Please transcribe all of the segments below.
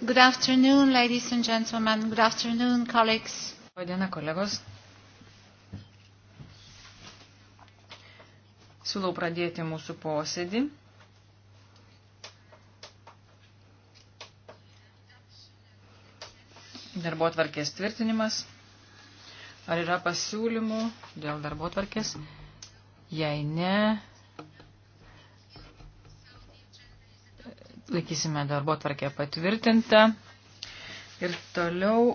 Good afternoon, ladies and gentlemen. Good afternoon, colleagues. Labadiena, kolegos. Siūlau pradėti mūsų posėdį. Darbo tvarkės tvirtinimas. Ar yra pasiūlymų dėl darbo tvarkės? Jei ne, Laikysime darbo tvarkę patvirtintą. Ir toliau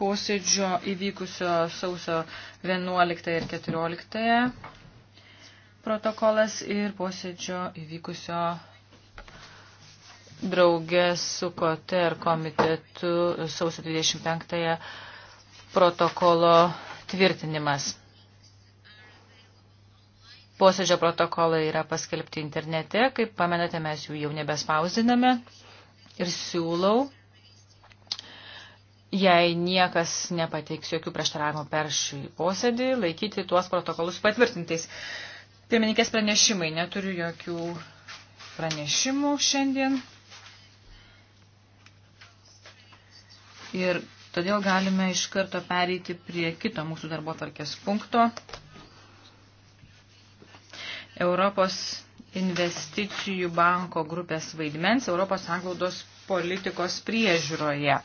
posėdžio įvykusio sausio 11 ir 14 protokolas ir posėdžio įvykusio draugės su KOTER komitetu sausio 25 protokolo tvirtinimas. Posėdžio protokolai yra paskelbti internete, kaip pamenate, mes jų jau nebespausdiname ir siūlau, jei niekas nepateiks jokių prieštaravimų per šį posėdį, laikyti tuos protokolus patvirtintais. Pirmininkės pranešimai, neturiu jokių pranešimų šiandien. Ir todėl galime iš karto pereiti prie kito mūsų darbo tvarkės punkto. Europos investicijų banko grupės vaidmens Europos anglaudos politikos priežiūroje.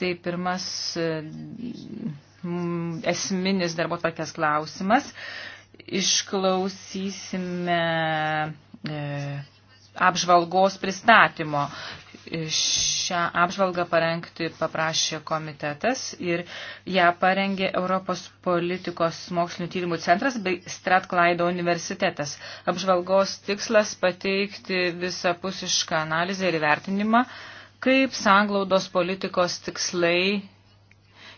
Tai pirmas esminis darbo tvarkės klausimas. Išklausysime e, apžvalgos pristatymo. Šią apžvalgą parengti paprašė komitetas ir ją parengė Europos politikos mokslinių tyrimų centras bei Stratklaido universitetas. Apžvalgos tikslas pateikti visapusišką analizę ir vertinimą, kaip sanglaudos politikos tikslai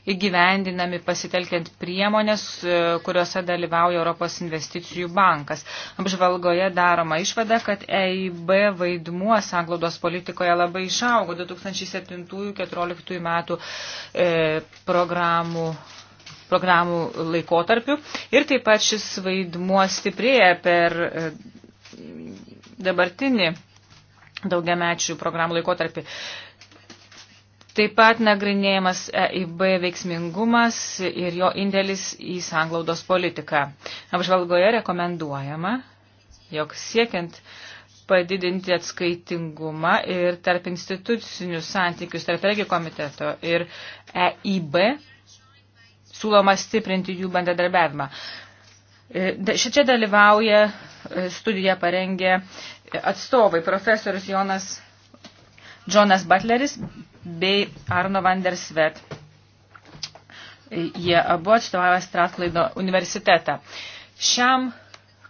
įgyvendinami pasitelkiant priemonės, e, kuriuose dalyvauja Europos investicijų bankas. Apžvalgoje daroma išvada, kad EIB vaidmuo sanglaudos politikoje labai išaugo 2007-2014 metų e, programų programų laikotarpiu ir taip pat šis vaidmuo stiprėja per e, dabartinį daugiamečių programų laikotarpį. Taip pat nagrinėjimas EIB veiksmingumas ir jo indėlis į sanglaudos politiką. Apžvalgoje rekomenduojama, jog siekiant padidinti atskaitingumą ir tarp institucinius santykius tarp regijų komiteto ir EIB siūloma stiprinti jų bendradarbiavimą. E, Šičia dalyvauja e, studiją parengė atstovai profesorius Jonas Džonas Butleris, bei Arno van der Svet. Jie abu atstovauja Stratklaido universitetą. Šiam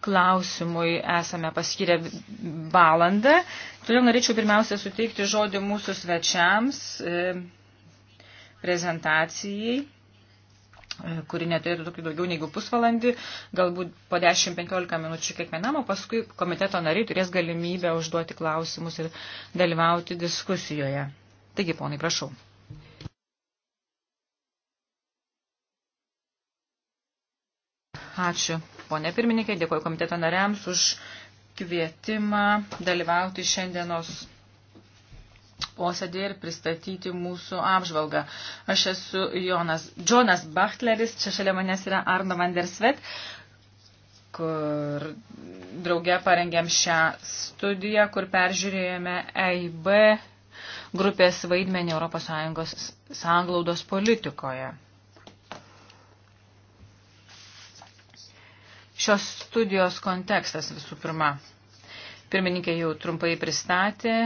klausimui esame paskyrę valandą. Todėl norėčiau pirmiausia suteikti žodį mūsų svečiams e, prezentacijai e, kuri neturėtų tokių daugiau negu pusvalandį, galbūt po 10-15 minučių kiekvienam, o paskui komiteto nariai turės galimybę užduoti klausimus ir dalyvauti diskusijoje. Taigi, ponai, prašau. Ačiū, ponė pirmininkė, dėkuoju komiteto nariams už kvietimą dalyvauti šiandienos posėdį ir pristatyti mūsų apžvalgą. Aš esu Jonas, Jonas Bachtleris, čia šalia manęs yra Arno Vandersvet, kur drauge parengėm šią studiją, kur peržiūrėjome EIB grupės vaidmenį ES sanglaudos politikoje. Šios studijos kontekstas visų pirma. Pirmininkė jau trumpai pristatė.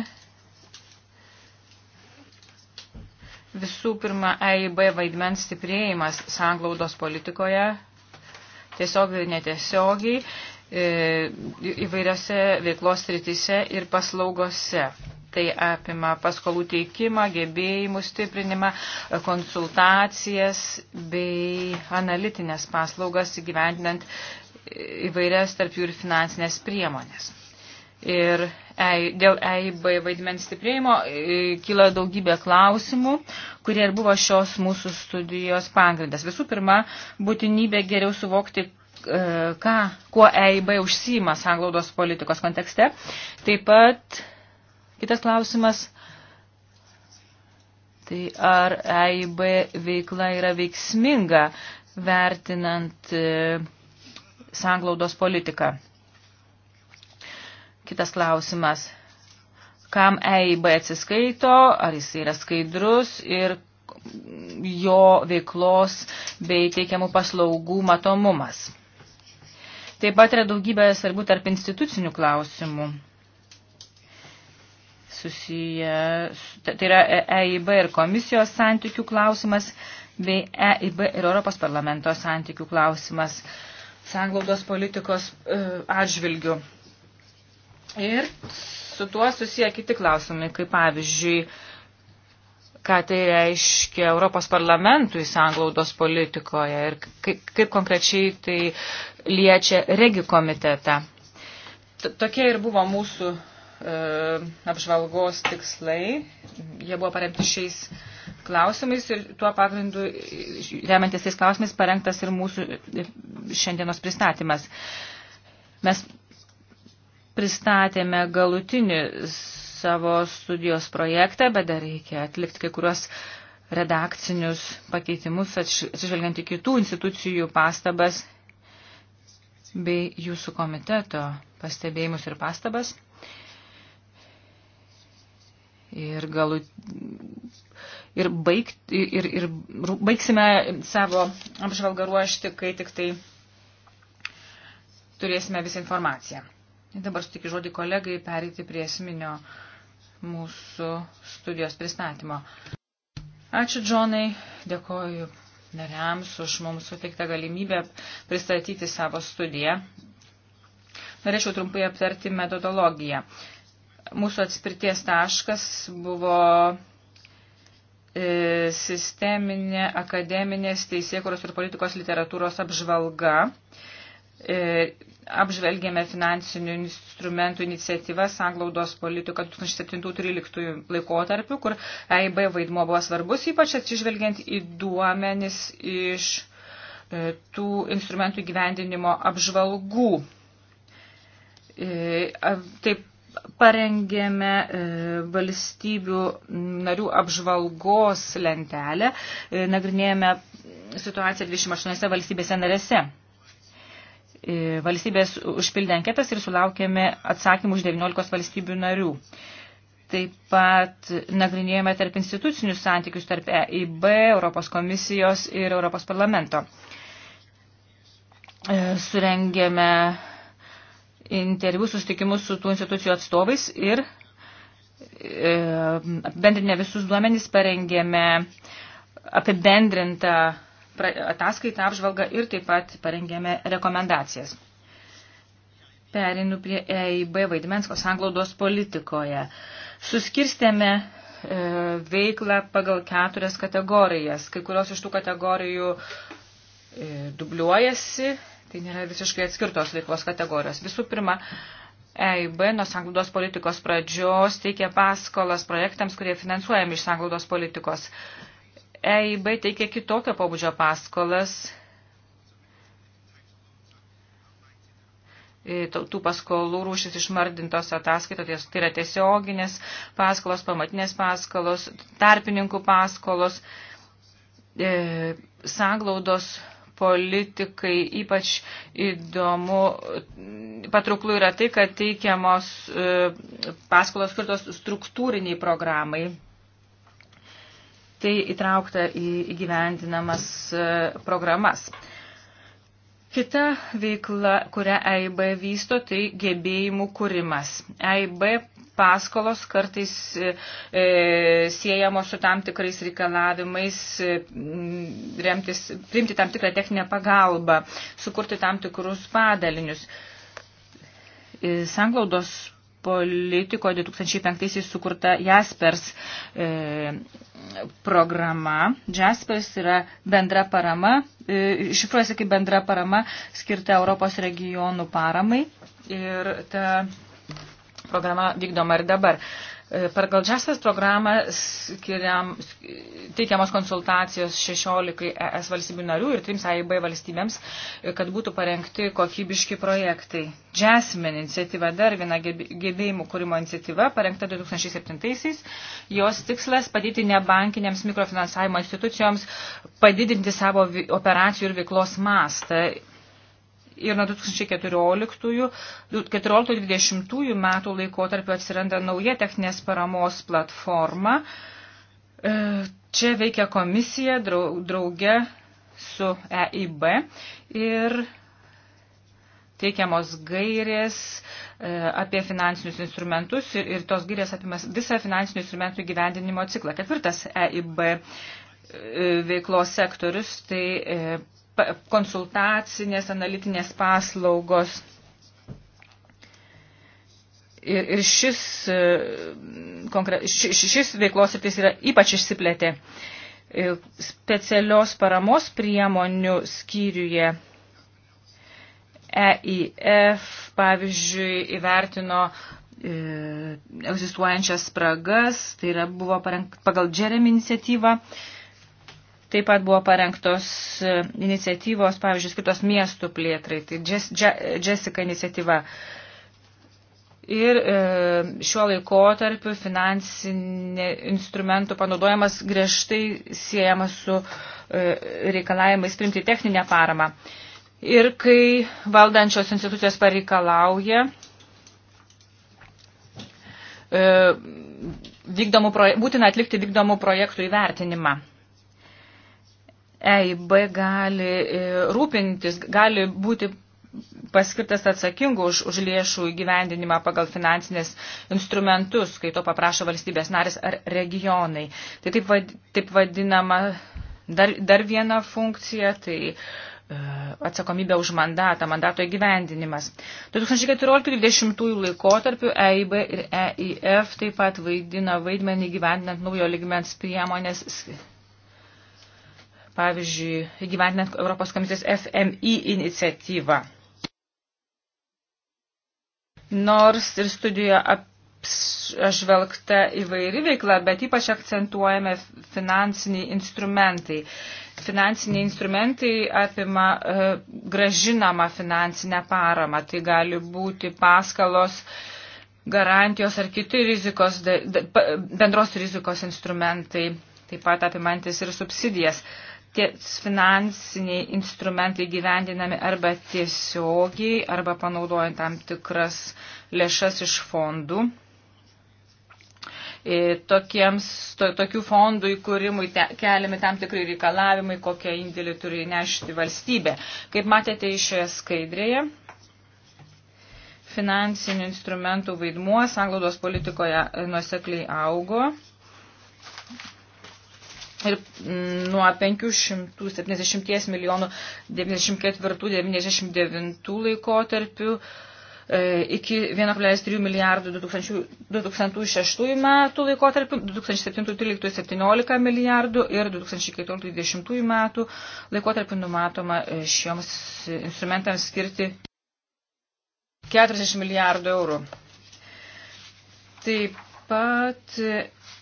Visų pirma, EIB vaidmens stiprėjimas sanglaudos politikoje, tiesiog ir netiesiogiai, e, įvairiose veiklos sritise ir paslaugose. Tai apima paskolų teikimą, gebėjimų stiprinimą, konsultacijas bei analitinės paslaugas įgyvendinant įvairias tarp jų ir finansinės priemonės. Ir dėl EIB vaidmens stiprėjimo e, kyla daugybė klausimų, kurie ir buvo šios mūsų studijos pagrindas. Visų pirma, būtinybė geriau suvokti, e, ką, kuo EIB užsima sanglaudos politikos kontekste. Taip pat Kitas klausimas. Tai ar AIB e veikla yra veiksminga vertinant e, sanglaudos politiką? Kitas klausimas. Kam EIB atsiskaito, ar jis yra skaidrus ir jo veiklos bei teikiamų paslaugų matomumas. Taip pat yra daugybė svarbių tarp institucinių klausimų susiję, tai, tai yra EIB ir komisijos santykių klausimas, bei EIB ir Europos parlamento santykių klausimas sanglaudos politikos e, atžvilgių. Ir su tuo susiję kiti klausimai, kaip pavyzdžiui, ką tai reiškia Europos parlamentui sanglaudos politikoje ir kaip, kaip konkrečiai tai liečia regi komitetą. Tokie ir buvo mūsų E, apžvalgos tikslai. Jie buvo paremti šiais klausimais ir tuo pagrindu, remiantis tais klausimais, parengtas ir mūsų šiandienos pristatymas. Mes pristatėme galutinį savo studijos projektą, bet dar reikia atlikti kai kuriuos redakcinius pakeitimus, atsižvelgiant į kitų institucijų pastabas bei jūsų komiteto pastebėjimus ir pastabas ir, galu, ir, baig, ir, ir baigsime savo apžvalgą ruošti, kai tik tai turėsime visą informaciją. Ir dabar sutikiu žodį kolegai perėti prie esminio mūsų studijos pristatymo. Ačiū, Džonai, dėkoju nariams už mums suteiktą galimybę pristatyti savo studiją. Norėčiau trumpai aptarti metodologiją. Uh, mūsų atspirties taškas buvo e, sisteminė akademinės teisėkuros ir politikos literatūros apžvalga. E, apžvelgėme finansinių instrumentų iniciatyvas sanglaudos politiką 2007-2013 laikotarpiu, kur EIB vaidmo buvo svarbus, ypač atsižvelgiant į duomenis iš e, tų instrumentų gyvendinimo apžvalgų. E, taip parengėme e, valstybių narių apžvalgos lentelę, e, nagrinėjame situaciją 28 valstybėse narėse. E, valstybės užpildė anketas ir sulaukėme atsakymų iš 19 valstybių narių. Taip pat nagrinėjome tarp institucinius santykius tarp EIB, Europos komisijos ir Europos parlamento. Surengėme interviu susitikimus su tų institucijų atstovais ir e, apibendrinę visus duomenys parengėme apibendrintą ataskaitą apžvalgą ir taip pat parengėme rekomendacijas. Perinu prie EIB vaidmenskos anglaudos politikoje. Suskirstėme e, veiklą pagal keturias kategorijas. Kai kurios iš tų kategorijų e, dubliuojasi Tai nėra visiškai atskirtos veiklos kategorijos. Visų pirma, EIB nuo sanglaudos politikos pradžios teikia paskolas projektams, kurie finansuojami iš sanglaudos politikos. EIB teikia kitokio pobūdžio paskolas tų paskolų rūšis išmardintos ataskaitos, tai yra tiesioginės paskolos, pamatinės paskolos, tarpininkų paskolos, e, sanglaudos politikai ypač įdomu, patrauklų yra tai, kad teikiamos e, paskolos skirtos struktūriniai programai. Tai įtraukta į įgyvendinamas e, programas. Kita veikla, kurią EIB vysto, tai gebėjimų kūrimas. EIB paskolos kartais e, e, siejamos su tam tikrais reikalavimais e, remtis, priimti tam tikrą techninę pagalbą, sukurti tam tikrus padalinius. E, sanglaudos politiko 2005-aisiais sukurta Jaspers e, programa. Jaspers yra bendra parama, e, šifruojasi kaip bendra parama skirta Europos regionų paramai. Ir ta programa vykdoma ir dabar. E, pagal Jastas programą skiriam, teikiamos konsultacijos 16 ES valstybių narių ir 3 AIB valstybėms, e, kad būtų parengti kokybiški projektai. Jasmine iniciatyva dar viena gebėjimų kūrimo iniciatyva, parengta 2007-aisiais. Jos tikslas padėti nebankinėms mikrofinansavimo institucijoms padidinti savo operacijų ir veiklos mastą ir nuo 2014-2020 metų laikotarpio atsiranda nauja techninės paramos platforma. E, čia veikia komisija drauge su EIB ir teikiamos gairės e, apie finansinius instrumentus ir tos gairės apima visą finansinių instrumentų gyvendinimo ciklą. Ketvirtas EIB e, veiklos sektorius tai konsultacinės, analitinės paslaugos. Ir, ir šis, e, šis, šis veiklos ir tai yra ypač išsiplėtė e, specialios paramos priemonių skyriuje EIF, pavyzdžiui, įvertino e, egzistuojančias spragas, tai yra buvo parengt, pagal Jeremy iniciatyvą, Taip pat buvo parengtos e, iniciatyvos, pavyzdžiui, skirtos miestų plėtrai, tai Jessica iniciatyva. Ir e, šiuo laikotarpiu finansinė instrumentų panaudojimas griežtai siejamas su e, reikalavimais primti techninę paramą. Ir kai valdančios institucijos pareikalauja vykdomų, būtina atlikti vykdomų projektų įvertinimą. EIB gali e, rūpintis, gali būti paskirtas atsakingų už, už lėšų įgyvendinimą pagal finansinės instrumentus, kai to paprašo valstybės narės ar regionai. Tai taip, vad, taip vadinama dar, dar viena funkcija, tai e, atsakomybė už mandatą, mandato įgyvendinimas. 2014-2020 laikotarpiu EIB ir EIF taip pat vaidina vaidmenį gyvendinant naujo ligmens priemonės pavyzdžiui, įgyvendinant Europos komisijos FMI iniciatyvą. Nors ir studijoje apžvelgta įvairi veikla, bet ypač akcentuojame finansiniai instrumentai. Finansiniai instrumentai apima e, gražinamą finansinę paramą. Tai gali būti paskalos, garantijos ar kiti rizikos, bendros rizikos instrumentai, taip pat apimantis ir subsidijas. E, tie finansiniai instrumentai gyvendinami arba tiesiogiai, arba panaudojant tam tikras lėšas iš fondų. E, tokiems, to, tokių fondų įkūrimui te, keliami tam tikrai reikalavimai, kokią indėlį turi nešti valstybė. Kaip matėte iš šioje skaidrėje, finansinių instrumentų vaidmuo sanglaudos politikoje nuosekliai augo ir mm, nuo 570 milijonų 94-99 laikotarpių e, iki 1,3 milijardų 2006 metų laikotarpių, 2007-2013 milijardų ir 2014-2020 metų laikotarpių numatoma e, šiems instrumentams skirti 40 milijardų eurų. Taip pat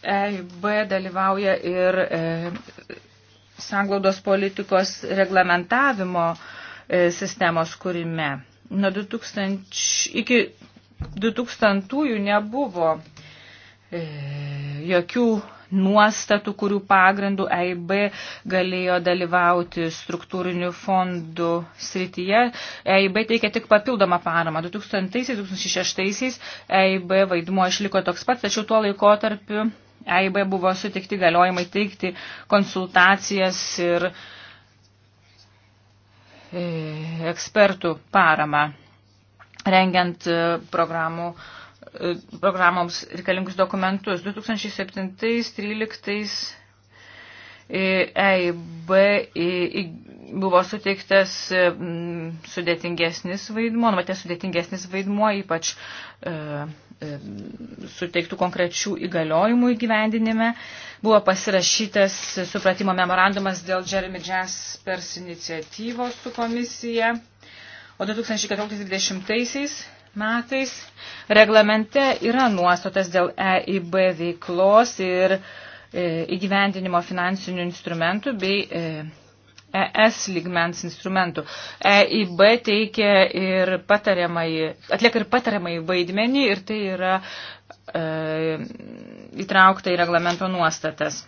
EIB dalyvauja ir e, sanglaudos politikos reglamentavimo e, sistemos kūrime. Nuo 2000, iki 2000-ųjų nebuvo e, jokių nuostatų, kurių pagrindų EIB galėjo dalyvauti struktūrinių fondų srityje. EIB teikia tik papildomą paramą. 2000-2006 EIB vaidmuo išliko toks pats, tačiau tuo laikotarpiu EIB buvo sutikti galiojimai teikti konsultacijas ir e, ekspertų paramą, rengiant e, programų, e, programoms reikalingus dokumentus. 2007-2013 EIB buvo suteiktas sudėtingesnis vaidmuo, numatė sudėtingesnis vaidmuo, ypač suteiktų konkrečių įgaliojimų įgyvendinime. Buvo pasirašytas supratimo memorandumas dėl Jeremy Jaspers iniciatyvos su komisija. O 2014-2020 metais reglamente yra nuostatas dėl EIB veiklos ir e, įgyvendinimo finansinių instrumentų bei e, ES lygmens instrumentų. EIB teikia ir patariamai, atlieka ir patariamai vaidmenį ir tai yra e, įtraukta į reglamento nuostatas.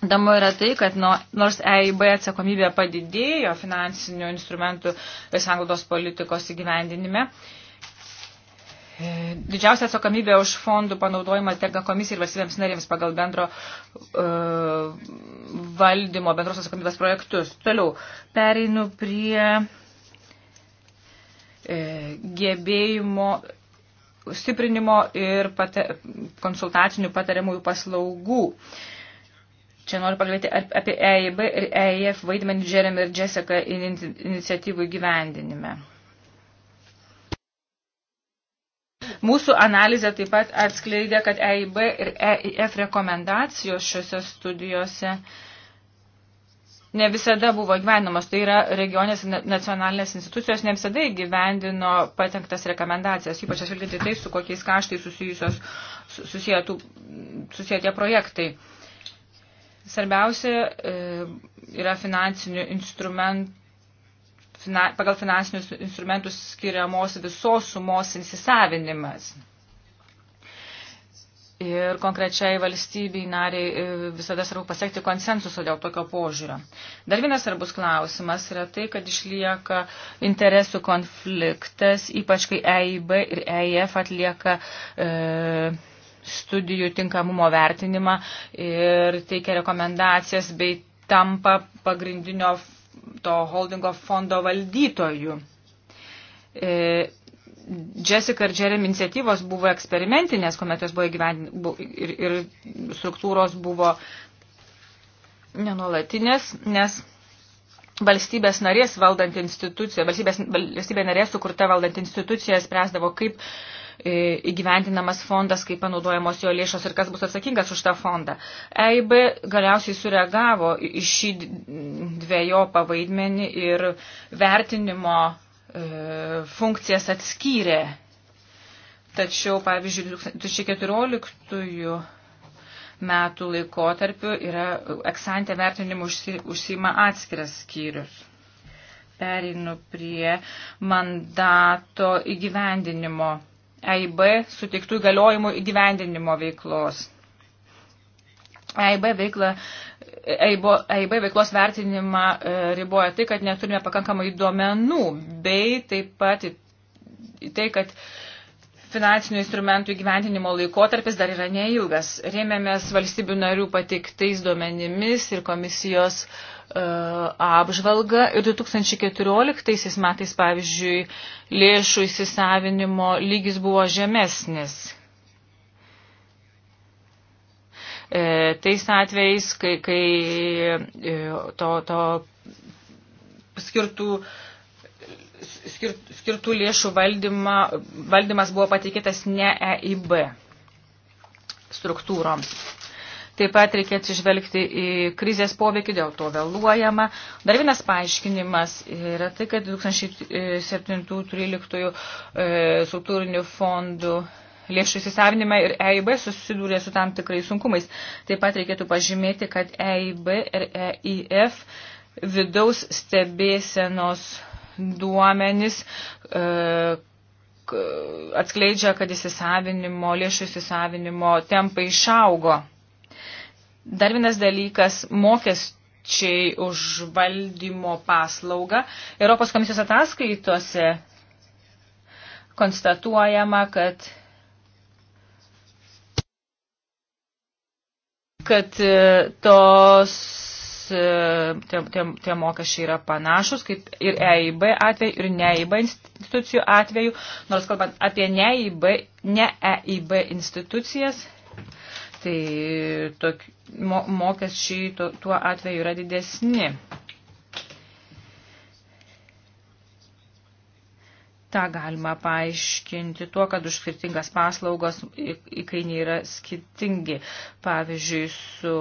Damo yra tai, kad nors EIB atsakomybė padidėjo finansinių instrumentų ir sanglaudos politikos įgyvendinime, e, E, didžiausia atsakomybė už fondų panaudojimą tenka komisijai ir valstybėms narėms pagal bendro uh, valdymo, bendros atsakomybės projektus. Toliau, pereinu prie uh, gebėjimo stiprinimo ir pate, konsultacinių patariamųjų paslaugų. Čia noriu pakalbėti apie EIB ir EIF vaidmenį Jeremy ir Jessica iniciatyvų gyvendinime. Mūsų analizė taip pat atskleidė, kad EIB ir EIF rekomendacijos šiuose studijuose ne visada buvo gyvenamos. Tai yra regionės nacionalinės institucijos ne visada įgyvendino patenktas rekomendacijas, ypač atsižvelgiant į tai, su kokiais kaštais susijusios susiję tie projektai. Svarbiausia e, yra finansinių instrumentų fina, pagal finansinius instrumentus skiriamos visos sumos įsisavinimas. Ir konkrečiai valstybei nariai e, visada svarbu pasiekti konsensuso dėl tokio požiūrio. Dar vienas svarbus klausimas yra tai, kad išlieka interesų konfliktas, ypač kai EIB ir EIF atlieka e, studijų tinkamumo vertinimą ir teikia rekomendacijas bei tampa pagrindinio to holdingo fondo valdytojų. E, Jessica ir Jeremy iniciatyvos buvo eksperimentinės, kuomet jos buvo įgyvendinti ir, ir struktūros buvo nenuolatinės, nes valstybės narės valdant instituciją, valstybės, valstybė narės sukurta valdant instituciją spręsdavo, kaip uh, E, įgyventinamas fondas, kaip panaudojamos jo lėšos ir kas bus atsakingas už tą fondą. EIB galiausiai sureagavo į šį dviejopą vaidmenį ir vertinimo e, funkcijas atskyrė. Tačiau, pavyzdžiui, 2014 metų laikotarpiu yra eksantė vertinimų užsima atskiras skyrius. Perinu prie mandato įgyvendinimo. EIB suteiktų įgaliojimų įgyvendinimo veiklos. EIB, veikla, EIB e veiklos vertinimą e, riboja tai, kad neturime pakankamai duomenų, bei taip pat tai, kad finansinių instrumentų įgyvendinimo laikotarpis dar yra neilgas. Rėmėmės valstybių narių pateiktais duomenimis ir komisijos uh, E, apžvalgą ir 2014 metais, pavyzdžiui, lėšų įsisavinimo lygis buvo žemesnis. E, tais atvejais, kai, kai e, to, to skirtų, skirt, skirtų lėšų valdyma, valdymas buvo patikėtas ne EIB struktūroms. Taip pat reikia atsižvelgti į krizės poveikį, dėl to vėluojama. Dar vienas paaiškinimas yra tai, kad 2007-2013 e, struktūrinių fondų lėšų įsisavinimą ir EIB susidūrė su tam tikrai sunkumais. Taip pat reikėtų pažymėti, kad EIB ir EIF vidaus stebėsenos duomenis e, atskleidžia, kad įsisavinimo, lėšų įsisavinimo tempai išaugo. Dar vienas dalykas - mokesčiai už valdymo paslaugą. Europos komisijos ataskaitose konstatuojama, kad, kad e, tos e, tie, tie, tie mokesčiai yra panašus, kaip ir EIB atveju, ir neIB e institucijų atveju, nors kalbant apie neIB, ne EIB institucijas, Tai tok, mo, mokesčiai to, tuo atveju yra didesni. Ta galima paaiškinti tuo, kad už skirtingas paslaugos įkainiai yra skirtingi. Pavyzdžiui, su,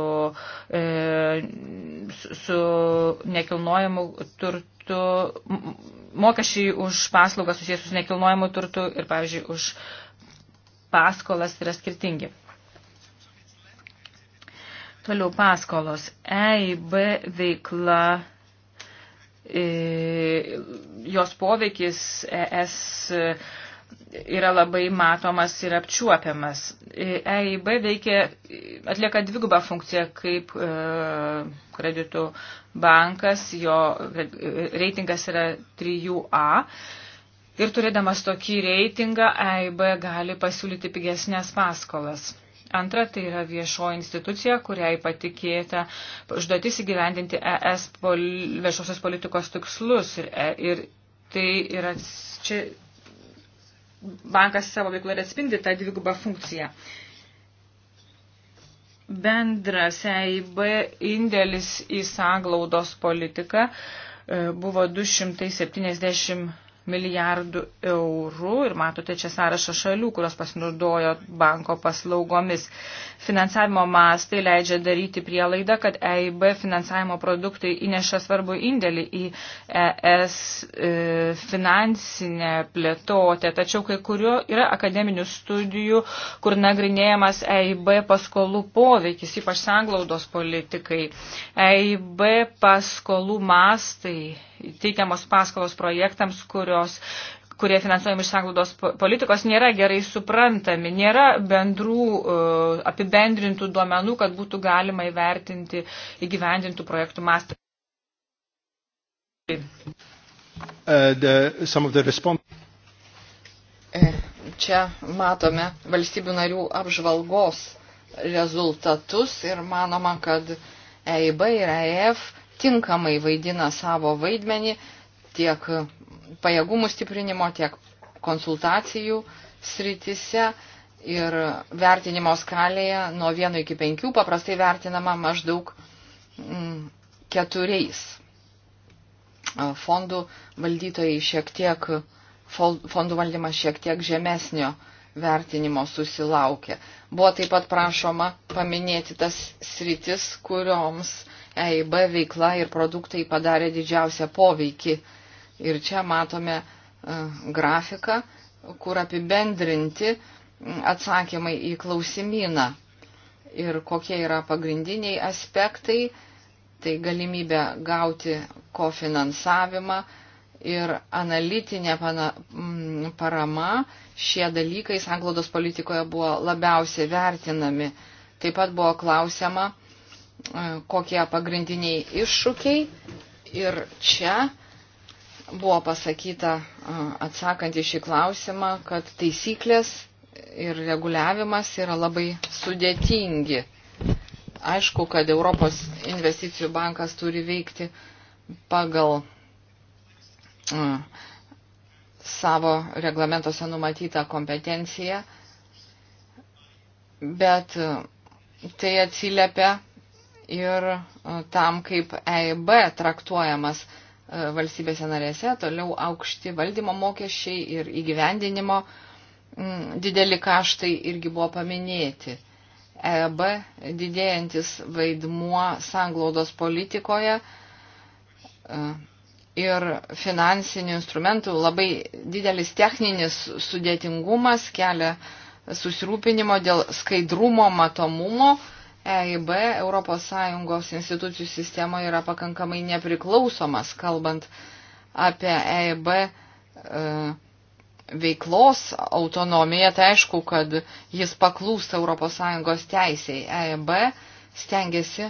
e, su nekilnojimu turtu, mokesčiai už paslaugas susijęs su nekilnojimu turtu ir, pavyzdžiui, už paskolas yra skirtingi. Toliau paskolos. EIB veikla, e, jos poveikis ES yra labai matomas ir apčiuopiamas. EIB e veikia, atlieka dvigubą funkciją kaip e, kreditų bankas, jo reitingas yra 3A. Ir turėdamas tokį reitingą, EIB gali pasiūlyti pigesnės paskolas. Antra, tai yra viešoji institucija, kuriai patikėta užduotis įgyvendinti ES pol, viešosios politikos tikslus. Ir, e, ir tai yra čia bankas savo veikloje atspindi tą dvigubą funkciją. Bendras EIB indėlis į sanglaudos politiką e, buvo 270 milijardų eurų ir matote čia sąrašą šalių, kurios pasinaudojo banko paslaugomis. Finansavimo mastai leidžia daryti prielaidą, kad EIB finansavimo produktai įneša svarbu indėlį į ES e, finansinę plėtotę, tačiau kai kurio yra akademinių studijų, kur nagrinėjamas EIB paskolų poveikis, ypač sanglaudos politikai. EIB paskolų mastai teikiamos paskolos projektams, kurios kurie finansuojami iš sanglaudos politikos, nėra gerai suprantami, nėra bendrų e, apibendrintų duomenų, kad būtų galima įvertinti įgyvendintų projektų mastą. E, e, čia matome valstybių narių apžvalgos rezultatus ir manoma, kad EIB ir EF tinkamai vaidina savo vaidmenį tiek pajėgumų stiprinimo, tiek konsultacijų sritise ir vertinimo skalėje nuo 1 iki 5 paprastai vertinama maždaug mm, keturiais. Fondų valdytojai šiek tiek, fondų valdymas šiek tiek žemesnio vertinimo susilaukė. Buvo taip pat prašoma paminėti tas sritis, kurioms uh, EIB veikla ir produktai padarė didžiausią poveikį. Ir čia matome e, grafiką, kur apibendrinti atsakymai į klausimyną ir kokie yra pagrindiniai aspektai, tai galimybė gauti kofinansavimą ir analitinė parama. Šie dalykai sanglaudos politikoje buvo labiausiai vertinami. Taip pat buvo klausima, E, kokie pagrindiniai iššūkiai. Ir čia buvo pasakyta, e, atsakant į šį klausimą, kad taisyklės ir reguliavimas yra labai sudėtingi. Aišku, kad Europos investicijų bankas turi veikti pagal e, savo reglamentuose numatytą kompetenciją, bet tai atsiliepia ir e, tam, kaip EIB traktuojamas e, valstybėse narėse, toliau aukšti valdymo mokesčiai ir įgyvendinimo mm, dideli kaštai irgi buvo paminėti. EIB didėjantis vaidmuo sanglaudos politikoje e, ir finansinių instrumentų labai didelis techninis sudėtingumas kelia susirūpinimo dėl skaidrumo, matomumo EIB ES institucijų sistemoje yra pakankamai nepriklausomas, kalbant apie EIB e, veiklos autonomiją, tai aišku, kad jis paklūsta ES teisiai. EIB stengiasi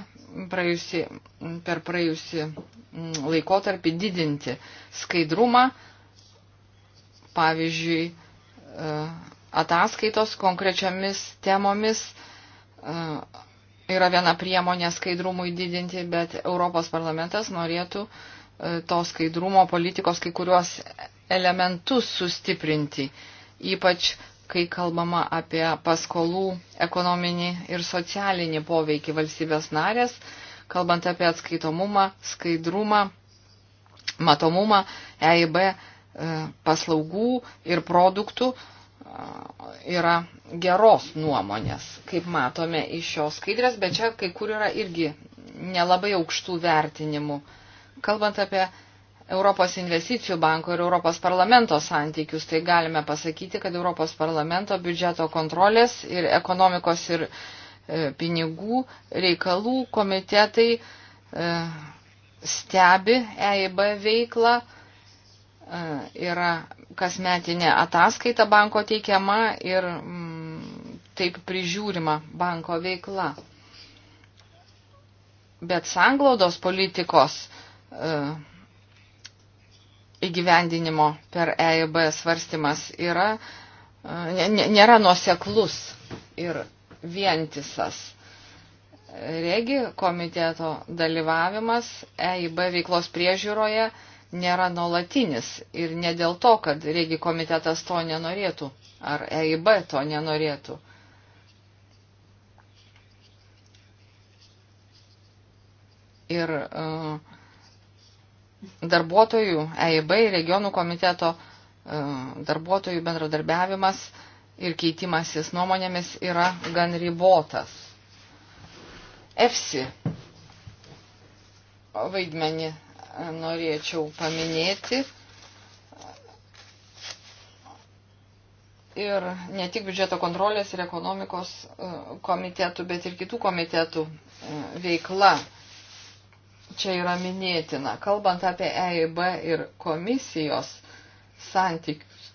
praėjusi, per praėjusi mm, laikotarpį didinti skaidrumą, pavyzdžiui, e, ataskaitos konkrečiamis temomis, e, yra viena priemonė skaidrumui didinti, bet Europos parlamentas norėtų e, to skaidrumo politikos kai kuriuos elementus sustiprinti, ypač kai kalbama apie paskolų ekonominį ir socialinį poveikį valstybės narės, kalbant apie atskaitomumą, skaidrumą, matomumą, EIB e, paslaugų ir produktų yra geros nuomonės, kaip matome iš šios skaidrės, bet čia kai kur yra irgi nelabai aukštų vertinimų. Kalbant apie Europos investicijų banko ir Europos parlamento santykius, tai galime pasakyti, kad Europos parlamento biudžeto kontrolės ir ekonomikos ir e, pinigų reikalų komitetai e, stebi EIB veiklą, e, yra kasmetinė ataskaita banko teikiama ir mm, taip prižiūrima banko veikla. Bet sanglaudos politikos e, įgyvendinimo per EIB svarstymas yra, e, nėra nuoseklus ir vientisas. Regi komiteto dalyvavimas EIB veiklos priežiūroje e, nėra nuolatinis ir ne dėl to, kad regi komitetas to nenorėtų ar EIB to nenorėtų. Ir uh, darbuotojų EIB regionų komiteto uh, darbuotojų bendradarbiavimas ir keitimasis nuomonėmis yra gan ribotas. EFSI vaidmenį norėčiau paminėti. Ir ne tik biudžeto kontrolės ir ekonomikos e, komitetų, bet ir kitų komitetų e, veikla čia yra minėtina. Kalbant apie EIB ir komisijos santykius,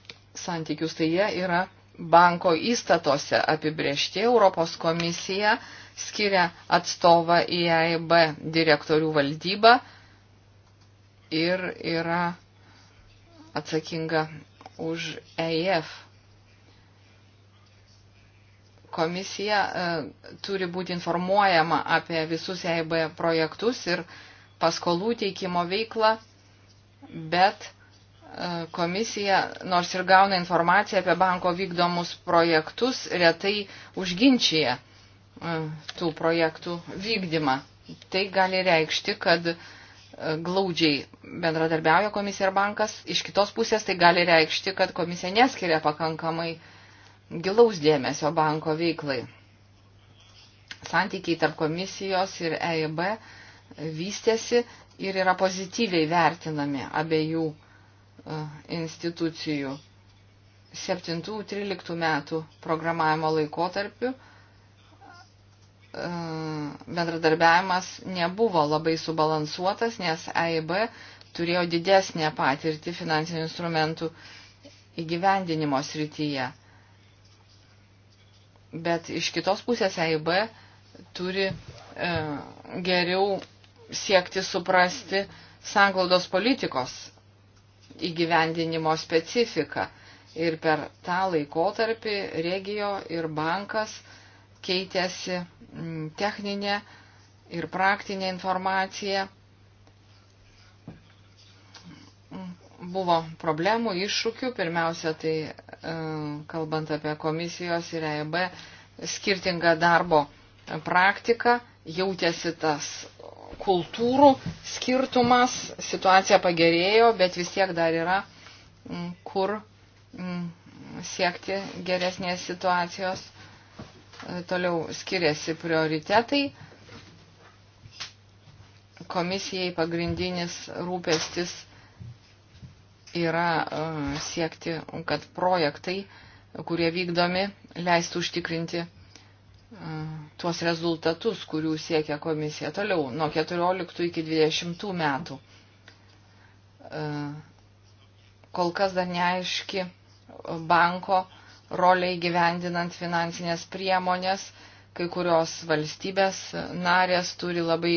santykius tai jie yra banko įstatose apibriešti. Europos komisija skiria atstovą į EIB direktorių valdybą ir yra atsakinga už EIF. Komisija e, turi būti informuojama apie visus EIB projektus ir paskolų teikimo veiklą, bet e, komisija, nors ir gauna informaciją apie banko vykdomus projektus, retai užginčia e, tų projektų vykdymą. Tai gali reikšti, kad glaudžiai bendradarbiauja komisija ir bankas, iš kitos pusės tai gali reikšti, kad komisija neskiria pakankamai gilaus dėmesio banko veiklai. Santykiai tarp komisijos ir EIB vystėsi ir yra pozityviai vertinami abiejų e, institucijų 7-13 metų programavimo laikotarpiu E, bendradarbiavimas nebuvo labai subalansuotas, nes AIB turėjo didesnę patirtį finansinių instrumentų įgyvendinimo srityje. Bet iš kitos pusės AIB turi e, geriau siekti suprasti sanglaudos politikos įgyvendinimo specifiką. Ir per tą laikotarpį regio ir bankas e, keitėsi mm, techninė ir praktinė informacija. Buvo problemų, iššūkių, pirmiausia, tai e, kalbant apie komisijos ir EIB skirtingą darbo praktiką, jautėsi tas kultūrų skirtumas, situacija pagerėjo, bet vis tiek dar yra mm, kur mm, siekti geresnės situacijos toliau skiriasi prioritetai. Komisijai pagrindinis rūpestis yra e, siekti, kad projektai, kurie vykdomi, leistų užtikrinti e, tuos rezultatus, kurių siekia komisija toliau nuo 14 iki 20 metų. E, kol kas dar neaiški banko roliai gyvendinant finansinės priemonės. Kai kurios valstybės narės turi labai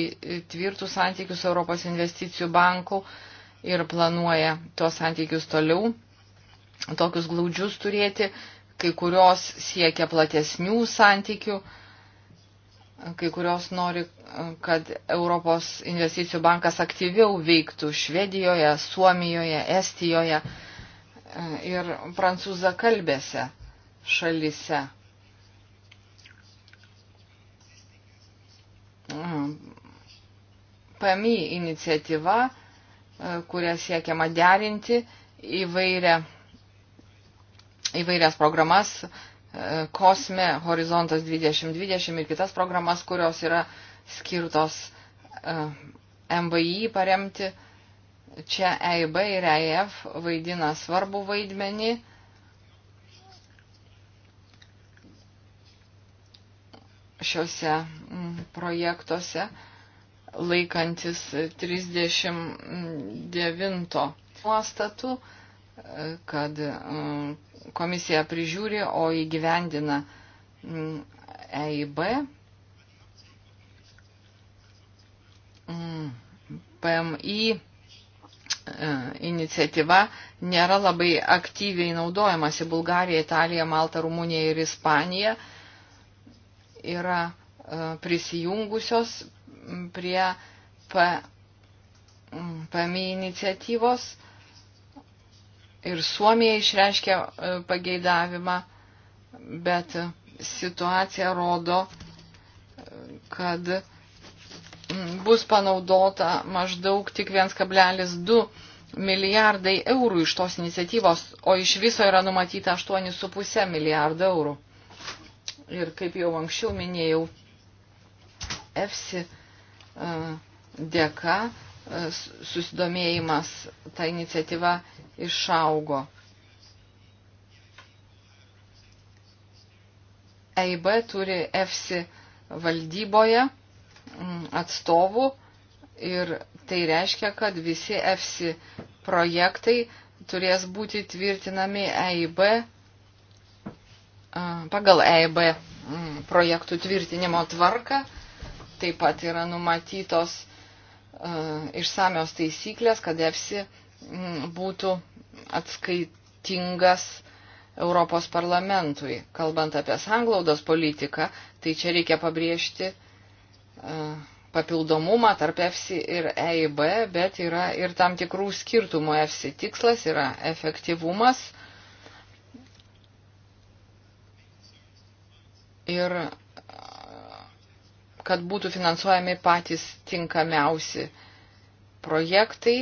tvirtus santykius Europos investicijų bankų ir planuoja tuos santykius toliau, tokius glaudžius turėti. Kai kurios siekia platesnių santykių, kai kurios nori, kad Europos investicijų bankas aktyviau veiktų Švedijoje, Suomijoje, Estijoje ir prancūzakalbėse šalise. PMI iniciatyva, e, kurią siekiama derinti įvairia, įvairias programas, e, Kosme, Horizontas 2020 ir kitas programas, kurios yra skirtos e, MVI paremti Čia EIB ir EIF vaidina svarbų vaidmenį. šiuose mm, projektuose laikantis 39 nuostatų, e, kad mm, komisija prižiūri, o įgyvendina mm, EIB. PMI E, iniciatyva nėra labai aktyviai naudojamasi. Bulgarija, Italija, Malta, Rumunija ir Ispanija yra e, prisijungusios prie PMI iniciatyvos ir Suomija išreiškė e, pageidavimą, bet situacija rodo, kad bus panaudota maždaug tik 1,2 milijardai eurų iš tos iniciatyvos, o iš viso yra numatyta 8,5 milijardo eurų. Ir kaip jau anksčiau minėjau, EFSI e, dėka e, susidomėjimas ta iniciatyva išaugo. EIB turi EFSI valdyboje Mm, atstovų ir tai reiškia, kad visi EFSI projektai turės būti tvirtinami EIB pagal EIB mm, projektų tvirtinimo tvarką. Taip pat yra numatytos išsamios taisyklės, kad EFSI mm, būtų atskaitingas Europos parlamentui. Kalbant apie sanglaudos politiką, tai čia reikia pabrėžti E, papildomumą tarp EFSI ir EIB, bet yra ir tam tikrų skirtumų. EFSI tikslas yra efektyvumas ir e, kad būtų finansuojami patys tinkamiausi projektai.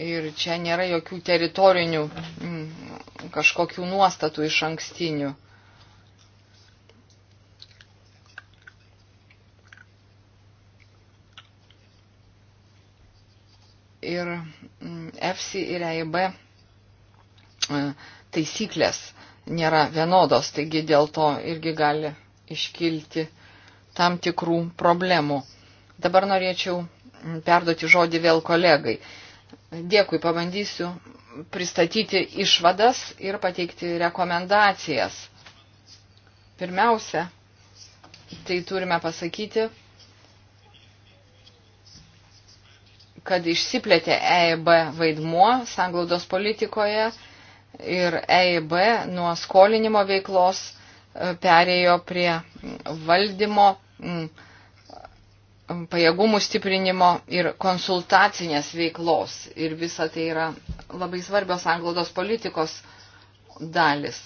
Ir čia nėra jokių teritorinių mm, kažkokių nuostatų iš ankstinių. ir EFSI mm, ir EIB e, taisyklės nėra vienodos, taigi dėl to irgi gali iškilti tam tikrų problemų. Dabar norėčiau mm, perduoti žodį vėl kolegai. Dėkui, pabandysiu pristatyti išvadas ir pateikti rekomendacijas. Pirmiausia, tai turime pasakyti, kad išsiplėtė EIB vaidmuo sanglaudos politikoje ir EIB nuo skolinimo veiklos e, perėjo prie valdymo, pajėgumų stiprinimo ir konsultacinės veiklos. Ir visa tai yra labai svarbios sanglaudos politikos dalis.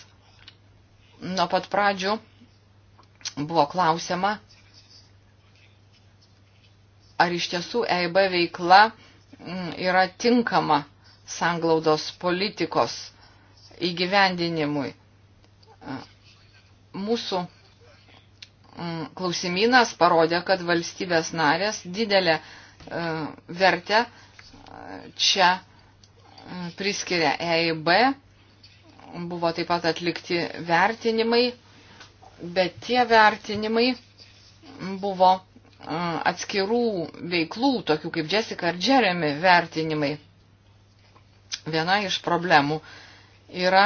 Nuo pat pradžių buvo klausima, ar iš tiesų EIB veikla mm, yra tinkama sanglaudos politikos įgyvendinimui. Mūsų mm, klausimynas parodė, kad valstybės narės didelę e, vertę čia mm, priskiria EIB. Buvo taip pat atlikti vertinimai, bet tie vertinimai buvo atskirų veiklų, tokių kaip Jessica ar Jeremy vertinimai, viena iš problemų yra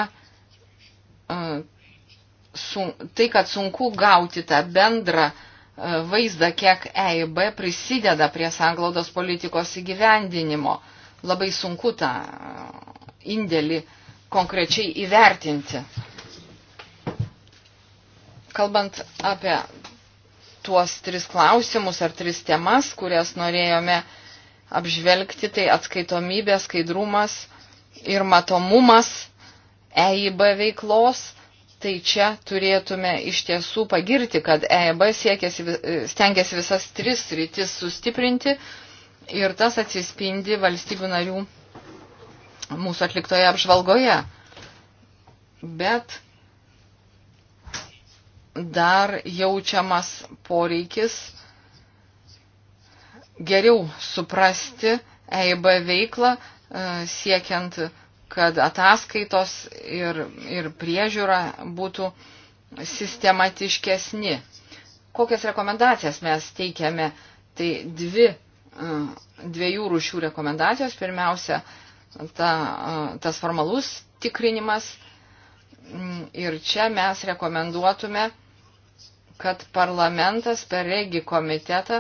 sun, tai, kad sunku gauti tą bendrą vaizdą, kiek EIB prisideda prie sanglaudos politikos įgyvendinimo. Labai sunku tą indėlį konkrečiai įvertinti. Kalbant apie tuos tris klausimus ar tris temas, kurias norėjome apžvelgti, tai atskaitomybė, skaidrumas ir matomumas EIB veiklos. Tai čia turėtume iš tiesų pagirti, kad EIB siekėsi, stengiasi visas tris rytis sustiprinti ir tas atsispindi valstybių narių mūsų atliktoje apžvalgoje. Bet dar jaučiamas poreikis geriau suprasti EIB veiklą, e, siekiant, kad ataskaitos ir, ir priežiūra būtų sistematiškesni. Kokias rekomendacijas mes teikiame? Tai dvi, e, dviejų rūšių rekomendacijos. Pirmiausia, ta, e, tas formalus tikrinimas. Mm, ir čia mes rekomenduotume kad parlamentas per regi komitetą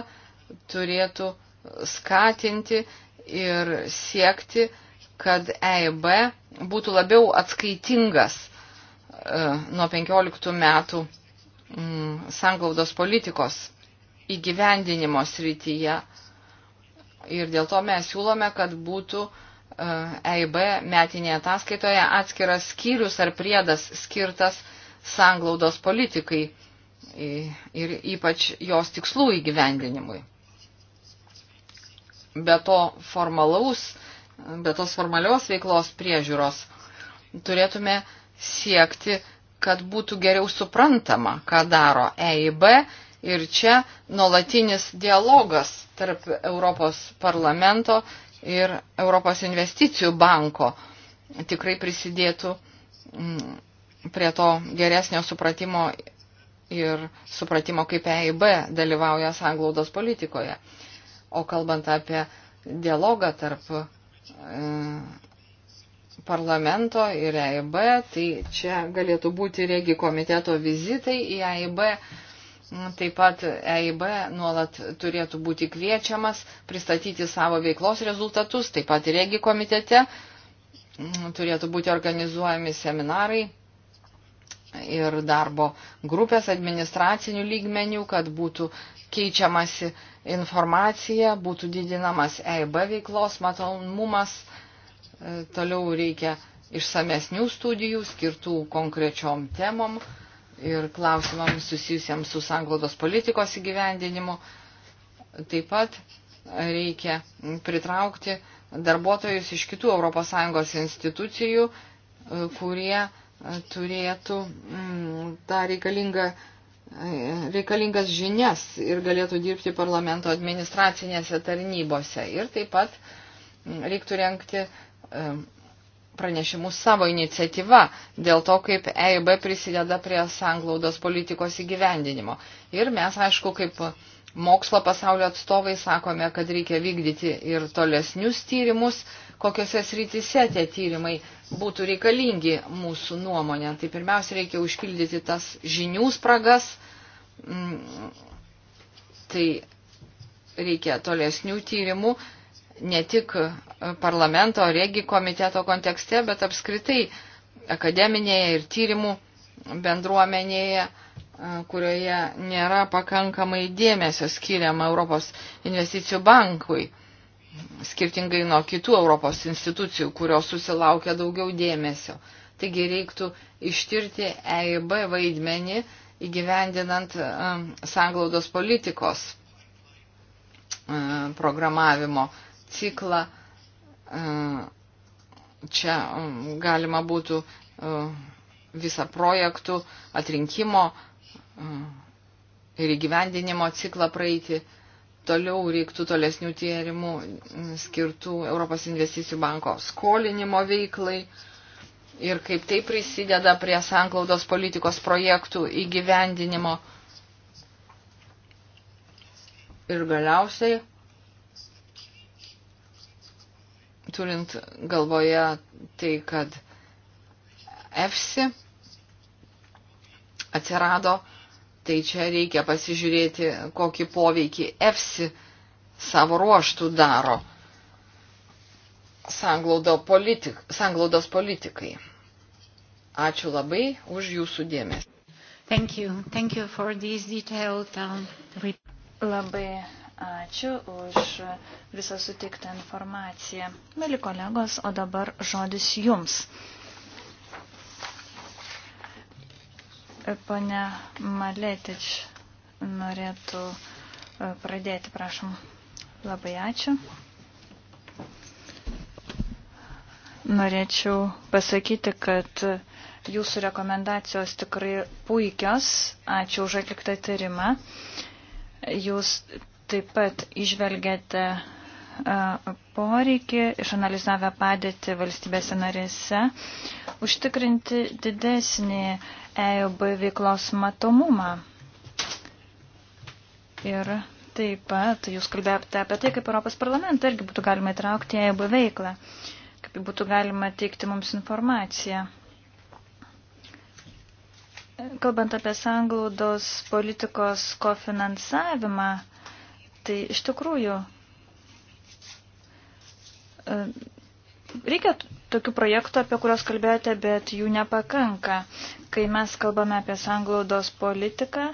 turėtų skatinti ir siekti, kad EIB būtų labiau atskaitingas e, nuo 15 metų mm, sanglaudos politikos įgyvendinimo srityje. Ir dėl to mes siūlome, kad būtų EIB e metinėje ataskaitoje atskiras skyrius ar priedas skirtas sanglaudos politikai ir ypač jos tikslų įgyvendinimui. Be to formalaus, be tos formalios veiklos priežiūros turėtume siekti, kad būtų geriau suprantama, ką daro EIB ir čia nuolatinis dialogas tarp Europos parlamento ir Europos investicijų banko tikrai prisidėtų mm, prie to geresnio supratimo ir supratimo, kaip EIB dalyvauja sanglaudos politikoje. O kalbant apie dialogą tarp e, parlamento ir EIB, tai čia galėtų būti regi komiteto vizitai į EIB. Taip pat EIB nuolat turėtų būti kviečiamas pristatyti savo veiklos rezultatus, taip pat ir regi komitete turėtų būti organizuojami seminarai ir darbo grupės administracinių lygmenių, kad būtų keičiamasi informacija, būtų didinamas EIB veiklos matomumas, e, toliau reikia išsamesnių studijų skirtų konkrečiom temom ir klausimams susijusiems su sanglaudos politikos įgyvendinimu. Taip pat reikia pritraukti darbuotojus iš kitų ES institucijų, e, kurie turėtų mm, tą reikalingą, reikalingas žinias ir galėtų dirbti parlamento administracinėse tarnybose. Ir taip pat mm, reiktų renkti pranešimus savo iniciatyva dėl to, kaip EIB prisideda prie sanglaudos politikos įgyvendinimo. Ir mes, aišku, kaip mokslo pasaulio atstovai sakome, kad reikia vykdyti ir tolesnius tyrimus, kokiuose srityse tie tyrimai būtų reikalingi mūsų nuomonė. Tai pirmiausia, reikia užpildyti tas žinių spragas, mm, tai reikia tolesnių tyrimų ne tik parlamento, regi komiteto kontekste, bet apskritai akademinėje ir tyrimų bendruomenėje kurioje nėra pakankamai dėmesio skiriama Europos investicijų bankui, skirtingai nuo kitų Europos institucijų, kurios susilaukia daugiau dėmesio. Taigi reiktų ištirti EIB vaidmenį įgyvendinant um, sanglaudos politikos um, programavimo ciklą. Um, čia galima būtų visą projektų atrinkimo ir įgyvendinimo ciklą praeiti. Toliau reiktų tolesnių tyrimų skirtų Europos investicijų banko skolinimo veiklai ir kaip tai prisideda prie sanklaudos politikos projektų įgyvendinimo. Ir galiausiai, turint galvoje tai, kad EFSI atsirado Tai čia reikia pasižiūrėti, kokį poveikį EFSI savo ruoštų daro politik, sanglaudos politikai. Ačiū labai už jūsų dėmesį. Thank you. Thank you for this detailed um, Labai ačiū už visą sutiktą informaciją. Mėly kolegos, o dabar žodis jums. Pane Maletič norėtų e, pradėti, prašom. Labai ačiū. Norėčiau pasakyti, kad jūsų rekomendacijos tikrai puikios. Ačiū už atliktą tyrimą. Jūs taip pat išvelgėte e, poreikį, išanalizavę padėtį valstybėse narėse, užtikrinti didesnį EIB veiklos matomumą. Ir taip pat jūs kalbėjote apie tai, kaip Europos parlamentą irgi būtų galima įtraukti EIB veiklą, kaip būtų galima teikti mums informaciją. Kalbant apie sanglaudos politikos kofinansavimą, tai iš tikrųjų e, reikia tokių projektų, apie kuriuos kalbėjote, bet jų nepakanka. Kai mes kalbame apie sanglaudos politiką,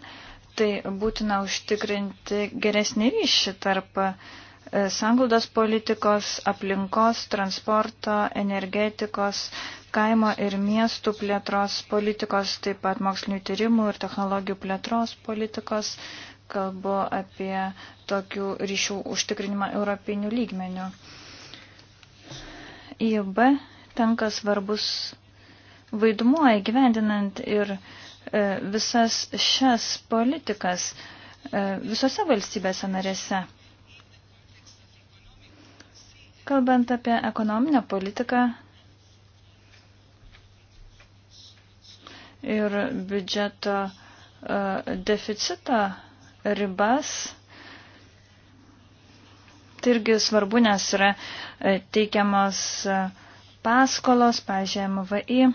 tai būtina užtikrinti geresnį ryšį tarp e, sanglaudos politikos, aplinkos, transporto, energetikos, kaimo ir miestų plėtros politikos, taip pat mokslinių tyrimų ir technologijų plėtros politikos. Kalbu apie tokių ryšių užtikrinimą europinių lygmenių. EIB tenka svarbus vaidmuo įgyvendinant ir e, visas šias politikas e, visose valstybėse narėse. Kalbant apie ekonominę politiką ir biudžeto e, deficito ribas, Tai irgi svarbu, nes yra e, teikiamos e, paskolos, pažiūrėjau, MVI.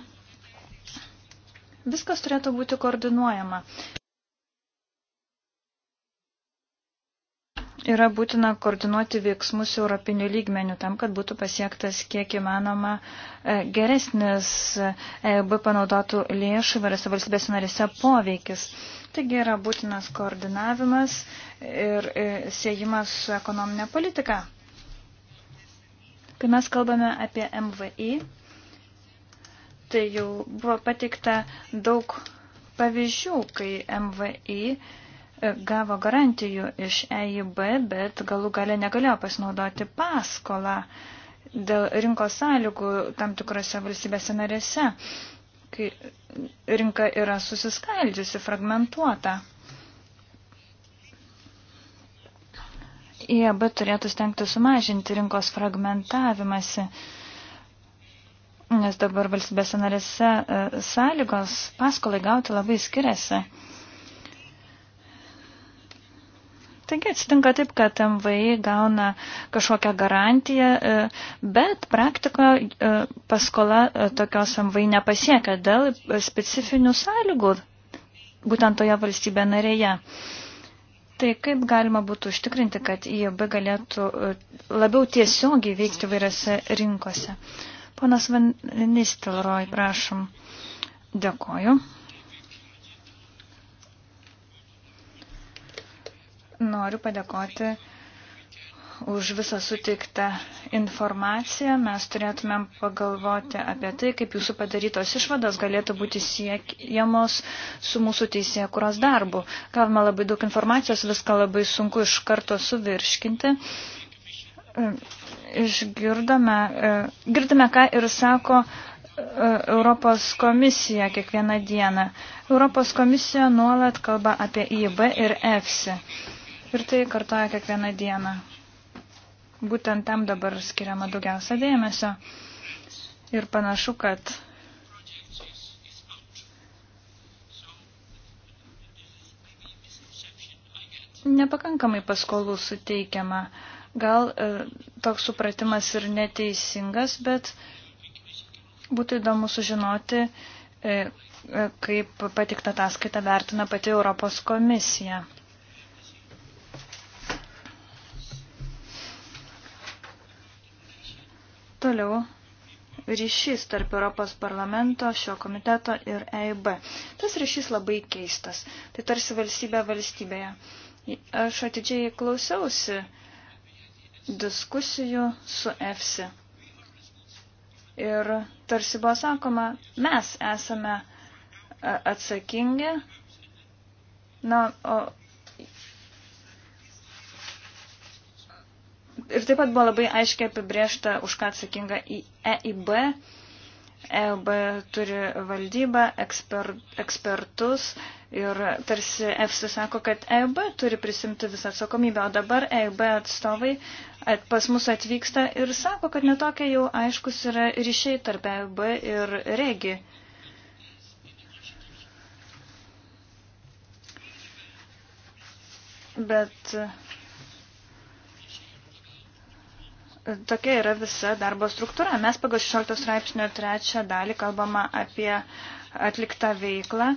Viskas turėtų būti koordinuojama. Yra būtina koordinuoti veiksmus europinių lygmenių tam, kad būtų pasiektas kiek įmanoma e, geresnis EIB panaudotų lėšų įvairiose valstybės narėse poveikis. Taigi yra būtinas koordinavimas ir e, siejimas su ekonominė politika. Kai mes kalbame apie MVI, tai jau buvo pateikta daug pavyzdžių, kai MVI e, gavo garantijų iš EIB, bet galų gale negalėjo pasinaudoti paskolą dėl rinkos sąlygų tam tikrose valstybėse narėse kai rinka yra susiskaldžiusi, fragmentuota. IAB turėtų stengti sumažinti rinkos fragmentavimąsi, nes dabar valstybės narėse e, sąlygos paskolai gauti labai skiriasi. Taigi atsitinka taip, kad MVI gauna kažkokią garantiją, e, bet praktikoje e, paskola e, tokios MVI nepasiekia dėl specifinių sąlygų būtent toje valstybė narėje. Tai kaip galima būtų užtikrinti, kad IAB galėtų labiau tiesiogiai veikti vairiose rinkose? Ponas Van Nistelroj, prašom. Dėkoju. noriu padėkoti už visą sutiktą informaciją. Mes turėtumėm pagalvoti apie tai, kaip jūsų padarytos išvados galėtų būti siekiamos su mūsų teisėje kuros darbu. Gavome labai daug informacijos, viską labai sunku iš karto suvirškinti. Išgirdome, girdime, ką ir sako e, Europos komisija kiekvieną dieną. Europos komisija nuolat kalba apie IB ir EFSI. Ir tai kartoja kiekvieną dieną. Būtent tam dabar skiriama daugiausia dėmesio. Ir panašu, kad nepakankamai paskolų suteikiama. Gal e, toks supratimas ir neteisingas, bet būtų įdomu sužinoti, e, e kaip patiktą ataskaitą vertina pati Europos komisija. Toliau ryšys tarp Europos parlamento, šio komiteto ir EIB. Tas ryšys labai keistas. Tai tarsi valstybė valstybėje. Aš atidžiai klausiausi diskusijų su EFSI. Ir tarsi buvo sakoma, mes esame e, atsakingi, na, o Ir taip pat buvo labai aiškiai apibriešta, už ką atsakinga į EIB. EIB turi valdybą, eksper, ekspertus ir tarsi EFSI sako, kad EIB turi prisimti visą atsakomybę, o dabar EIB atstovai at, pas mus atvyksta ir sako, kad netokia jau aiškus yra ryšiai tarp EIB ir regi. Bet uh, tokia yra visa darbo struktūra. Mes pagal 16 straipsnio trečią dalį kalbama apie atliktą veiklą.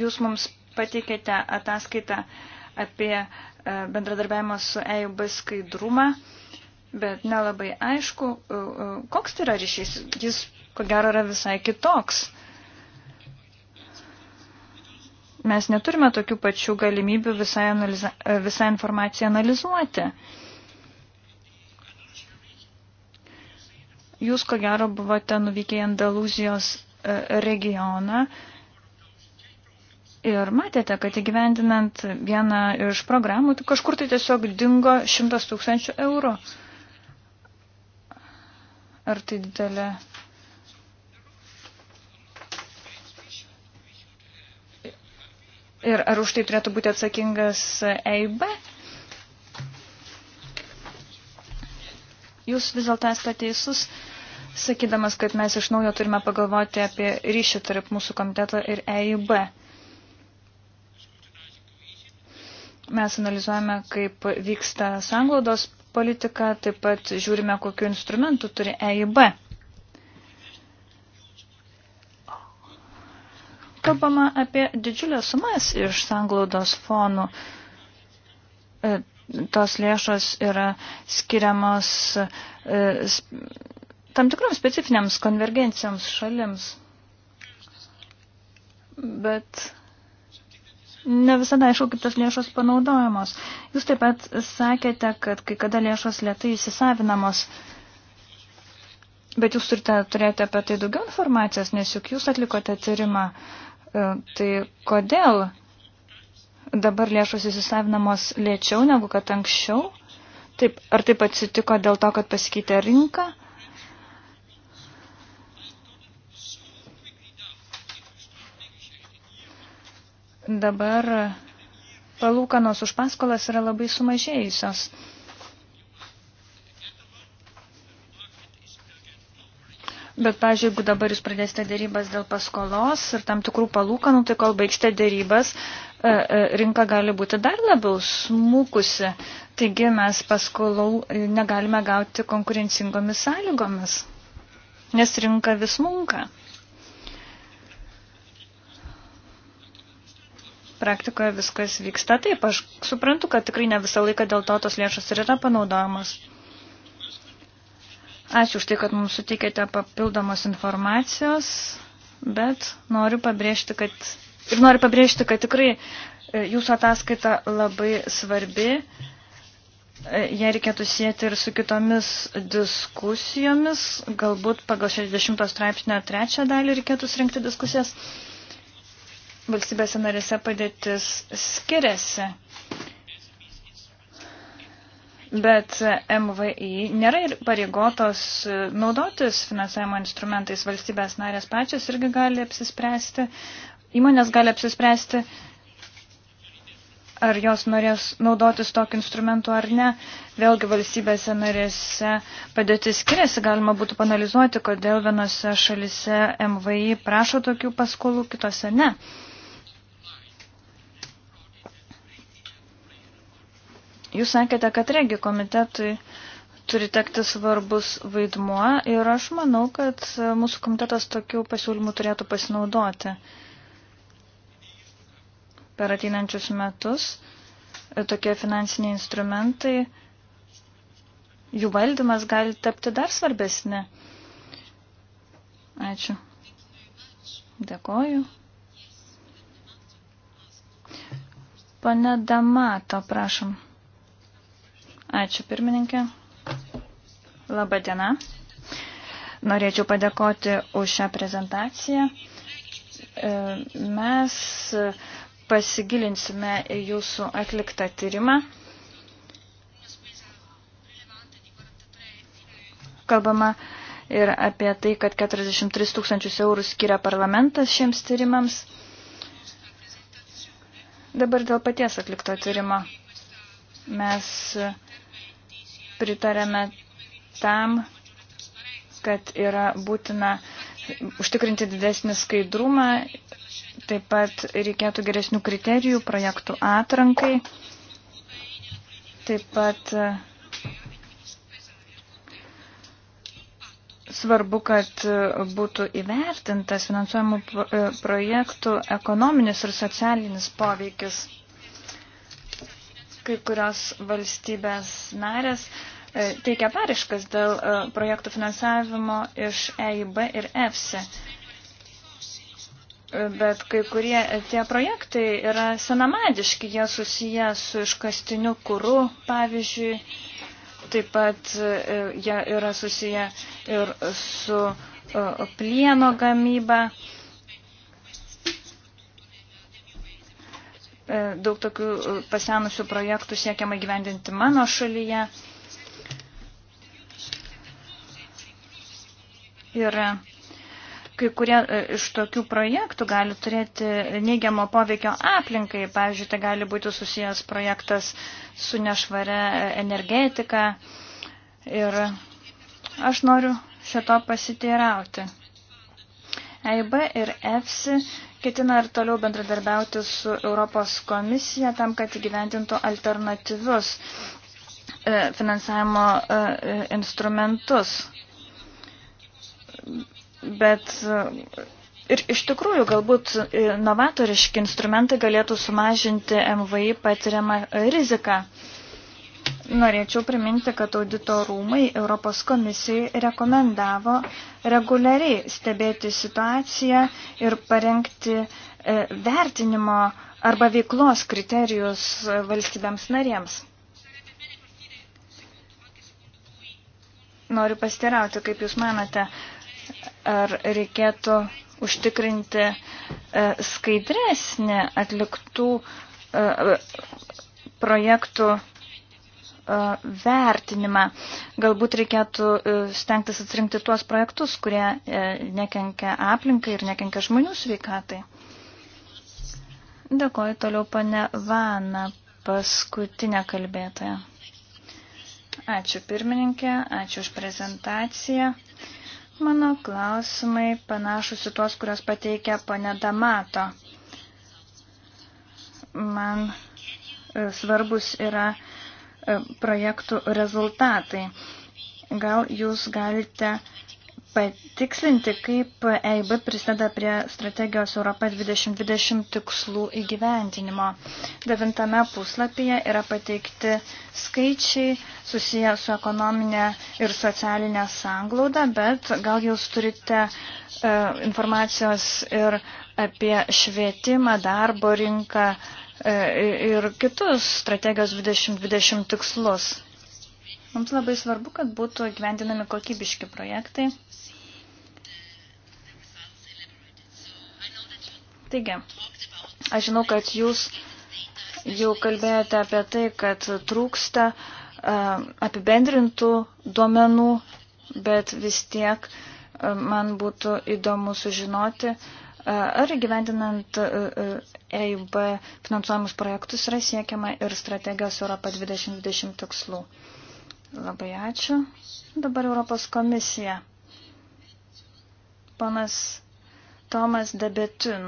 Jūs mums pateikėte ataskaitą apie e, bendradarbiavimo su EUB skaidrumą, bet nelabai aišku, e, e, koks tai yra ryšys. Jis, ko gero, yra visai kitoks. Mes neturime tokių pačių galimybių visą, analiza, visą informaciją analizuoti. Uh, Jūs ko gero buvote nuvykę į Andalūzijos e, regioną ir matėte, kad įgyvendinant vieną iš programų, tai kažkur tai tiesiog dingo 100 tūkstančių eurų. Ar tai didelė Ir ar už tai turėtų būti atsakingas EIB? Jūs vis dėlto esate teisus, sakydamas, kad mes iš naujo turime pagalvoti apie ryšį tarp mūsų komiteto ir EIB. Mes analizuojame, kaip vyksta sanglaudos politika, taip pat žiūrime, kokiu instrumentu turi EIB. Kalbama apie didžiulę sumas iš sanglaudos fonų e, tos lėšos yra skiriamos e, tam tikroms specifinėms konvergencijoms šalims. Bet ne visada aišku, kaip tos lėšos panaudojamos. Jūs taip pat sakėte, kad kai kada lėšos lietai įsisavinamos, bet jūs turite turėti apie tai daugiau informacijos, nes juk jūs atlikote tyrimą. E, tai kodėl dabar lėšos įsisavinamos lėčiau negu kad anksčiau? Taip, ar taip atsitiko dėl to, kad pasikeitė rinka? Dabar palūkanos už paskolas yra labai sumažėjusios. Bet, pažiūrėjau, jeigu dabar jūs pradėsite dėrybas dėl paskolos ir tam tikrų palūkanų, tai kol baigsite dėrybas, e, e, rinka gali būti dar labiau smūkusi. Taigi mes paskolų negalime gauti konkurencingomis sąlygomis, nes rinka vis munka. Praktikoje viskas vyksta taip. Aš suprantu, kad tikrai ne visą laiką dėl to tos lėšos ir yra panaudojamos. Ačiū už tai, kad mums suteikėte papildomos informacijos, bet noriu pabrėžti, kad ir noriu pabrėžti, kad tikrai e, jūsų ataskaita labai svarbi. Jie reikėtų sėti ir su kitomis diskusijomis. Galbūt pagal 60 straipsnio trečią dalį reikėtų surinkti diskusijas. Valstybėse narėse padėtis skiriasi. Bet MVI nėra ir pareigotos e, naudotis finansavimo instrumentais. Valstybės narės pačios irgi gali apsispręsti, įmonės gali apsispręsti, ar jos norės naudotis tokiu instrumentu ar ne. Vėlgi valstybėse narėse padėtis skiriasi, galima būtų panalizuoti, kodėl vienose šalise MVI prašo tokių paskolų, kitose ne. Uh, Jūs sakėte, kad regi komitetui turi tekti svarbus vaidmuo ir aš manau, kad mūsų komitetas tokių pasiūlymų turėtų pasinaudoti per ateinančius metus. Tokie finansiniai instrumentai, jų valdymas gali tapti dar svarbesnė. Ačiū. Dėkoju. Pane Damato, prašom. Ačiū pirmininkė. Labą dieną. Norėčiau padėkoti už šią prezentaciją. E, mes pasigilinsime į jūsų atliktą tyrimą. Kalbama ir apie tai, kad 43 tūkstančius eurų skiria parlamentas šiems tyrimams. Dabar dėl paties atlikto tyrimo. Mes pritarėme tam, kad yra būtina užtikrinti didesnį skaidrumą, taip pat reikėtų geresnių kriterijų projektų atrankai, taip pat e, svarbu, kad e, būtų įvertintas finansuojamų e, projektų ekonominis ir socialinis poveikis. Kai kurios valstybės narės e, teikia pariškas dėl e, projektų finansavimo iš EIB ir EFSI. E, bet kai kurie tie projektai yra senamadiški, jie susiję su iškastiniu kūru, pavyzdžiui, taip pat jie yra susiję ir su plieno gamyba. E, daug tokių e, pasenusių projektų siekiama gyvendinti mano šalyje. Ir kai kurie e, iš tokių projektų gali turėti neigiamo poveikio aplinkai. Pavyzdžiui, tai gali būti susijęs projektas su nešvare energetika. Ir aš noriu šito pasiteirauti. EIB ir EFSI ketina ir toliau bendradarbiauti su Europos komisija tam, kad įgyventintų alternatyvius e, finansavimo e, e, instrumentus. Bet ir iš tikrųjų galbūt novatoriški instrumentai galėtų sumažinti MVI patiriamą riziką. Norėčiau priminti, kad audito rūmai Europos komisijai rekomendavo reguliariai stebėti situaciją ir parengti e, vertinimo arba veiklos kriterijus valstybėms narėms. Noriu pastirauti, kaip Jūs manote, ar reikėtų užtikrinti e, skaidresnį atliktų e, projektų E, vertinimą. Galbūt reikėtų e, stengtis atsirinkti tuos projektus, kurie e, nekenkia aplinkai ir nekenkia žmonių sveikatai. Dėkoju toliau pane Vana, paskutinė kalbėtoja. Ačiū pirmininkė, ačiū už prezentaciją. Mano klausimai panašus į tuos, kurios pateikė pane Damato. Man svarbus yra uh, E, projektų rezultatai. Gal jūs galite patikslinti, kaip EIB prisideda prie strategijos Europa 2020 tikslų įgyvendinimo. Devintame puslapyje yra pateikti skaičiai susiję su ekonominė ir socialinė sanglauda, bet gal jūs turite e, informacijos ir apie švietimą, darbo rinką, E, ir kitus strategijos 2020 tikslus. Mums labai svarbu, kad būtų gyvendinami kokybiški projektai. Taigi, aš žinau, kad jūs jau kalbėjote apie tai, kad trūksta e, apibendrintų duomenų, bet vis tiek e, man būtų įdomu sužinoti, uh, Ar gyventinant EIB e, e finansuojamus projektus yra siekiama ir strategijos Europa 2020 tikslų? Labai ačiū. Dabar Europos komisija. Panas Tomas Debetun.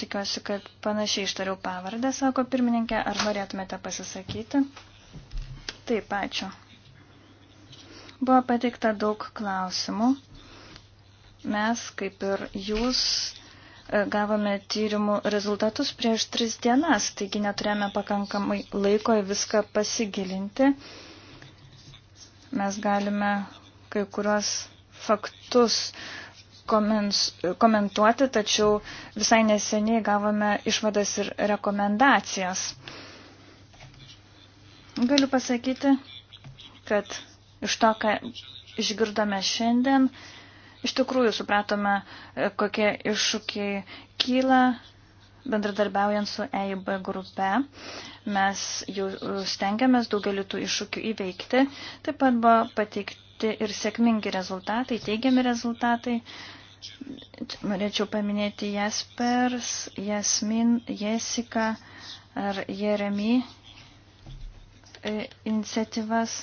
Tikiuosi, kad panašiai ištariau pavardę, sako pirmininkė. Ar norėtumėte pasisakyti? Taip, ačiū. Buvo pateikta daug klausimų. Mes, kaip ir jūs, e, gavome tyrimų rezultatus prieš tris dienas, taigi neturėjome pakankamai laiko viską pasigilinti. Mes galime kai kuriuos faktus komentuoti, tačiau visai neseniai gavome išvadas ir rekomendacijas. Galiu pasakyti, kad iš to, ką išgirdome šiandien, Iš tikrųjų supratome, e, kokie iššūkiai kyla bendradarbiaujant su EIB grupe. Mes jau e, stengiamės daugelį tų iššūkių įveikti. Taip pat buvo pateikti ir sėkmingi rezultatai, teigiami rezultatai. Norėčiau paminėti Jaspers, Jasmin, Jessica ar Jeremy e, iniciatyvas.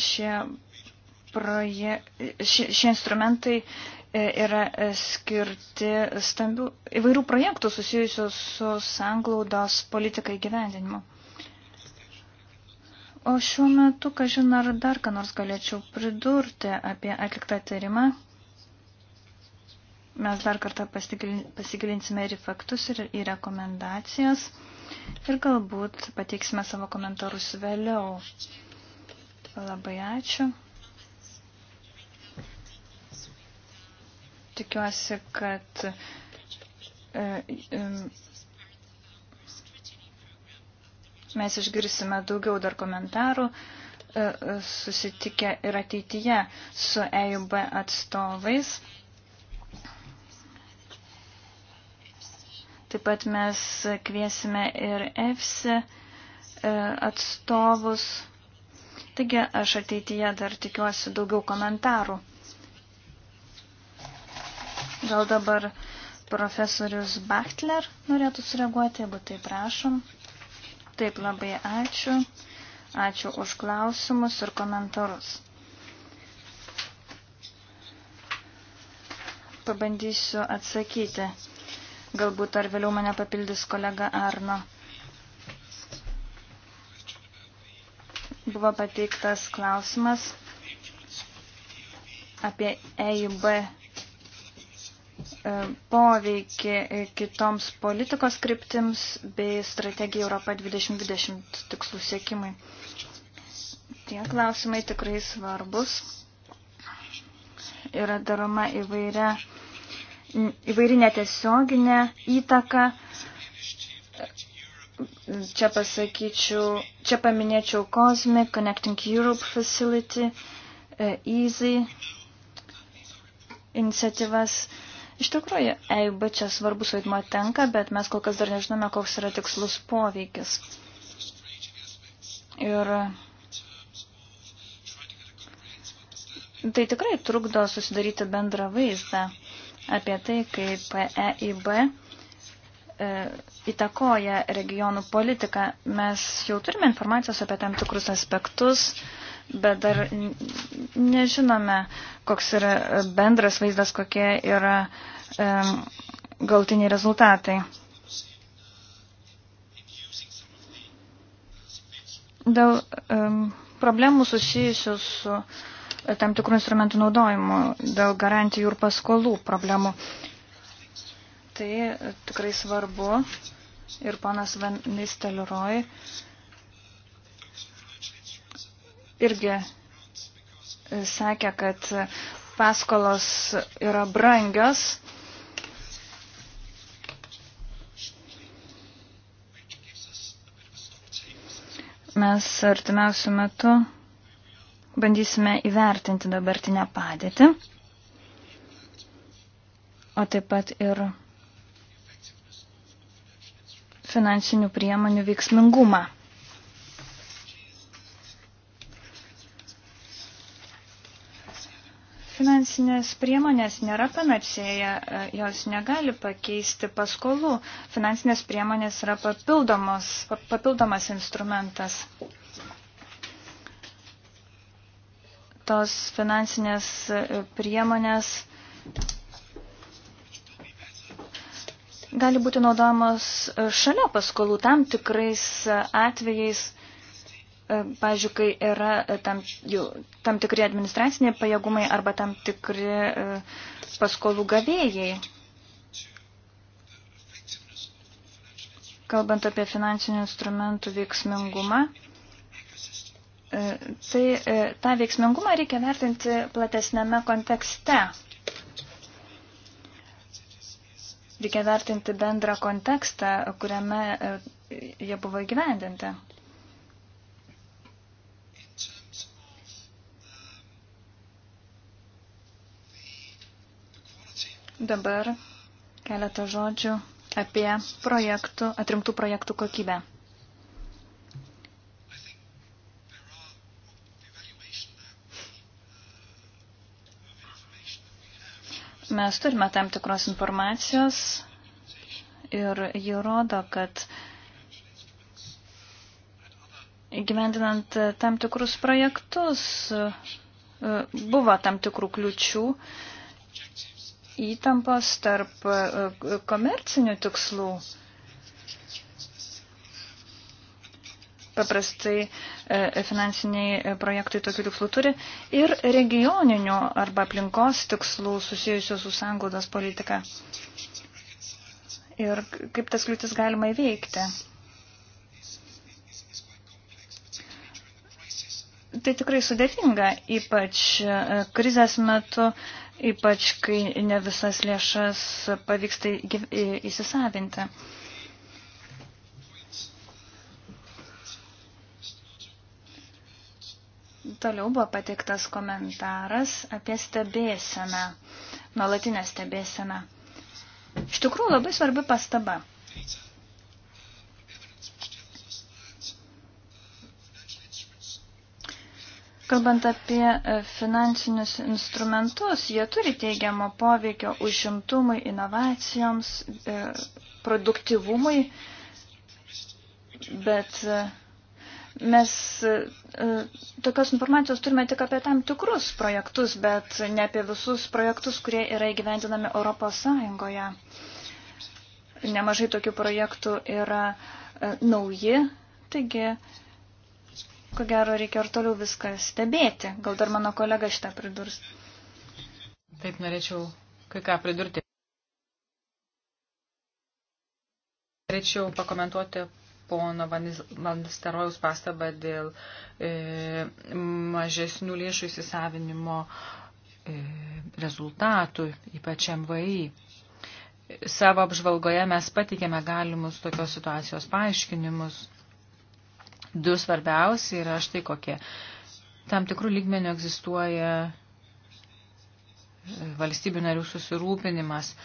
Šie proje, šie, šie instrumentai e, yra e, skirti stambių įvairių projektų susijusių su sanglaudos politikai gyvendinimu. O šiuo metu, kažin, ar dar ką nors galėčiau pridurti apie atliktą tyrimą. Mes dar kartą pasigilinsime ir į faktus, ir į rekomendacijas. Ir galbūt pateiksime savo komentarus vėliau. Labai ačiū. tikiuosi, kad e, e, mes išgirsime daugiau dar komentarų e, susitikę ir ateityje su EIB atstovais. Taip pat mes kviesime ir EFSI atstovus. Taigi aš ateityje dar tikiuosi daugiau komentarų. Gal dabar profesorius Bachtler norėtų sureaguoti, jeigu tai prašom. Taip, labai ačiū. Ačiū už klausimus ir komentarus. Pabandysiu atsakyti. Galbūt ar vėliau mane papildys kolega Arno. Buvo pateiktas klausimas apie EIB E, poveikį e, kitoms politikos kryptims bei strategijai Europa 2020 tikslų siekimai. Tie klausimai tikrai svarbus. Yra daroma įvairia, įvairi netiesioginė įtaka. Čia pasakyčiau, čia paminėčiau COSME, Connecting Europe Facility, e, EASY iniciatyvas. Iš tikrųjų, EIB čia svarbus vaidmo tenka, bet mes kol kas dar nežinome, koks yra tikslus poveikis. Ir tai tikrai trukdo susidaryti bendrą vaizdą apie tai, kaip EIB e, įtakoja regionų politiką. Mes jau turime informacijos apie tam tikrus aspektus, bet dar nežinome, koks yra bendras vaizdas, kokie yra e, galtiniai rezultatai. Dėl e, problemų susijusių su tam tikrų instrumentų naudojimu, dėl garantijų ir paskolų problemų. Tai tikrai svarbu ir ponas Van Nistelrooy. E, irgi e, sakė, kad paskolos yra brangios. Mes artimiausių metų bandysime įvertinti dabartinę padėtį, o taip pat ir finansinių priemonių veiksmingumą. Finansinės priemonės nėra panacėja, e, jos negali pakeisti paskolų. Finansinės priemonės yra papildomas instrumentas. Tos finansinės e, priemonės gali būti naudojamos e, šalia paskolų tam tikrais atvejais E, pavyzdžiui, kai yra tam, jau, tam tikri administraciniai pajėgumai arba tam tikri e, paskolų gavėjai. Kalbant apie finansinių instrumentų veiksmingumą, e, tai tą veiksmingumą reikia vertinti platesnėme kontekste. Reikia vertinti bendrą kontekstą, kuriame jie buvo įgyvendinti. Dabar keletą žodžių apie projektų, atrinktų projektų kokybę. Mes turime tam tikros informacijos ir ji rodo, kad įgyvendinant tam tikrus projektus e, buvo tam tikrų kliučių, įtampos tarp e, e, komercinių tikslų. Paprastai e, finansiniai projektai tokių tikslų turi ir regioninių arba aplinkos tikslų susijusių su sanglaudos politika. Ir kaip tas kliūtis galima įveikti. tai tikrai sudėtinga, ypač krizės metu ypač kai ne visas lėšas pavyksta įsisavinti. Toliau buvo pateiktas komentaras apie stebėseną, nuolatinę stebėseną. Iš tikrųjų labai svarbi pastaba. Kalbant apie e, finansinius instrumentus, jie turi teigiamą poveikio užimtumui, inovacijoms, e, produktivumui, bet e, mes tokios informacijos turime tik apie tam tikrus projektus, bet ne apie visus projektus, kurie yra įgyvendinami Europos Sąjungoje. Nemažai tokių projektų yra nauji, taigi Ko gero, reikia ir toliau viską stebėti. Gal dar mano kolega šitą pridurs. Taip, norėčiau kai ką pridurti. Norėčiau pakomentuoti pono Vandisterojus pastabą dėl e, mažesnių lėšų įsisavinimo e, rezultatų, ypač MVI. Savo apžvalgoje mes patikėme galimus tokios situacijos paaiškinimus du svarbiausi yra štai kokie. Tam tikrų lygmenių egzistuoja e, valstybių narių susirūpinimas e,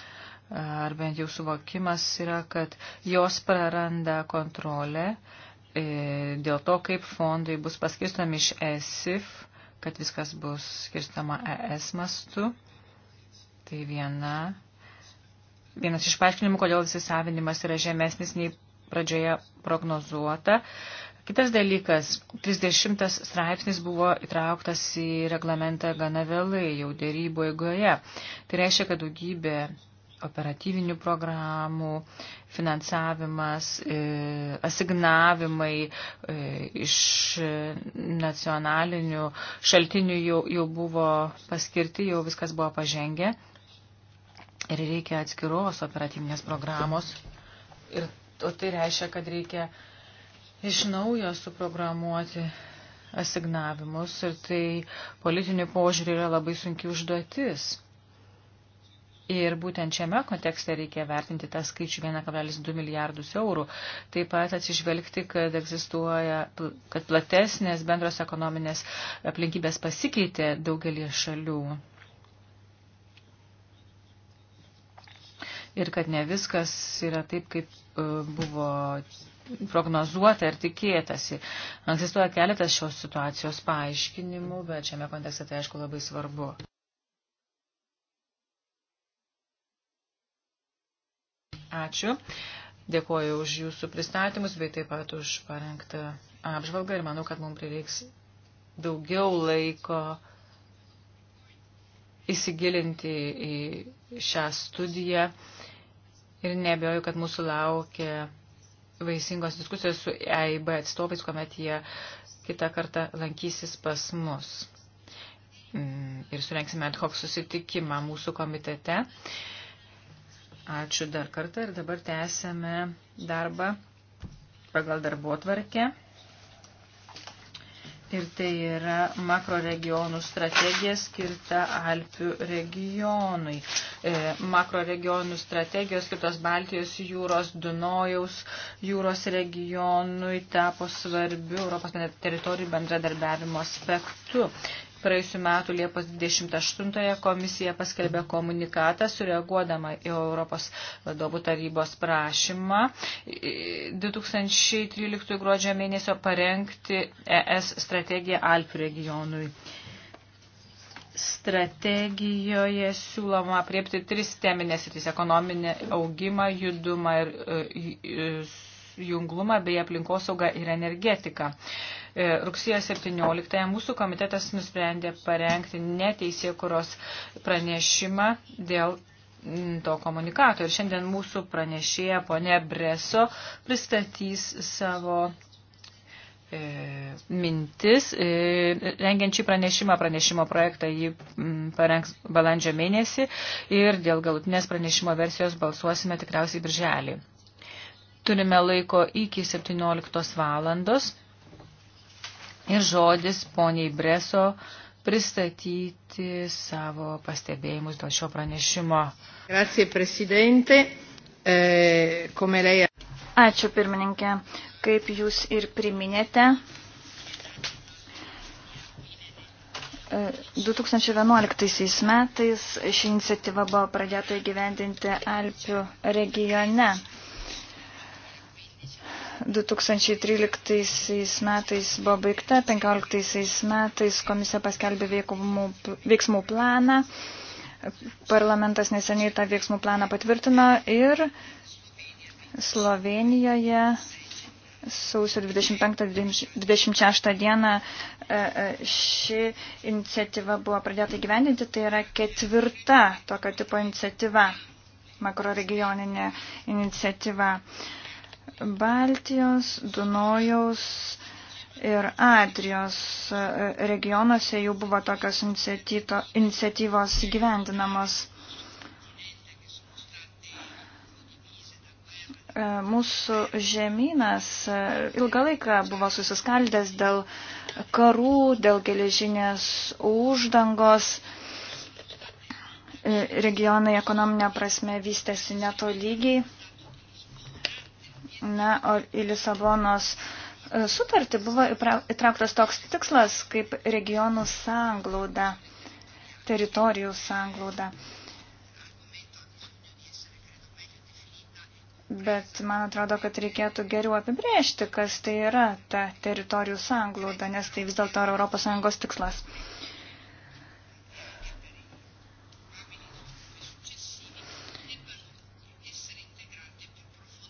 ar bent jau suvokimas yra, kad jos praranda kontrolę e, dėl to, kaip fondai bus paskirstami iš ESIF, kad viskas bus skirstama ES mastu. Tai viena, vienas iš paaiškinimų, kodėl įsisavinimas yra žemesnis nei pradžioje prognozuota. Kitas dalykas, 30 straipsnis buvo įtrauktas į reglamentą gana vėlai, jau dėrybo eigoje. Tai reiškia, kad daugybė operatyvinių programų, finansavimas, e, asignavimai e, iš nacionalinių šaltinių jau, jau buvo paskirti, jau viskas buvo pažengę. Ir reikia atskiros operatyvinės programos. Ir, o tai reiškia, kad reikia uh, iš naujo suprogramuoti asignavimus ir tai politinių požiūrį yra labai sunki užduotis. Ir būtent šiame kontekste reikia vertinti tą skaičių 1,2 milijardus eurų. Taip pat atsižvelgti, kad egzistuoja, kad platesnės bendros ekonominės aplinkybės pasikeitė daugelį šalių. Ir kad ne viskas yra taip, kaip e, buvo prognozuota ir tikėtasi. Egzistuoja keletas šios situacijos paaiškinimų, bet šiame kontekste tai aišku labai svarbu. Ačiū. Dėkuoju už jūsų pristatymus, bei taip pat už parengtą apžvalgą ir manau, kad mums prireiks daugiau laiko įsigilinti į šią studiją ir nebejoju, kad mūsų laukia vaisingos diskusijos su EIB atstovais, kuomet jie kitą kartą lankysis pas mus. Mm, ir surenksime ad hoc susitikimą mūsų komitete. Ačiū dar kartą ir dabar tęsėme darbą pagal darbo tvarkę. Ir tai yra makro regionų strategija skirta Alpių regionui. E, makroregionų strategijos skirtos Baltijos jūros, Dunojaus jūros regionui tapo svarbiu Europos teritorijų bendradarbiavimo aspektu. Praėjusiu metu Liepos 28 komisija paskelbė komunikatą, sureaguodama į Europos vadovų tarybos prašymą 2013 gruodžio mėnesio parengti ES strategiją Alpių regionui strategijoje siūloma priepti tris teminės rytis – ekonominę augimą, judumą ir e, junglumą bei aplinkosaugą ir energetiką. E, rugsėjo 17 mūsų komitetas nusprendė parengti neteisėkuros pranešimą dėl to komunikato. Ir šiandien mūsų pranešėja ponė Breso pristatys savo E, mintis. E, rengiant šį pranešimą, pranešimo projektą jį parengs balandžio mėnesį ir dėl galutinės pranešimo versijos balsuosime tikriausiai birželį. Turime laiko iki 17 valandos ir žodis poniai Breso pristatyti savo pastebėjimus dėl šio pranešimo. Grazie, prezidente. E, eh, come lei... Ačiū, pirmininkė kaip jūs ir priminėte, 2011 e, metais ši iniciatyva buvo pradėta įgyvendinti Alpių regione. 2013 metais buvo baigta, 2015 metais komisija paskelbė veikumų, veiksmų planą, parlamentas neseniai tą veiksmų planą patvirtino ir Slovenijoje sausio 25-26 dieną e, e, ši iniciatyva buvo pradėta gyvendinti, tai yra ketvirta tokio tipo iniciatyva, makroregioninė iniciatyva Baltijos, Dunojaus ir Adrijos e, regionuose jau buvo tokios iniciatyvos gyvendinamos. E, mūsų žemynas e, ilgą laiką buvo susiskaldęs dėl karų, dėl geležinės uždangos. E, regionai ekonominė prasme vystėsi netolygiai. Na, o į Lisabonos sutartį buvo įtrauktas toks tikslas kaip regionų sanglauda, teritorijų sanglauda. Bet man atrodo, kad reikėtų geriau apibrėžti, kas tai yra ta teritorijų sanglauda, nes tai vis dėlto yra ES tikslas.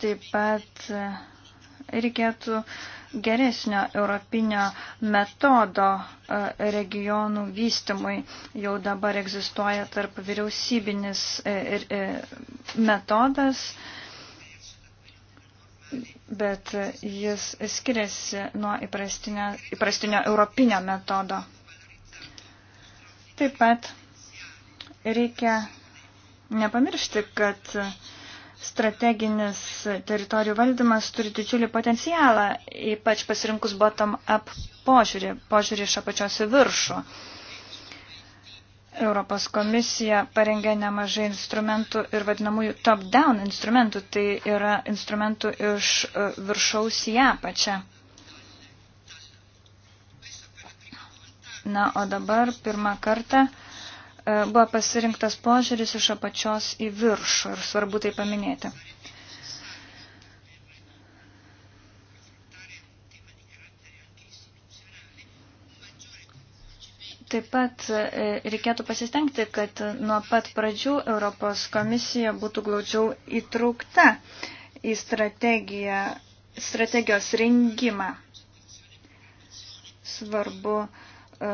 Taip pat reikėtų geresnio europinio metodo e, regionų vystimui. Jau dabar egzistuoja tarp vyriausybinis e, e, metodas bet jis skiriasi nuo įprastinio, įprastinio europinio metodo. Taip pat reikia nepamiršti, kad strateginis teritorijų valdymas turi didžiulį potencialą, ypač pasirinkus bottom-up požiūrį, požiūrį iš apačios į viršų. Uh, Europos komisija parengė nemažai instrumentų ir vadinamųjų top-down instrumentų, tai yra instrumentų iš e, viršaus į apačią. Na, o dabar pirmą kartą e, buvo pasirinktas požiūris iš apačios į viršų ir svarbu tai paminėti. Taip pat e, reikėtų pasistengti, kad nuo pat pradžių Europos komisija būtų glaudžiau įtraukta į strategiją, strategijos rengimą. Svarbu, e,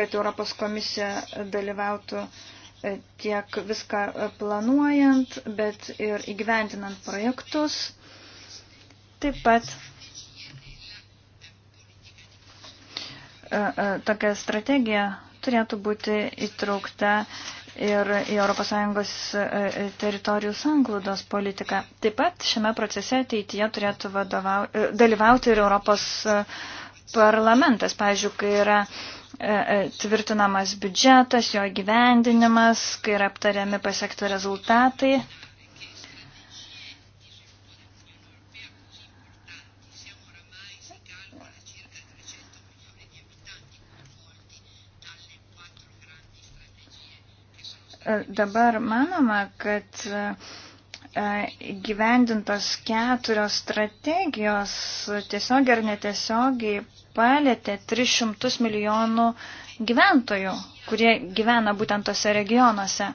kad Europos komisija dalyvautų e, tiek viską planuojant, bet ir įgyventinant projektus. Taip pat E, e, tokia strategija turėtų būti įtraukta ir į ES e, teritorijų sanglaudos politiką. Taip pat šiame procese ateityje turėtų vadovau, dalyvauti ir Europos parlamentas, pavyzdžiui, kai yra tvirtinamas biudžetas, jo gyvendinimas, kai yra aptariami pasiekti rezultatai, E, dabar manoma, kad e, gyvendintos keturios strategijos tiesiog ir netiesiogiai palėtė 300 milijonų gyventojų, kurie gyvena būtent tose regionuose.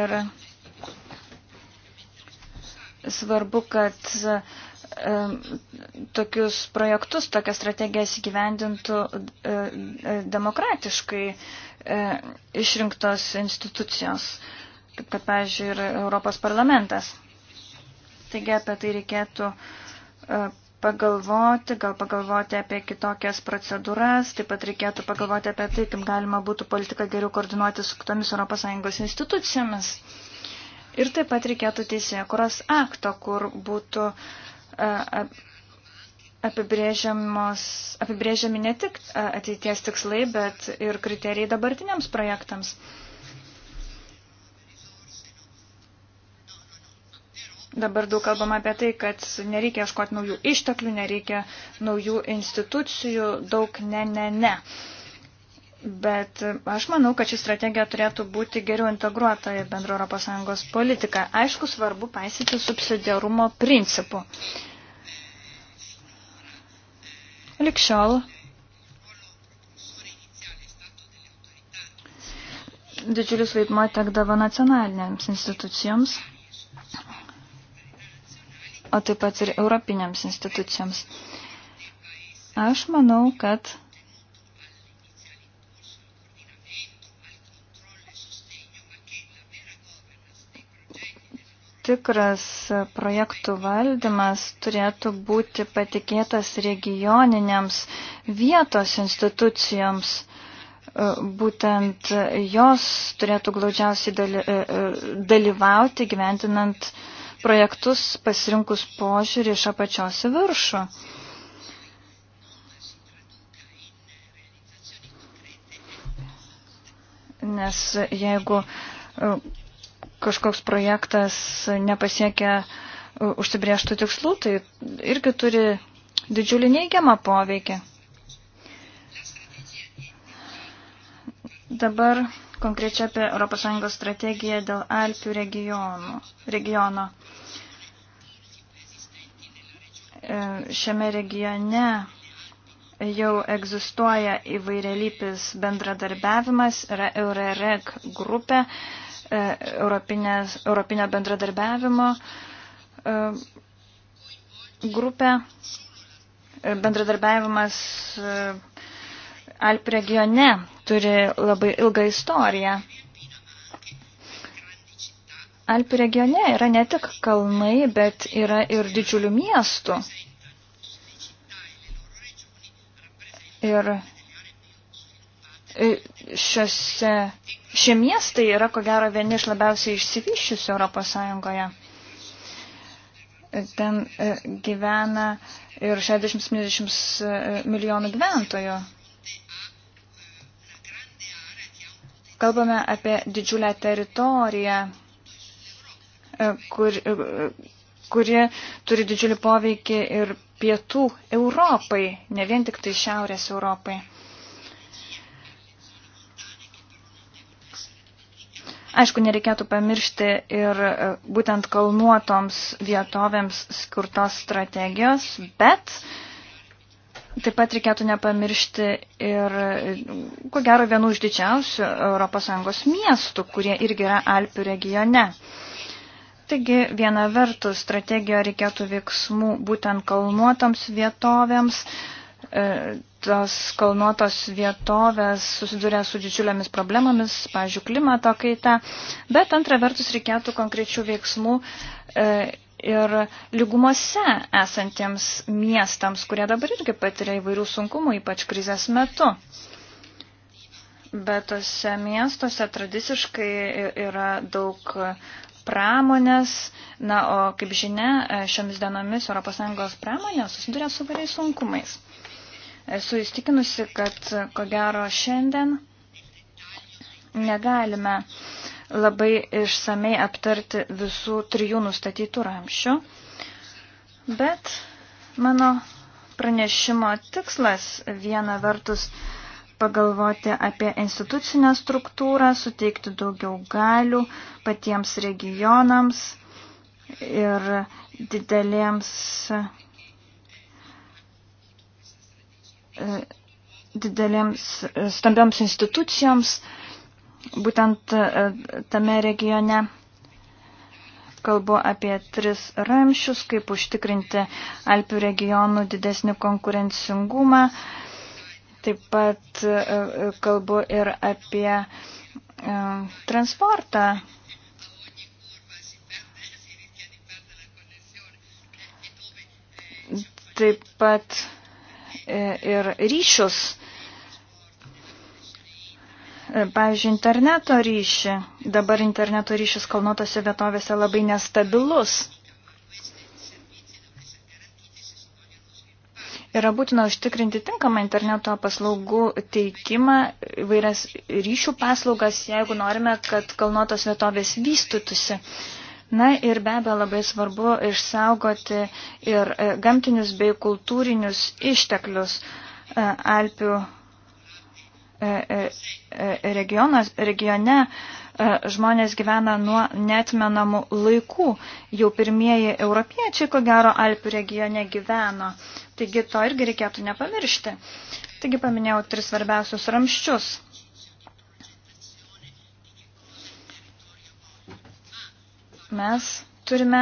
Ir svarbu, kad tokius projektus, tokias strategijas įgyvendintų e, e, demokratiškai e, išrinktos institucijos, kaip kad, pavyzdžiui, ir Europos parlamentas. Taigi apie tai reikėtų pagalvoti, gal pagalvoti apie kitokias procedūras, taip pat reikėtų pagalvoti apie tai, kaip galima būtų politiką geriau koordinuoti su kitomis ES institucijomis. Ir taip pat reikėtų teisėkuros akto, kur būtų uh, apibrėžiami ne tik ateities tikslai, bet ir kriterijai dabartiniams projektams. Dabar daug kalbam apie tai, kad nereikia ieškoti naujų išteklių, nereikia naujų institucijų, daug ne, ne, ne. Uh, Bet aš manau, kad ši strategija turėtų būti geriau integruota į bendro ES politiką. Aišku, svarbu paisyti subsidiarumo principų. Likščiol didžiulis vaidmo tekdavo nacionalinėms institucijoms, o taip pat ir europinėms institucijoms. Aš manau, kad tikras projektų valdymas turėtų būti patikėtas regioniniams vietos institucijoms. E, būtent jos turėtų glaudžiausiai e, e, dalyvauti gyventinant projektus pasirinkus požiūrį iš apačios į viršų. Nes jeigu kažkoks projektas nepasiekia užsibrieštų tikslų, tai irgi turi didžiulį neigiamą poveikį. Dabar konkrečia apie ES strategiją dėl Alpių regionų, regiono. E, šiame regione jau egzistuoja įvairialypis bendradarbiavimas, yra Eurereg grupė, E, Europinės, Europinio bendradarbiavimo e, grupę. E, bendradarbiavimas Alp regione turi labai ilgą istoriją. Alpių regione yra ne tik kalnai, bet yra ir didžiulių miestų. Ir E, šiuose, šie miestai yra ko gero vieni iš labiausiai išsivyščiusių Europos Sąjungoje. E, ten e, gyvena ir 60-70 milijonų gyventojų. Kalbame apie didžiulę teritoriją, kur, kuri turi didžiulį poveikį ir pietų Europai, ne vien tik tai šiaurės Europai. Aišku, nereikėtų pamiršti ir e, būtent kalnuotoms vietovėms skirtos strategijos, bet taip pat reikėtų nepamiršti ir, e, ko gero, vienų iš didžiausių ES miestų, kurie irgi yra Alpių regione. Taigi, viena vertus, strategijoje reikėtų veiksmų būtent kalnuotoms vietovėms, uh, E, tos kalnuotos vietovės susiduria su didžiulėmis problemomis, pavyzdžiui, klimato kaita, bet antra vertus reikėtų konkrečių veiksmų e, ir lygumose esantiems miestams, kurie dabar irgi patiria įvairių sunkumų, ypač krizės metu. Bet tose miestuose tradiciškai yra daug pramonės, na, o kaip žinia, šiomis dienomis ES pramonė susiduria su variais sunkumais. Esu įstikinusi, kad ko gero šiandien negalime labai išsamei aptarti visų trijų nustatytų ramščių, bet mano pranešimo tikslas viena vertus pagalvoti apie institucinę struktūrą, suteikti daugiau galių patiems regionams ir didelėms E, didelėms e, stambioms institucijoms būtent e, tame regione. Kalbu apie tris ramšius, kaip užtikrinti Alpių regionų didesnį konkurencingumą. Taip pat kalbu ir apie transportą. Taip pat E, ir ryšius. E, pavyzdžiui, interneto ryšį. Dabar interneto ryšis kalnuotose vietovėse labai nestabilus. Yra būtina užtikrinti tinkamą interneto paslaugų teikimą, vairias ryšių paslaugas, jeigu norime, kad kalnuotos vietovės vystytųsi. Na ir be abejo labai svarbu išsaugoti ir e, gamtinius bei kultūrinius išteklius e, Alpių e, regionas, regione žmonės gyvena nuo netmenamų laikų. Jau pirmieji europiečiai, ko gero, Alpių regione gyveno. Taigi to irgi reikėtų nepamiršti. Taigi paminėjau tris svarbiausius ramščius. mes turime,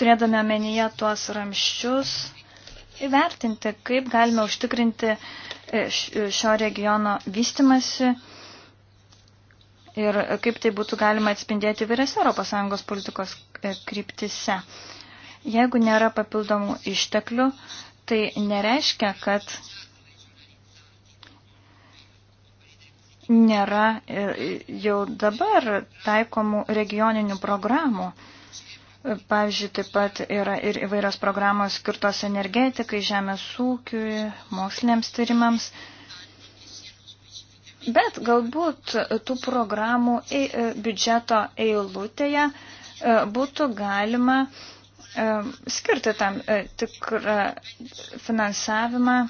turėdami omenyje tuos ramščius, įvertinti, kaip galime užtikrinti e, e, šio regiono vystimasi ir kaip tai būtų galima atspindėti vyriose ES politikos e, kryptise. Jeigu nėra papildomų išteklių, tai nereiškia, kad nėra jau dabar taikomų regioninių programų. Pavyzdžiui, taip pat yra ir įvairios programos skirtos energetikai, žemės ūkiui, moksliniams tyrimams. Bet galbūt tų programų e, biudžeto eilutėje e, būtų galima e, skirti tam tikrą finansavimą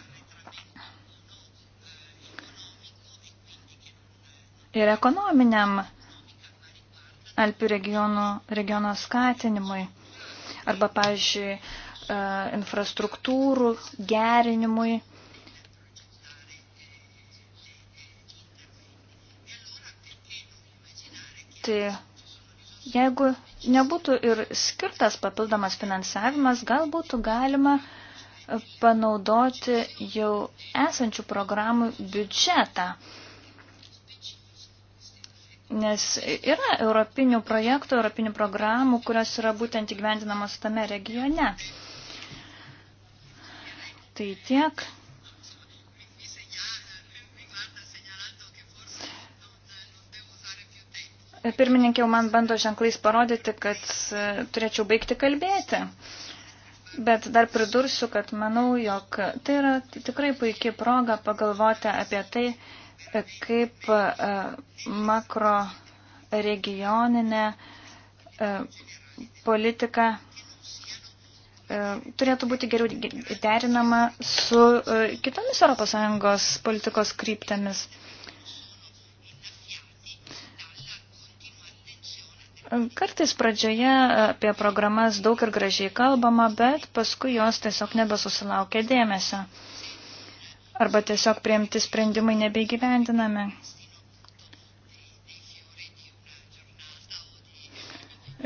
ir ekonominiam Alpių regionų, regiono skatinimui arba, pavyzdžiui, e, infrastruktūrų gerinimui. Tai jeigu nebūtų ir skirtas papildomas finansavimas, gal būtų galima panaudoti jau esančių programų biudžetą. Uh, Nes yra europinių projektų, europinių programų, kurios yra būtent įgyvendinamos tame regione. Tai tiek. Pirmininkė jau man bando ženklais parodyti, kad e, turėčiau baigti kalbėti. Bet dar pridursiu, kad manau, jog tai yra tikrai puikia proga pagalvoti apie tai, kaip e, makro regioninė e, politika e, turėtų būti geriau derinama su kitomis ES politikos kryptėmis. Kartais pradžioje apie programas daug ir gražiai kalbama, bet paskui jos tiesiog nebesusilaukia dėmesio arba tiesiog priimti sprendimai nebeigyvendinami.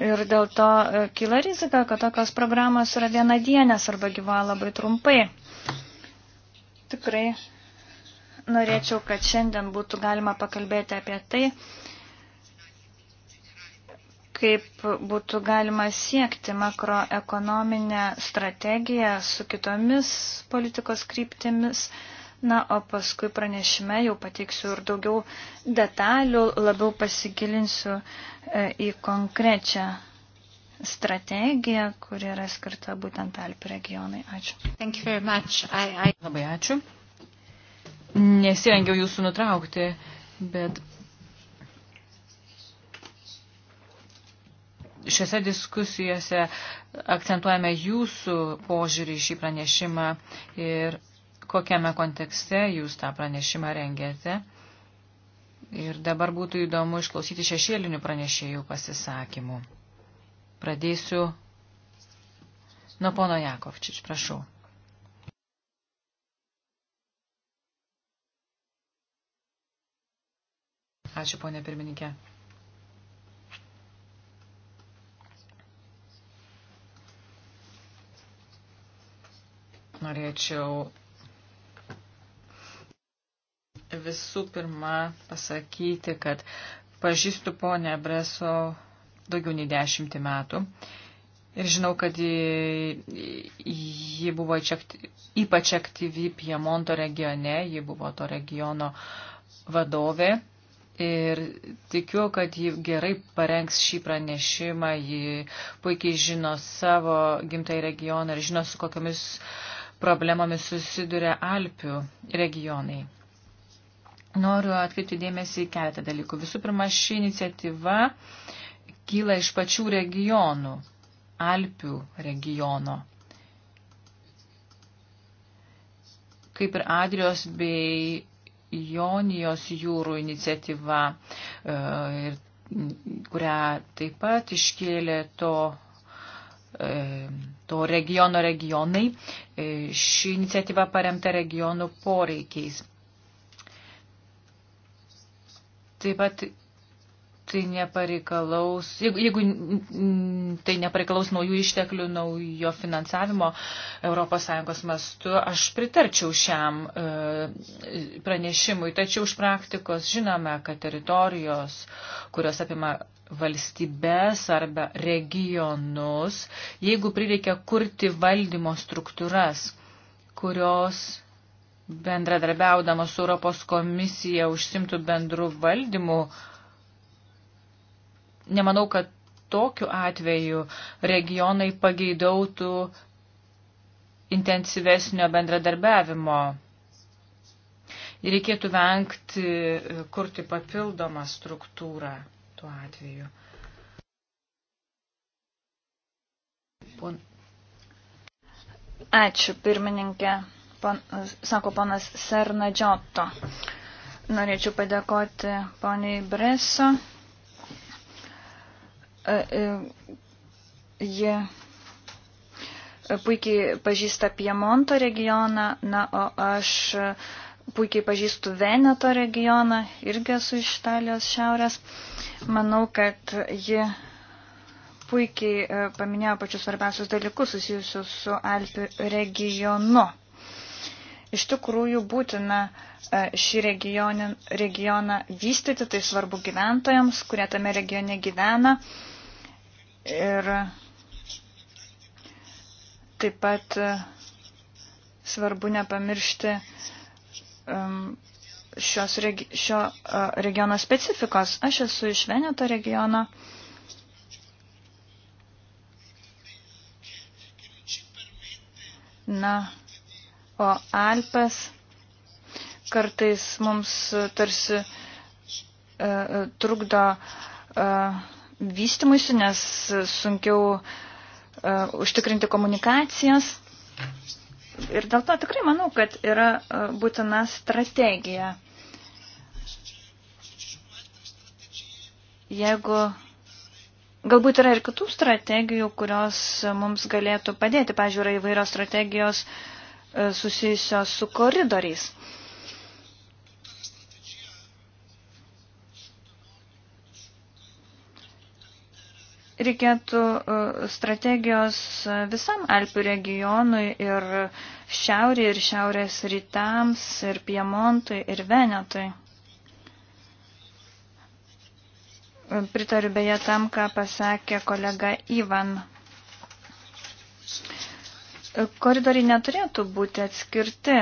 Ir dėl to e, kyla rizika, kad tokios programos yra vienadienės arba gyva labai trumpai. Tikrai norėčiau, kad šiandien būtų galima pakalbėti apie tai, kaip būtų galima siekti makroekonominę strategiją su kitomis politikos kryptimis, Na, o paskui pranešime jau pateiksiu ir daugiau detalių, labiau pasigilinsiu e, į konkrečią strategiją, kuri yra skirta būtent Alpių regionai. Ačiū. I, I... Labai ačiū. Nesirengiau jūsų nutraukti, bet šiuose diskusijose akcentuojame jūsų požiūrį šį pranešimą ir kokiame kontekste jūs tą pranešimą rengėte. Ir dabar būtų įdomu išklausyti šešėlinių pranešėjų pasisakymų. Pradėsiu nuo pono Jakovčič, prašau. Ačiū, ponė pirmininkė. Norėčiau visų pirma pasakyti, kad pažįstu ponę Breso daugiau nei dešimtį metų. Ir žinau, kad ji buvo ypač aktyvi Piemonto regione, ji buvo to regiono vadovė. Ir tikiu, kad ji gerai parengs šį pranešimą, ji puikiai žino savo gimtai regioną ir žino, su kokiamis problemomis susiduria Alpių regionai. Noriu atkreipti dėmesį į keletą dalykų. Visų pirma, ši iniciatyva kyla iš pačių regionų, Alpių regiono. Kaip ir Adrios bei Jonijos jūrų iniciatyva, e, kurią taip pat iškėlė to, e, to regiono regionai. E, ši iniciatyva paremta regionų poreikiais. Taip pat tai nepareikalaus, jeigu, jeigu tai nepareikalaus naujų išteklių, naujo finansavimo ES mastu, aš pritarčiau šiam e, pranešimui. Tačiau iš praktikos žinome, kad teritorijos, kurios apima valstybės arba regionus, jeigu prireikia kurti valdymo struktūras, kurios bendradarbiaudamos su Europos komisija užsimtų bendrų valdymų. Nemanau, kad tokiu atveju regionai pageidautų intensyvesnio bendradarbiavimo. Ir reikėtų vengti kurti papildomą struktūrą tuo atveju. Pon... Ačiū, pirmininkė pan, sako panas Sernadžioto. Norėčiau padėkoti poniai Breso. E, e, ji puikiai pažįsta Piemonto regioną, na, o aš puikiai pažįstu Veneto regioną, irgi esu iš Italijos šiaurės. Manau, kad ji puikiai e, paminėjo pačius svarbiausius dalykus susijusius su Alpių regionu iš tikrųjų būtina e, šį regionį, regioną vystyti, tai svarbu gyventojams, kurie tame regione gyvena. Ir taip pat e, svarbu nepamiršti šios regi šio e, regiono specifikos. Aš esu iš Veneto regiono. Na, O Alpes kartais mums tarsi e, e, trukdo e, vystimuisi, nes sunkiau e, užtikrinti komunikacijas. Ir dėl to tikrai manau, kad yra e, būtina strategija. Jeigu Galbūt yra ir kitų strategijų, kurios mums galėtų padėti. Pavyzdžiui, yra įvairios strategijos uh, E, susijusios su koridoriais. Reikėtų e, strategijos visam Alpių regionui ir šiaurė ir šiaurės rytams ir Piemontui ir Venetui. Pritariu beje tam, ką pasakė kolega Ivan koridoriai neturėtų būti atskirti.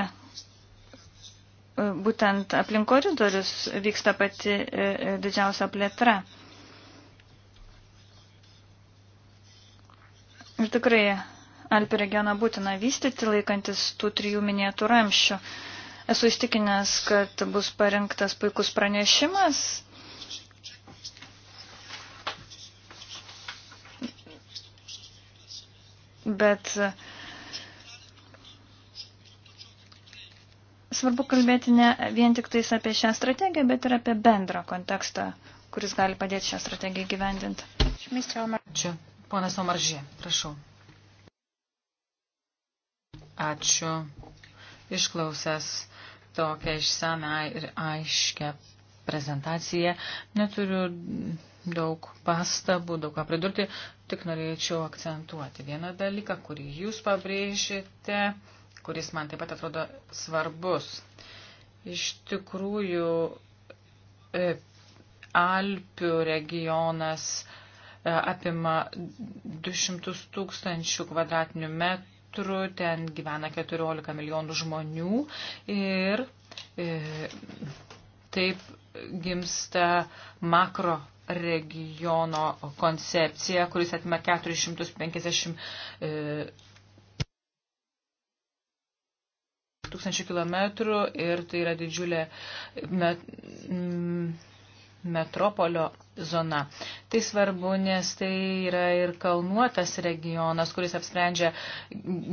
Būtent aplink koridorius vyksta pati e, e, didžiausia plėtra. Ir tikrai Alpių regioną būtina vystyti, laikantis tų trijų minėtų ramščių. Esu įstikinęs, kad bus parinktas puikus pranešimas. Bet uh, svarbu kalbėti ne vien tik tais apie šią strategiją, bet ir apie bendrą kontekstą, kuris gali padėti šią strategiją gyvendinti. Ačiū. Ponas Omaržė, prašau. Ačiū. Išklausęs tokią išsame ir aiškę prezentaciją, neturiu daug pastabų, daug ką pridurti, tik norėčiau akcentuoti vieną dalyką, kurį jūs pabrėžite kuris man taip pat atrodo svarbus. Iš tikrųjų, e, Alpių regionas e, apima 200 tūkstančių kvadratinių metrų, ten gyvena 14 milijonų žmonių ir e, taip gimsta makro regiono koncepcija, kuris atima 450 tūkstančių kilometrų ir tai yra didžiulė met, metropolio zona. Tai svarbu, nes tai yra ir kalnuotas regionas, kuris apsprendžia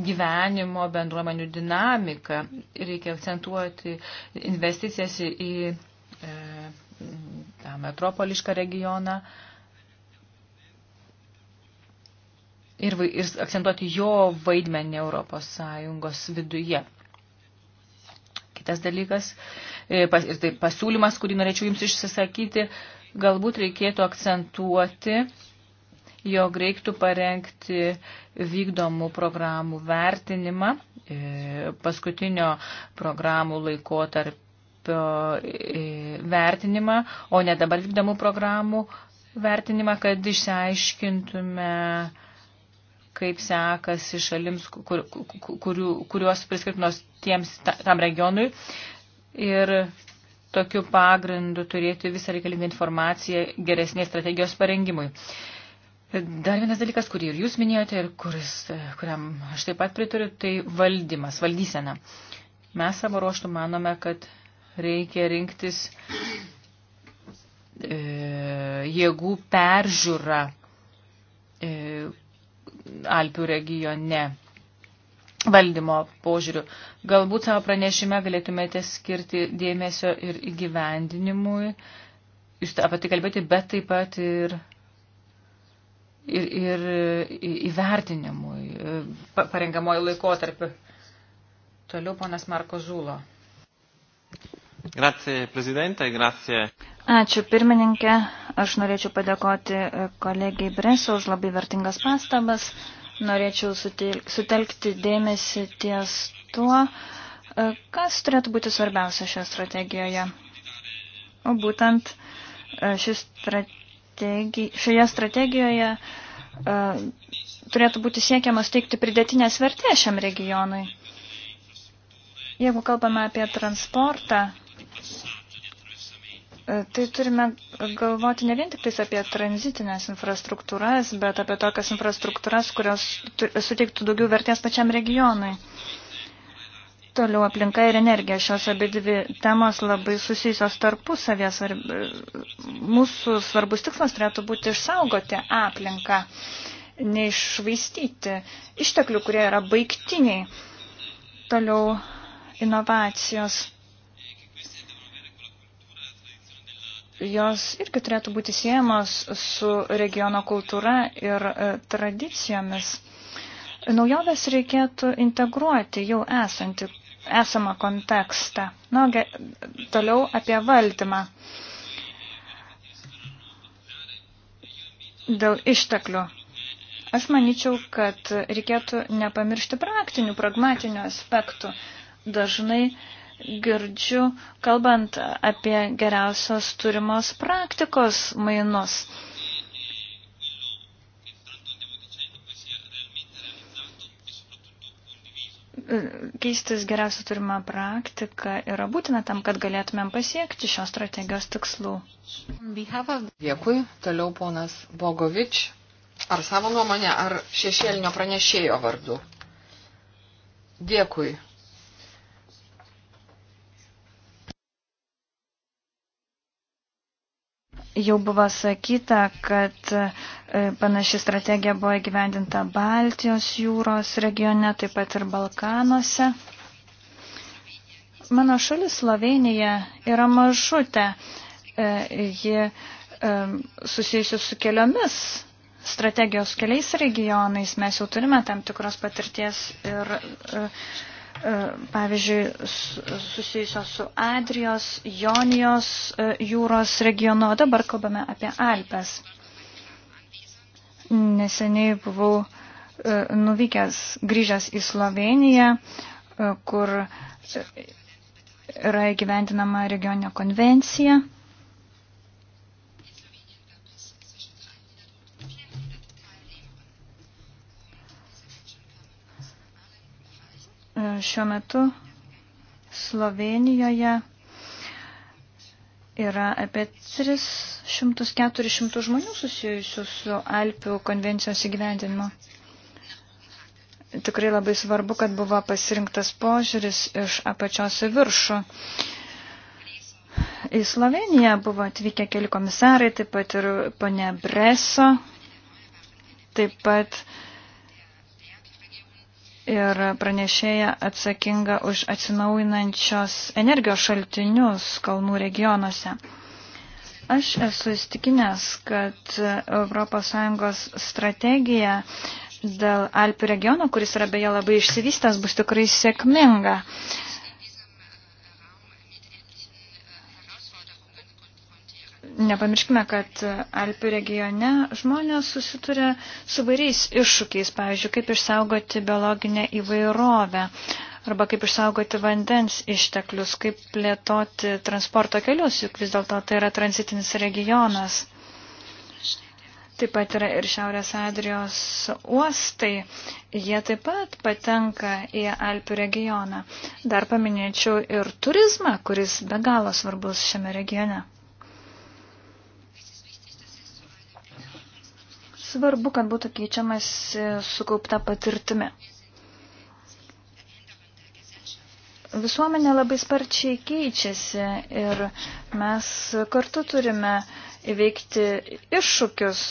gyvenimo bendruomenių dinamiką. Reikia akcentuoti investicijas į e, tą metropolišką regioną. ir, ir akcentuoti jo vaidmenį Europos Sąjungos viduje. Kitas dalykas, e, ir tai pasiūlymas, kurį norėčiau jums išsisakyti, galbūt reikėtų akcentuoti, jog reiktų parengti vykdomų programų vertinimą e, paskutinio programų laikotarpio e, vertinimą, o ne dabar vykdomų programų vertinimą, kad išsiaiškintume, kaip sekasi šalims, kur, kur, kur, kuriuos priskirtinos tiems, tam regionui ir tokiu pagrindu turėti visą reikalingą informaciją geresnės strategijos parengimui. Dar vienas dalykas, kurį ir jūs minėjote ir kuris, kuriam aš taip pat prituriu, tai valdymas, valdysena. Mes savo ruoštų manome, kad reikia rinktis e, jėgų peržiūrą e, Alpių regione valdymo požiūrių. Galbūt savo pranešime galėtumėte skirti dėmesio ir įgyvendinimui, jūs apie tai kalbėti, bet taip pat ir, ir, ir įvertinimui, e, parengamojo laikotarpiu. Toliau ponas Marko Žulo. Grazie, prezidente, grazie. Ačiū, pirmininkė. Aš norėčiau padėkoti kolegijai Breso už labai vertingas pastabas norėčiau sutelkti dėmesį ties tuo, e, kas turėtų būti svarbiausia šioje strategijoje. O būtent e, ši strategi, šioje strategijoje e, turėtų būti siekiama steigti pridėtinės vertės šiam regionui. Jeigu kalbame apie transportą, Tai turime galvoti ne vien tik apie tranzitinės infrastruktūras, bet apie tokias infrastruktūras, kurios suteiktų daugiau vertės pačiam regionui. Toliau aplinka ir energija. Šios abi dvi temos labai susijusios tarpusavės. Svarb... Mūsų svarbus tikslas turėtų būti išsaugoti aplinką, neišvaistyti išteklių, kurie yra baigtiniai. Toliau inovacijos jos irgi turėtų būti siejamos su regiono kultūra ir e, tradicijomis. Naujoves reikėtų integruoti jau esantį, esamą kontekstą. Na, ge, toliau apie valdymą. Dėl išteklių. Aš manyčiau, kad reikėtų nepamiršti praktinių, pragmatinių aspektų. Dažnai uh, girdžiu, kalbant apie geriausios turimos praktikos mainus. keistis geriausia turima praktika yra būtina tam, kad galėtumėm pasiekti šios strategijos tikslų. Dėkui. Toliau ponas Bogovič. Ar savo nuomonę, ar šešėlinio pranešėjo vardu? Dėkui. Jau buvo sakyta, kad e, panaši strategija buvo įgyvendinta Baltijos jūros regione, taip pat ir Balkanuose. Mano šalis Slovenija yra mažutė. E, ji e, susijusi su keliomis strategijos keliais regionais. Mes jau turime tam tikros patirties ir E, pavyzdžiui, susijusios su Adrijos, Jonijos e, jūros regionu, o dabar kalbame apie Alpes. Neseniai buvau e, nuvykęs, grįžęs į Sloveniją, kur yra įgyventinama regioninė konvencija. E, šiuo metu Slovenijoje yra apie 300-400 žmonių susijusių su Alpių konvencijos įgyvendinimu. Tikrai labai svarbu, kad buvo pasirinktas požiūris iš apačios į viršų. Į Sloveniją buvo atvykę keli komisarai, taip pat ir ponė Breso, taip pat uh, ir pranešėja atsakinga už atsinaujinančios energijos šaltinius kalnų regionuose. Aš esu įstikinęs, kad ES strategija dėl Alpių regiono, kuris yra beje labai išsivystęs, bus tikrai sėkminga. Uh, Nepamirškime, kad Alpių regione žmonės susituria su vairiais iššūkiais, pavyzdžiui, kaip išsaugoti biologinę įvairovę arba kaip išsaugoti vandens išteklius, kaip plėtoti transporto kelius, juk vis dėlto tai yra tranzitinis regionas. Taip pat yra ir Šiaurės Adrijos uostai. Jie taip pat patenka į Alpių regioną. Dar paminėčiau ir turizmą, kuris be galo svarbus šiame regione. svarbu, kad būtų keičiamas sukaupta patirtimi. Visuomenė labai sparčiai keičiasi ir mes kartu turime įveikti iššūkius,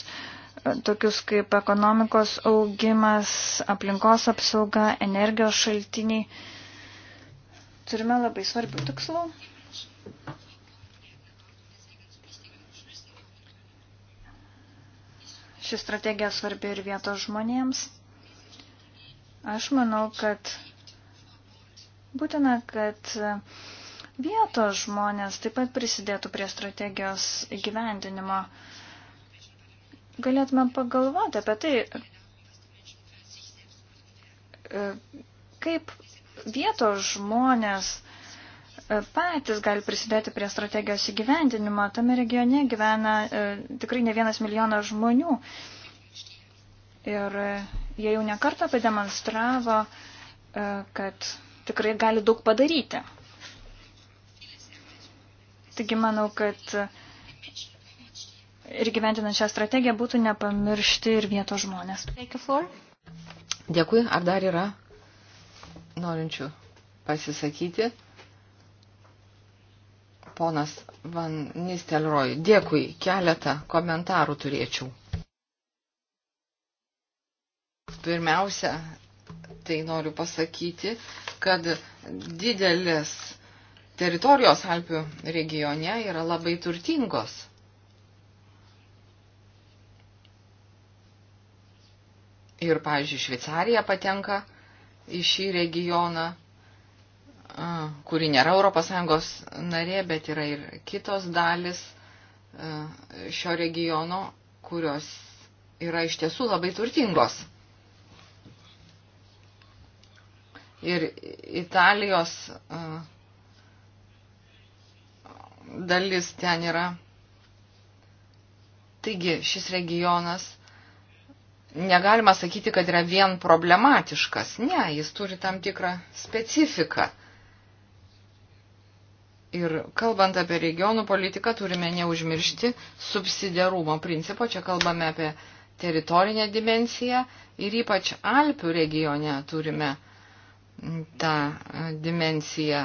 tokius kaip ekonomikos augimas, aplinkos apsauga, energijos šaltiniai. Turime labai svarbių tikslų. Ši strategija svarbi ir vietos žmonėms. Aš manau, kad būtina, kad vietos žmonės taip pat prisidėtų prie strategijos įgyvendinimo. Galėtume pagalvoti apie tai, e, kaip vietos žmonės E, patys gali prisidėti prie strategijos įgyvendinimo. Tame regione gyvena e, tikrai ne vienas milijonas žmonių. Ir e, jie jau nekartą pademonstravo, kad tikrai gali daug padaryti. Taigi manau, kad ir gyventinant šią strategiją būtų nepamiršti ir vietos žmonės. Dėkui, ar dar yra norinčių pasisakyti? Ponas Van Nistelroj, dėkui, keletą komentarų turėčiau. Pirmiausia, tai noriu pasakyti, kad didelis teritorijos Alpių regione yra labai turtingos. Ir, pavyzdžiui, Šveicarija patenka į šį regioną kuri nėra ES narė, bet yra ir kitos dalis šio regiono, kurios yra iš tiesų labai turtingos. Ir Italijos dalis ten yra. Taigi šis regionas negalima sakyti, kad yra vien problematiškas. Ne, jis turi tam tikrą specifiką. Ir kalbant apie regionų politiką, turime neužmiršti subsidiarumo principo. Čia kalbame apie teritorinę dimensiją ir ypač Alpių regione turime tą e, dimensiją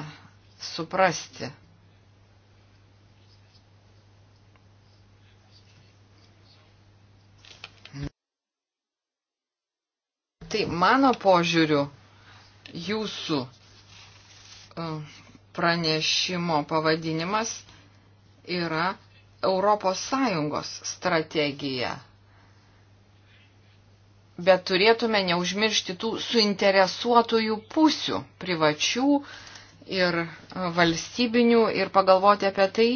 suprasti. Tai mano požiūriu, jūsų uh, pranešimo pavadinimas yra Europos Sąjungos strategija. Bet turėtume neužmiršti tų suinteresuotųjų pusių, privačių ir e, valstybinių, ir pagalvoti apie tai,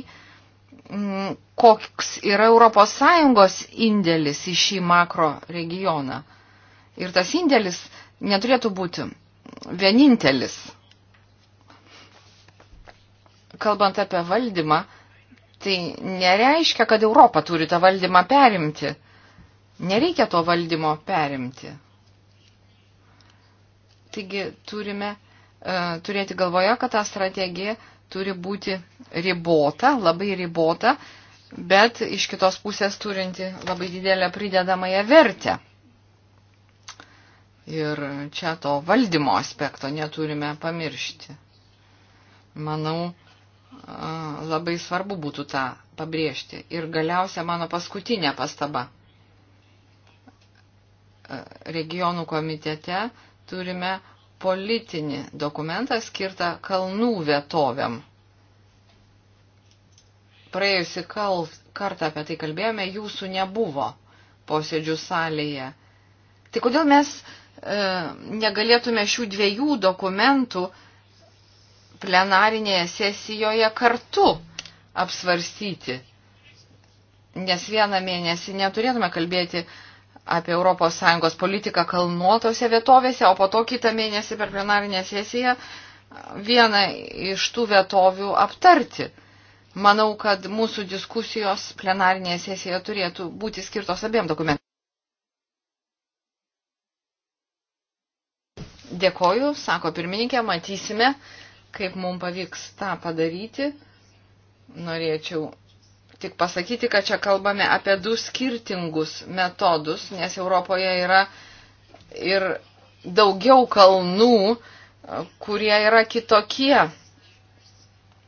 koks yra Europos Sąjungos indėlis į šį makro regioną. Ir tas indėlis neturėtų būti vienintelis kalbant apie valdymą, tai nereiškia, kad Europa turi tą valdymą perimti. Nereikia to valdymo perimti. Taigi turime uh, turėti galvoje, kad ta strategija turi būti ribota, labai ribota, bet iš kitos pusės turinti labai didelę pridedamąją vertę. Ir čia to valdymo aspekto neturime pamiršti. Manau, labai svarbu būtų tą pabrėžti. Ir galiausia mano paskutinė pastaba. Regionų komitete turime politinį dokumentą skirtą kalnų vietovėm. Praėjusi kal, kartą apie tai kalbėjome, jūsų nebuvo posėdžių salėje. Tai kodėl mes e, negalėtume šių dviejų dokumentų e, plenarinėje sesijoje kartu apsvarstyti. Nes vieną mėnesį neturėtume kalbėti apie ES politiką kalnuotose vietovėse, o po to kitą mėnesį per plenarinę sesiją vieną iš tų vietovių aptarti. Manau, kad mūsų diskusijos plenarinėje sesijoje turėtų būti skirtos abiem dokumentam. Dėkoju, sako pirmininkė, matysime kaip mums pavyks tą padaryti. Norėčiau tik pasakyti, kad čia kalbame apie du skirtingus metodus, nes Europoje yra ir daugiau kalnų, kurie yra kitokie.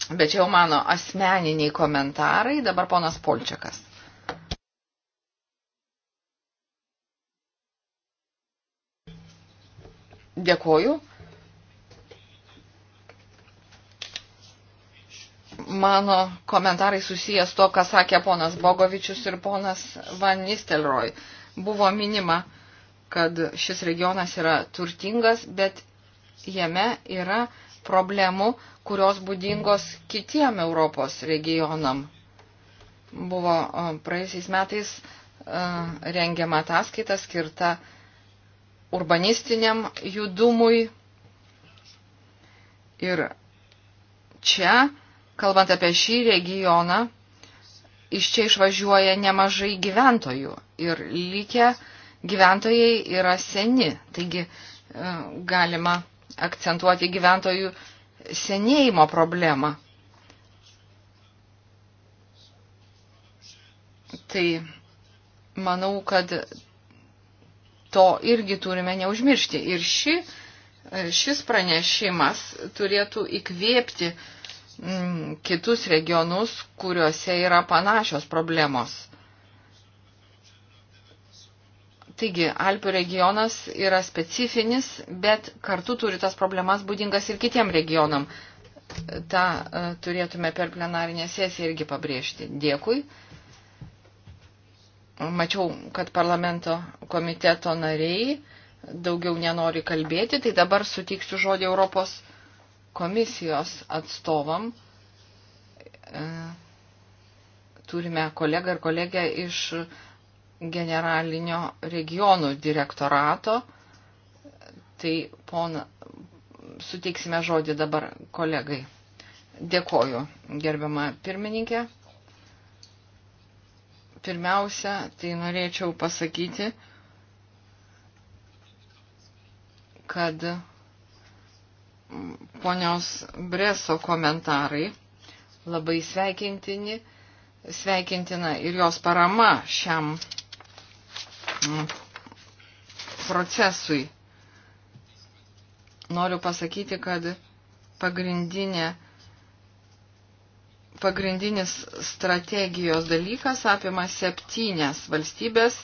Bet čia jau mano asmeniniai komentarai, dabar ponas Polčiakas. Dėkoju. mano komentarai susijęs to, ką sakė ponas Bogovičius ir ponas Van Nistelroj. Buvo minima, kad šis regionas yra turtingas, bet jame yra problemų, kurios būdingos kitiem Europos regionam. Buvo praėjusiais metais rengiama ataskaita skirta urbanistiniam judumui ir čia kalbant apie šį regioną, iš čia išvažiuoja nemažai gyventojų ir likę gyventojai yra seni. Taigi e, galima akcentuoti gyventojų senėjimo problemą. Tai manau, kad to irgi turime neužmiršti. Ir ši, e, šis pranešimas turėtų įkvėpti uh, Mm, kitus regionus, kuriuose yra panašios problemos. Taigi, Alpių regionas yra specifinis, bet kartu turi tas problemas būdingas ir kitiem regionam. Ta e, turėtume per plenarinę sesiją irgi pabrėžti. Dėkui. Mačiau, kad parlamento komiteto nariai daugiau nenori kalbėti, tai dabar sutiksiu žodį Europos komisijos atstovam. E, turime kolegą ir kolegę iš generalinio regionų direktorato. Tai pon, suteiksime žodį dabar kolegai. Dėkoju, gerbiama pirmininkė. Pirmiausia, tai norėčiau pasakyti, kad ponios Breso komentarai labai sveikintini, sveikintina ir jos parama šiam mm, procesui. Noriu pasakyti, kad pagrindinė, pagrindinis strategijos dalykas apima septynias valstybės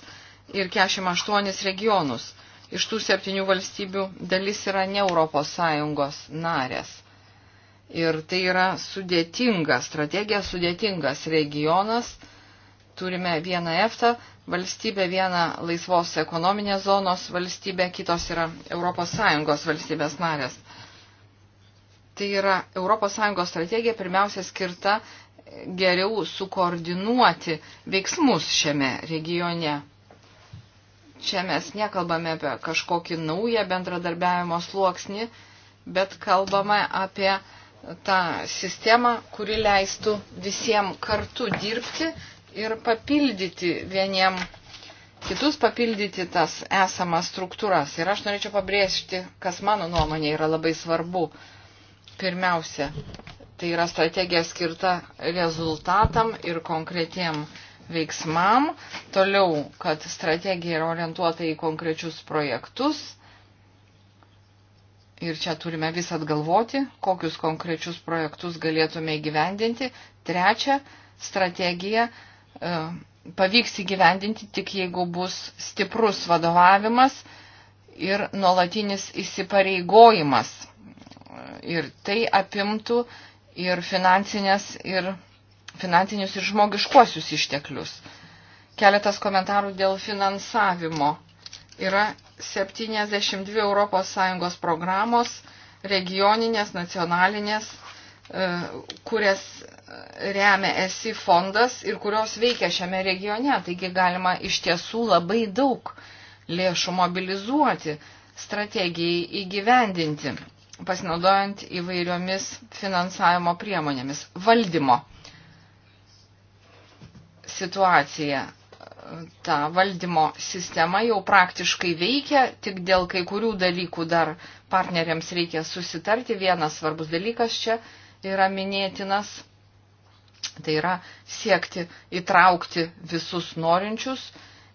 ir 48 regionus iš tų septynių valstybių dalis yra ne Europos Sąjungos narės. Ir tai yra sudėtinga strategija, sudėtingas regionas. Turime vieną EFTA valstybę, vieną laisvos ekonominės zonos valstybę, kitos yra ES valstybės narės. Tai yra ES strategija pirmiausia skirta geriau sukoordinuoti veiksmus šiame regione. Čia mes nekalbame apie kažkokį naują bendradarbiavimo sluoksnį, bet kalbame apie tą sistemą, kuri leistų visiems kartu dirbti ir papildyti vieniem kitus, papildyti tas esamas struktūras. Ir aš norėčiau pabrėžti, kas mano nuomonė yra labai svarbu. Pirmiausia, tai yra strategija skirta rezultatam ir konkretiem veiksmam, toliau, kad strategija yra orientuota į konkrečius projektus. Ir čia turime vis atgalvoti, kokius konkrečius projektus galėtume įgyvendinti. Trečia, strategija e, pavyks įgyvendinti tik jeigu bus stiprus vadovavimas ir nuolatinis įsipareigojimas. E, ir tai apimtų ir finansinės, ir finansinius ir žmogiškuosius išteklius. Keletas komentarų dėl finansavimo. Yra 72 ES programos, regioninės, nacionalinės, e, kurias remia ESI fondas ir kurios veikia šiame regione. Taigi galima iš tiesų labai daug lėšų mobilizuoti strategijai įgyvendinti, pasinaudojant įvairiomis finansavimo priemonėmis valdymo situaciją. Ta valdymo sistema jau praktiškai veikia, tik dėl kai kurių dalykų dar partneriams reikia susitarti. Vienas svarbus dalykas čia yra minėtinas. Tai yra siekti įtraukti visus norinčius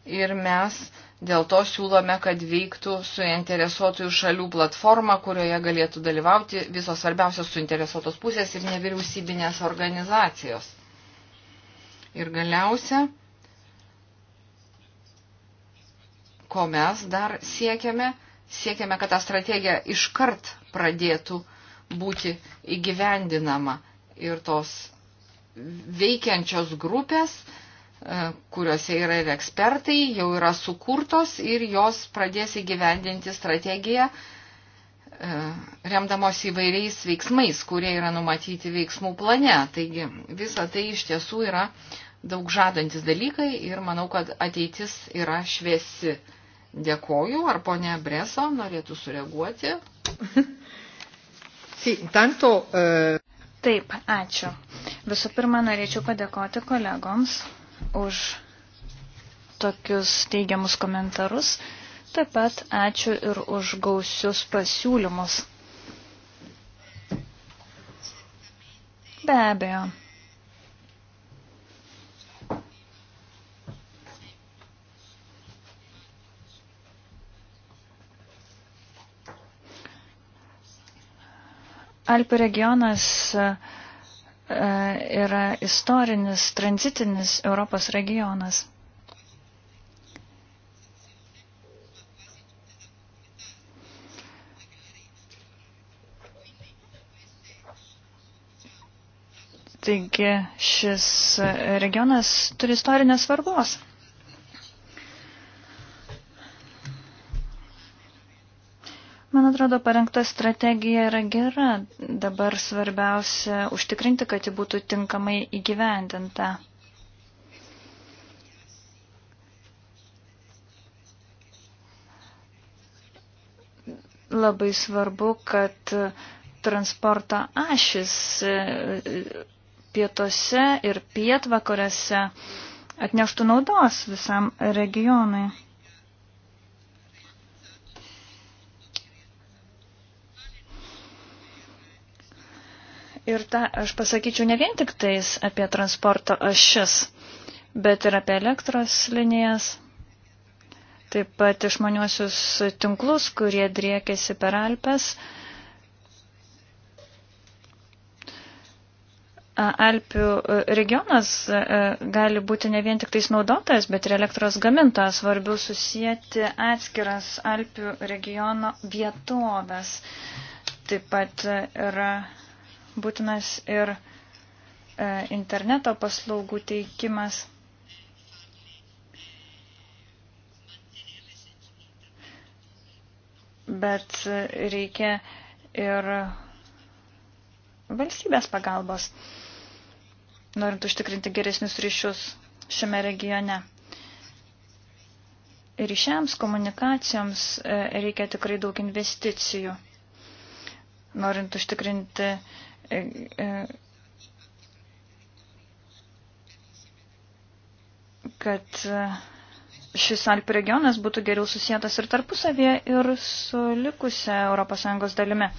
ir mes dėl to siūlome, kad veiktų suinteresuotųjų šalių platforma, kurioje galėtų dalyvauti visos svarbiausios suinteresuotos pusės ir nevyriausybinės organizacijos. Ir galiausia, ko mes dar siekiame, siekiame, kad ta strategija iškart pradėtų būti įgyvendinama. Ir tos veikiančios grupės, e, kuriuose yra ir ekspertai, jau yra sukurtos ir jos pradės įgyvendinti strategiją E, remdamos įvairiais veiksmais, kurie yra numatyti veiksmų plane. Taigi visa tai iš tiesų yra daug žadantis dalykai ir manau, kad ateitis yra šviesi. Dėkoju, ar ponė Breso norėtų sureaguoti? Eh, Taip, ačiū. Visų pirma, norėčiau padėkoti kolegoms už tokius teigiamus komentarus. Uh, Taip pat ačiū ir už gausius pasiūlymus. Be abejo. Alpių regionas e, yra istorinis, tranzitinis Europos regionas. Taigi šis regionas turi istorinės svarbos. Man atrodo, parengta strategija yra gera. Dabar svarbiausia užtikrinti, kad ji būtų tinkamai įgyvendinta. Labai svarbu, kad transporto ašis pietuose ir pietvakariuose atneštų naudos visam regionui. Ir tą aš pasakyčiau ne vien tik tais apie transporto ašis, bet ir apie elektros linijas, taip pat išmaniuosius tinklus, kurie driekėsi per Alpes. Uh, Alpių regionas gali būti ne vien tik tais naudotojas, bet ir elektros gamintojas. Svarbiau susijęti atskiras Alpių regiono vietovės. Taip pat yra būtinas ir interneto paslaugų teikimas. Bet reikia ir valstybės pagalbos. Uh, norint užtikrinti geresnius ryšius šiame regione. Ryšiams, komunikacijoms e, reikia tikrai daug investicijų, norint užtikrinti e, e, kad šis Alpių regionas būtų geriau susijęs ir tarpusavėje, ir su likusia ES dalimi.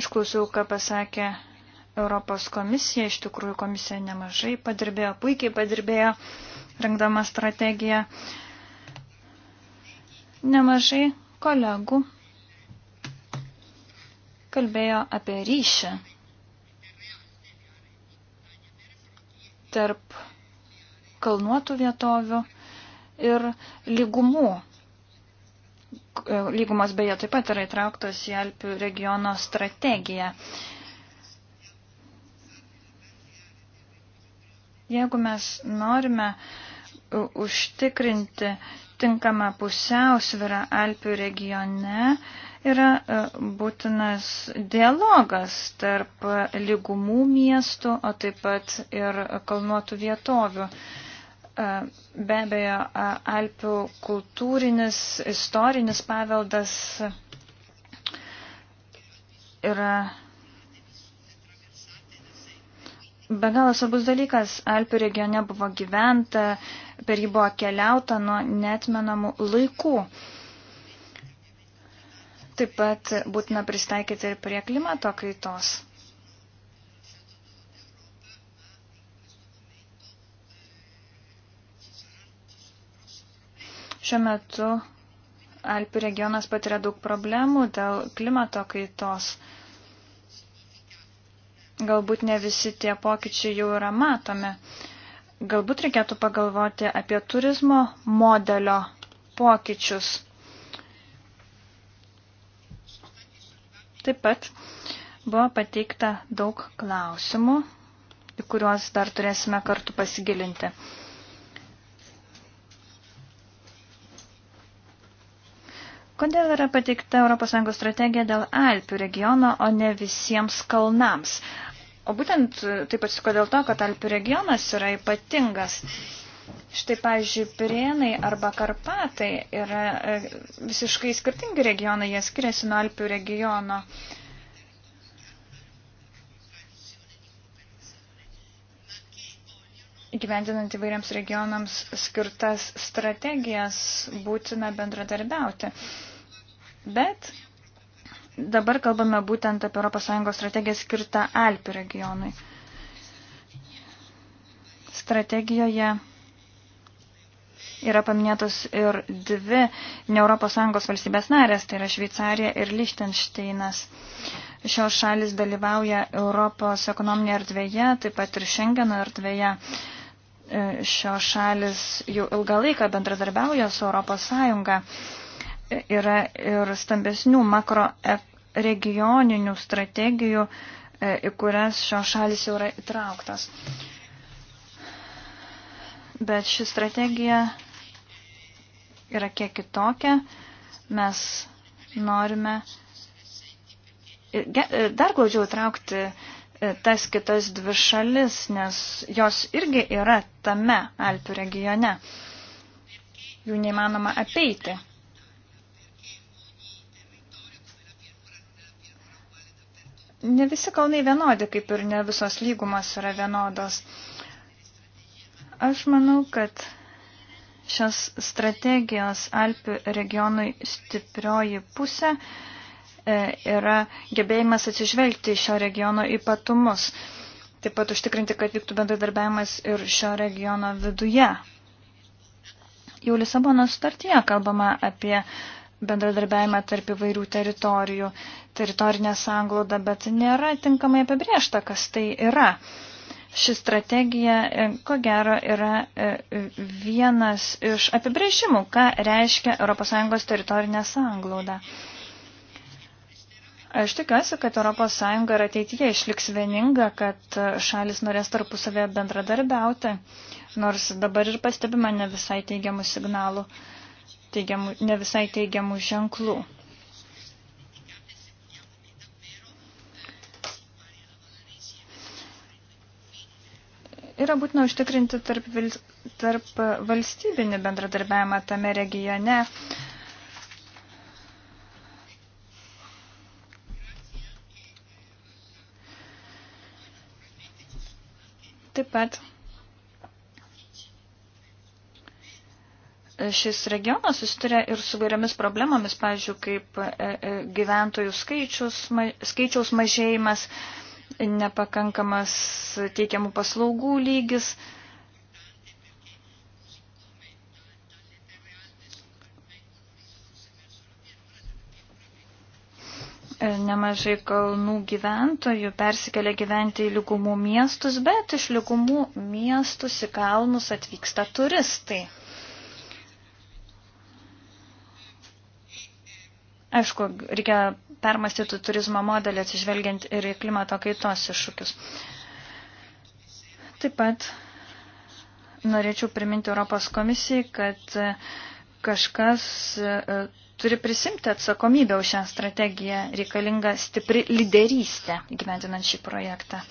Išklausiau, ką pasakė Europos komisija. Iš tikrųjų, komisija nemažai padirbėjo, puikiai padirbėjo, rengdama strategiją. Nemažai kolegų kalbėjo apie ryšį tarp kalnuotų vietovių ir lygumų E, lygumos beje taip pat yra įtrauktos į Alpių regiono strategiją. Jeigu mes norime užtikrinti tinkamą pusiausvirą Alpių regione, yra e, būtinas dialogas tarp lygumų miestų, o taip pat ir kalnuotų vietovių. Be abejo, Alpių kultūrinis, istorinis paveldas yra be galo svarbus dalykas. Alpių regione buvo gyventa, per jį buvo keliauta nuo netmenamų laikų. Taip pat būtina pristaikyti ir prie klimato kaitos. Šiuo metu Alpių regionas patiria daug problemų dėl klimato kaitos. Galbūt ne visi tie pokyčiai jau yra matomi. Galbūt reikėtų pagalvoti apie turizmo modelio pokyčius. Taip pat buvo pateikta daug klausimų, į kuriuos dar turėsime kartu pasigilinti. Kodėl yra pateikta ES strategija dėl Alpių regiono, o ne visiems kalnams? O būtent e, taip atsiko dėl to, kad Alpių regionas yra ypatingas. Štai, pavyzdžiui, Pirėnai arba Karpatai yra e, visiškai skirtingi regionai, jie skiriasi nuo Alpių regiono. Įgyvendinant įvairiams regionams skirtas strategijas būtina bendradarbiauti. Bet dabar kalbame būtent apie ES strategiją skirtą Alpių regionui. Strategijoje yra paminėtos ir dvi ne ES valstybės narės, tai yra Šveicarija ir Lichtensteinas. Šios šalis dalyvauja Europos ekonominėje erdvėje, taip pat ir Schengeno erdvėje. Šios šalis jau ilgą laiką bendradarbiauja su ES yra ir stambesnių makro regioninių strategijų, e, į kurias šios šalis jau yra įtrauktas. Bet ši strategija yra kiek kitokia. Mes norime e, dar glaudžiau traukti e, tas kitas dvi šalis, nes jos irgi yra tame Alpių regione. Jų neįmanoma apeiti. Ne visi kalnai vienodi, kaip ir ne visos lygumos yra vienodos. Aš manau, kad šios strategijos Alpių regionui stiprioji pusė e, yra gebėjimas atsižvelgti šio regiono ypatumus. Taip pat užtikrinti, kad vyktų bendradarbiavimas ir šio regiono viduje. Jau Lisabono sutartyje kalbama apie bendradarbiavimą tarp įvairių teritorijų, teritorinę sąnglaudą, bet nėra tinkamai apibriešta, kas tai yra. Ši strategija, e, ko gero, yra e, vienas iš apibrėžimų, ką reiškia ES teritorinė sąnglauda. Aš tikiuosi, kad ES ir ateityje išliks vieninga, kad šalis norės tarpusavėje bendradarbiauti, nors dabar ir pastebima ne visai teigiamų signalų. Uh, teigiamų, ne visai teigiamų ženklų. Yra būtina užtikrinti tarp, tarp valstybinį bendradarbiavimą tame regione. Taip pat šis regionas susituria ir su vairiomis problemomis, pavyzdžiui, kaip e, e, gyventojų skaičius, skaičiaus mažėjimas, nepakankamas teikiamų paslaugų lygis. E, nemažai kalnų gyventojų persikelia gyventi į lygumų miestus, bet iš lygumų miestus į kalnus atvyksta turistai. Aišku, reikia permastyti turizmo modelį atsižvelgiant ir į klimato kaitos iššūkius. Taip pat norėčiau priminti Europos komisijai, kad kažkas e, turi prisimti atsakomybę už šią strategiją, reikalinga stipri lyderystė įgyvendinant šį projektą.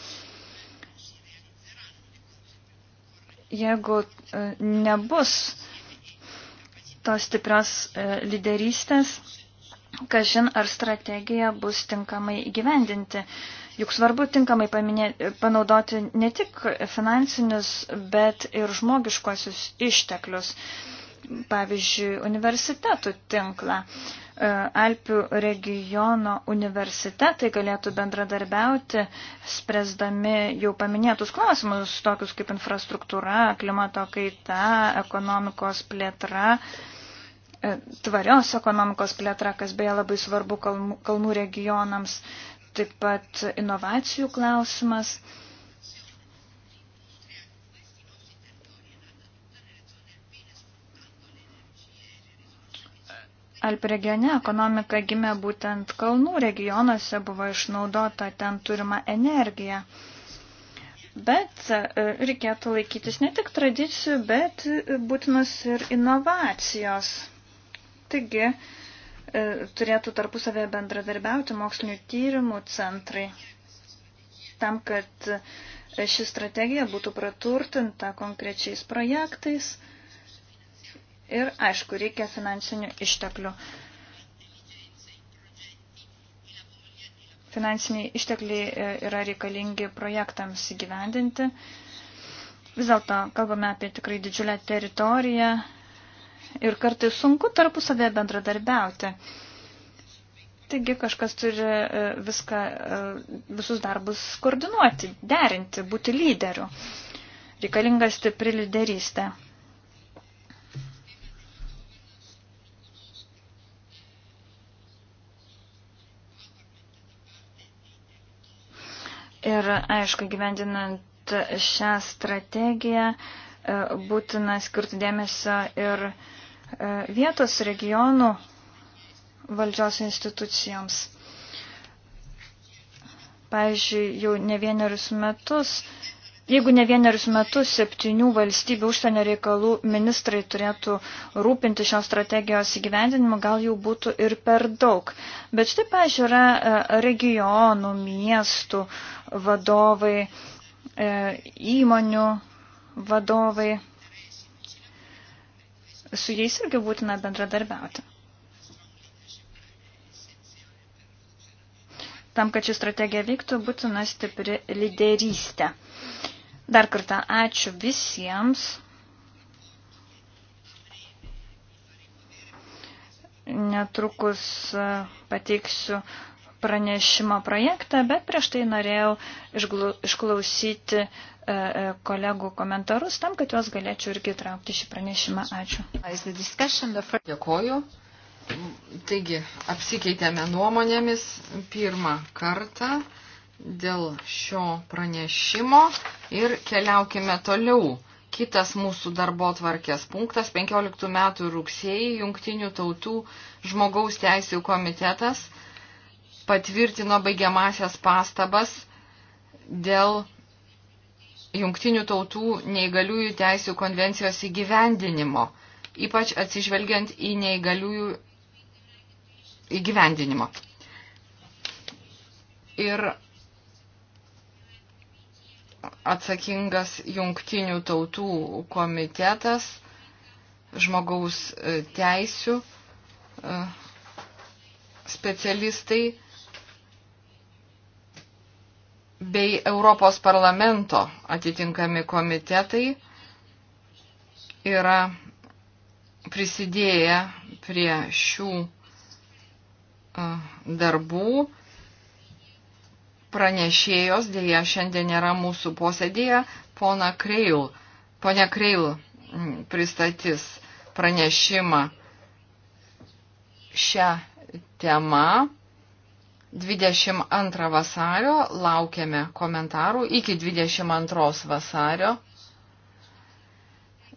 Jeigu e, nebus tos stiprios e, lyderystės, kažin ar strategija bus tinkamai įgyvendinti. Juk svarbu tinkamai paminė, panaudoti ne tik finansinius, bet ir žmogiškosius išteklius. Pavyzdžiui, universitetų tinklą. E, Alpių regiono universitetai galėtų bendradarbiauti, spręsdami jau paminėtus klausimus, tokius kaip infrastruktūra, klimato kaita, ekonomikos plėtra, tvarios ekonomikos plėtra, kas beje labai svarbu kalmų, kalnų regionams, taip pat inovacijų klausimas. Alpių regione ekonomika gimė būtent kalnų regionuose, buvo išnaudota ten turima energija. Bet e, reikėtų laikytis ne tik tradicijų, bet būtinos ir inovacijos. Taigi, e, turėtų tarpusavėje bendradarbiauti mokslinių tyrimų centrai tam, kad e, ši strategija būtų praturtinta konkrečiais projektais ir, aišku, reikia finansinių išteklių. Finansiniai ištekliai e, yra reikalingi projektams įgyvendinti. Vis dėlto kalbame apie tikrai didžiulę teritoriją, ir kartai sunku tarpusavėje bendradarbiauti. Taigi kažkas turi e, viską, e, visus darbus koordinuoti, derinti, būti lyderiu. Reikalinga stipri lyderystė. Ir aišku, gyvendinant šią strategiją, e, būtina skirti dėmesio ir uh, E, vietos regionų valdžios institucijoms. Pavyzdžiui, jau ne vienerius metus, jeigu ne vienerius metus septynių valstybių užsienio reikalų ministrai turėtų rūpinti šios strategijos įgyvendinimu, gal jų būtų ir per daug. Bet štai, pavyzdžiui, yra e, regionų, miestų vadovai, e, įmonių vadovai su jais irgi būtina bendradarbiauti. Tam, kad ši strategija vyktų, būtina stipri lyderystė. Dar kartą ačiū visiems. Netrukus e, pateiksiu pranešimo projektą, bet prieš tai norėjau išklausyti E, e, kolegų komentarus tam, kad juos galėčiau irgi traukti šį pranešimą. Ačiū. Dėkoju. Taigi, apsikeitėme nuomonėmis pirmą kartą dėl šio pranešimo ir keliaukime toliau. Kitas mūsų darbo tvarkės punktas 15 metų rugsėjai Jungtinių tautų žmogaus teisėjų komitetas patvirtino baigiamasias pastabas dėl jungtinių tautų neįgaliųjų teisų konvencijos įgyvendinimo, ypač atsižvelgiant į neįgaliųjų įgyvendinimo. Ir atsakingas jungtinių tautų komitetas žmogaus teisių e, specialistai bei Europos parlamento atitinkami komitetai yra prisidėję prie šių darbų. Pranešėjos dėja šiandien nėra mūsų posėdėje, pona Kreil. Pone Kreil pristatys pranešimą šią temą. 22 vasario laukiame komentarų iki 22 vasario,